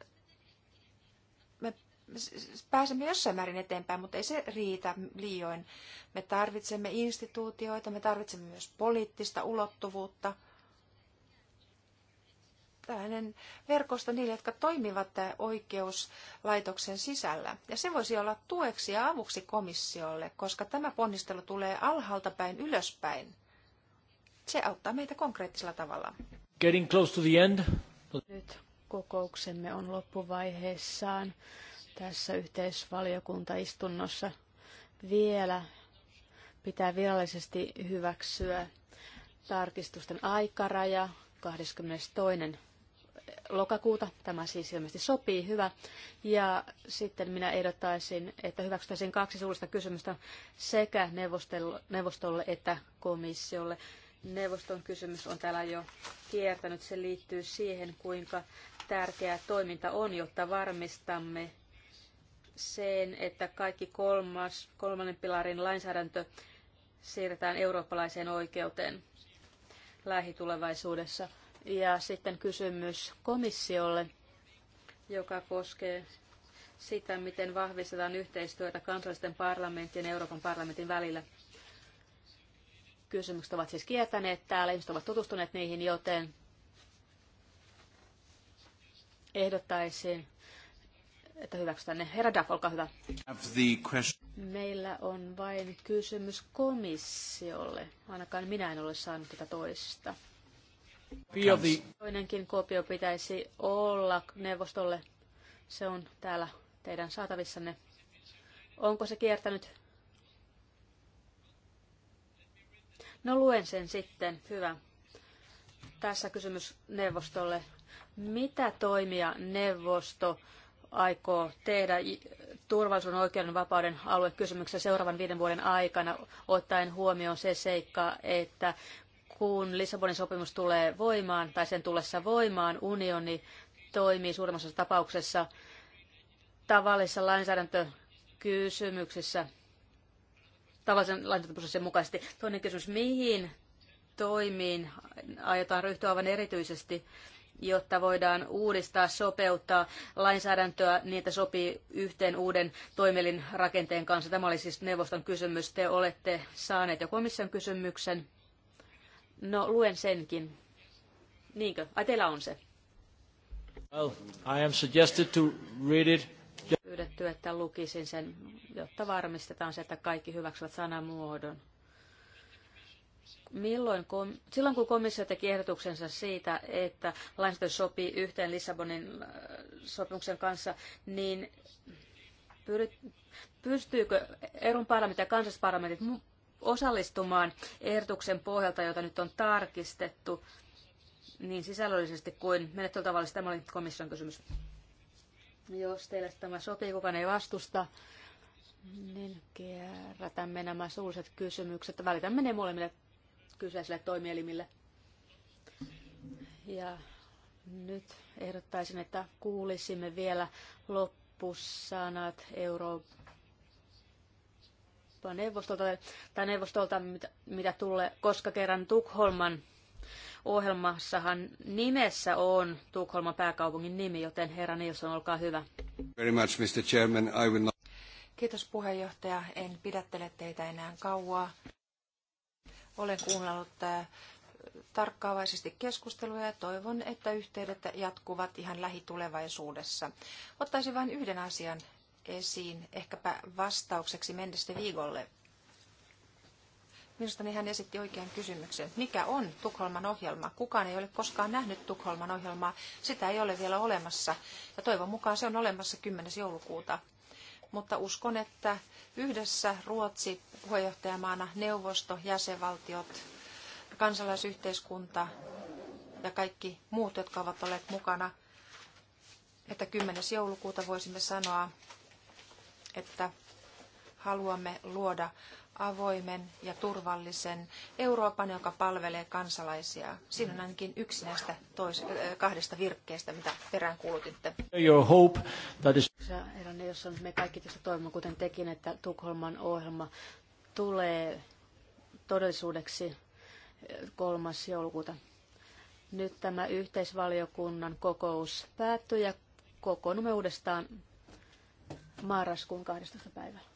pääsemme jossain määrin eteenpäin, mutta ei se riitä liioin. Me tarvitsemme instituutioita, me tarvitsemme myös poliittista ulottuvuutta. Tällainen verkosto niille, jotka toimivat oikeuslaitoksen sisällä. Ja se voisi olla tueksi ja avuksi komissiolle, koska tämä ponnistelu tulee alhaalta päin ylöspäin. Se auttaa meitä konkreettisella tavalla. Getting close to the end. Nyt kokouksemme on loppuvaiheessaan tässä yhteisvaliokuntaistunnossa vielä pitää virallisesti hyväksyä tarkistusten aikaraja 22. lokakuuta. Tämä siis ilmeisesti sopii, hyvä. Ja sitten minä ehdottaisin, että hyväksyttäisiin kaksi suullista kysymystä sekä neuvostolle että komissiolle. Neuvoston kysymys on täällä jo kiertänyt. Se liittyy siihen, kuinka tärkeää toiminta on, jotta varmistamme sen, että kaikki kolmas, kolmannen pilarin lainsäädäntö siirretään eurooppalaiseen oikeuteen lähitulevaisuudessa. Ja sitten kysymys komissiolle, joka koskee sitä, miten vahvistetaan yhteistyötä kansallisten parlamenttien ja Euroopan parlamentin välillä. Kysymykset ovat siis kiertäneet täällä, ihmiset ovat tutustuneet niihin, joten ehdottaisin, että hyväksytään ne. Herra Duff, olkaa hyvä. Meillä on vain kysymys komissiolle. Ainakaan minä en ole saanut tätä toista. Toinenkin kopio pitäisi olla neuvostolle. Se on täällä teidän saatavissanne. Onko se kiertänyt? No luen sen sitten. Hyvä. Tässä kysymys neuvostolle. Mitä toimia neuvosto aikoo tehdä turvallisuuden, oikeuden, vapauden aluekysymyksessä seuraavan viiden vuoden aikana, ottaen huomioon se seikka, että kun Lissabonin sopimus tulee voimaan tai sen tullessa voimaan, unioni toimii suurimmassa tapauksessa tavallisissa lainsäädäntökysymyksissä tavallisen lainsäädäntöprosessin mukaisesti. Toinen kysymys, mihin toimiin aiotaan ryhtyä aivan erityisesti jotta voidaan uudistaa, sopeuttaa lainsäädäntöä niin, että sopii yhteen uuden toimielin rakenteen kanssa. Tämä oli siis neuvoston kysymys. Te olette saaneet jo komission kysymyksen. No, luen senkin. Niinkö? Ai, teillä on se. Well, I am suggested to read it. Pyydetty, että lukisin sen, jotta varmistetaan se, että kaikki hyväksyvät sanamuodon. Milloin, kun, silloin kun komissio teki ehdotuksensa siitä, että lainsäädäntö sopii yhteen Lissabonin äh, sopimuksen kanssa, niin pyrit, pystyykö Euroopan parlamentti ja kansallisparlamentit osallistumaan ehdotuksen pohjalta, jota nyt on tarkistettu niin sisällöllisesti kuin menettelytavallisesti? Tämä oli komission kysymys. Jos teille tämä sopii, kukaan ei vastusta, niin kierrätämme nämä suulliset kysymykset. Välitämme ne molemmille kyseiselle toimielimille. Ja nyt ehdottaisin, että kuulisimme vielä loppusanat Euroopan neuvostolta, tai neuvostolta, mitä, mitä tulee, koska kerran Tukholman ohjelmassahan nimessä on Tukholman pääkaupungin nimi, joten herra Nilsson, olkaa hyvä. Very much, Mr. Chairman. I will not... Kiitos puheenjohtaja. En pidättele teitä enää kauaa. Olen kuunnellut äh, tarkkaavaisesti keskusteluja ja toivon, että yhteydet jatkuvat ihan lähitulevaisuudessa. Ottaisin vain yhden asian esiin, ehkäpä vastaukseksi mennessä viikolle. minusta hän esitti oikean kysymyksen. Mikä on Tukholman ohjelma? Kukaan ei ole koskaan nähnyt Tukholman ohjelmaa. Sitä ei ole vielä olemassa. Ja toivon mukaan se on olemassa 10. joulukuuta mutta uskon, että yhdessä Ruotsi puheenjohtajamaana, neuvosto, jäsenvaltiot, kansalaisyhteiskunta ja kaikki muut, jotka ovat olleet mukana, että 10. joulukuuta voisimme sanoa, että haluamme luoda avoimen ja turvallisen Euroopan, joka palvelee kansalaisia. Siinä on ainakin yksi näistä tois, kahdesta virkkeestä, mitä peräänkuulutitte. Your hope that is... Herranne, jos on, me kaikki tässä toimimme, kuten tekin, että Tukholman ohjelma tulee todellisuudeksi kolmas joulukuuta. Nyt tämä yhteisvaliokunnan kokous päättyy ja kokoonnumme uudestaan marraskuun 12. päivällä.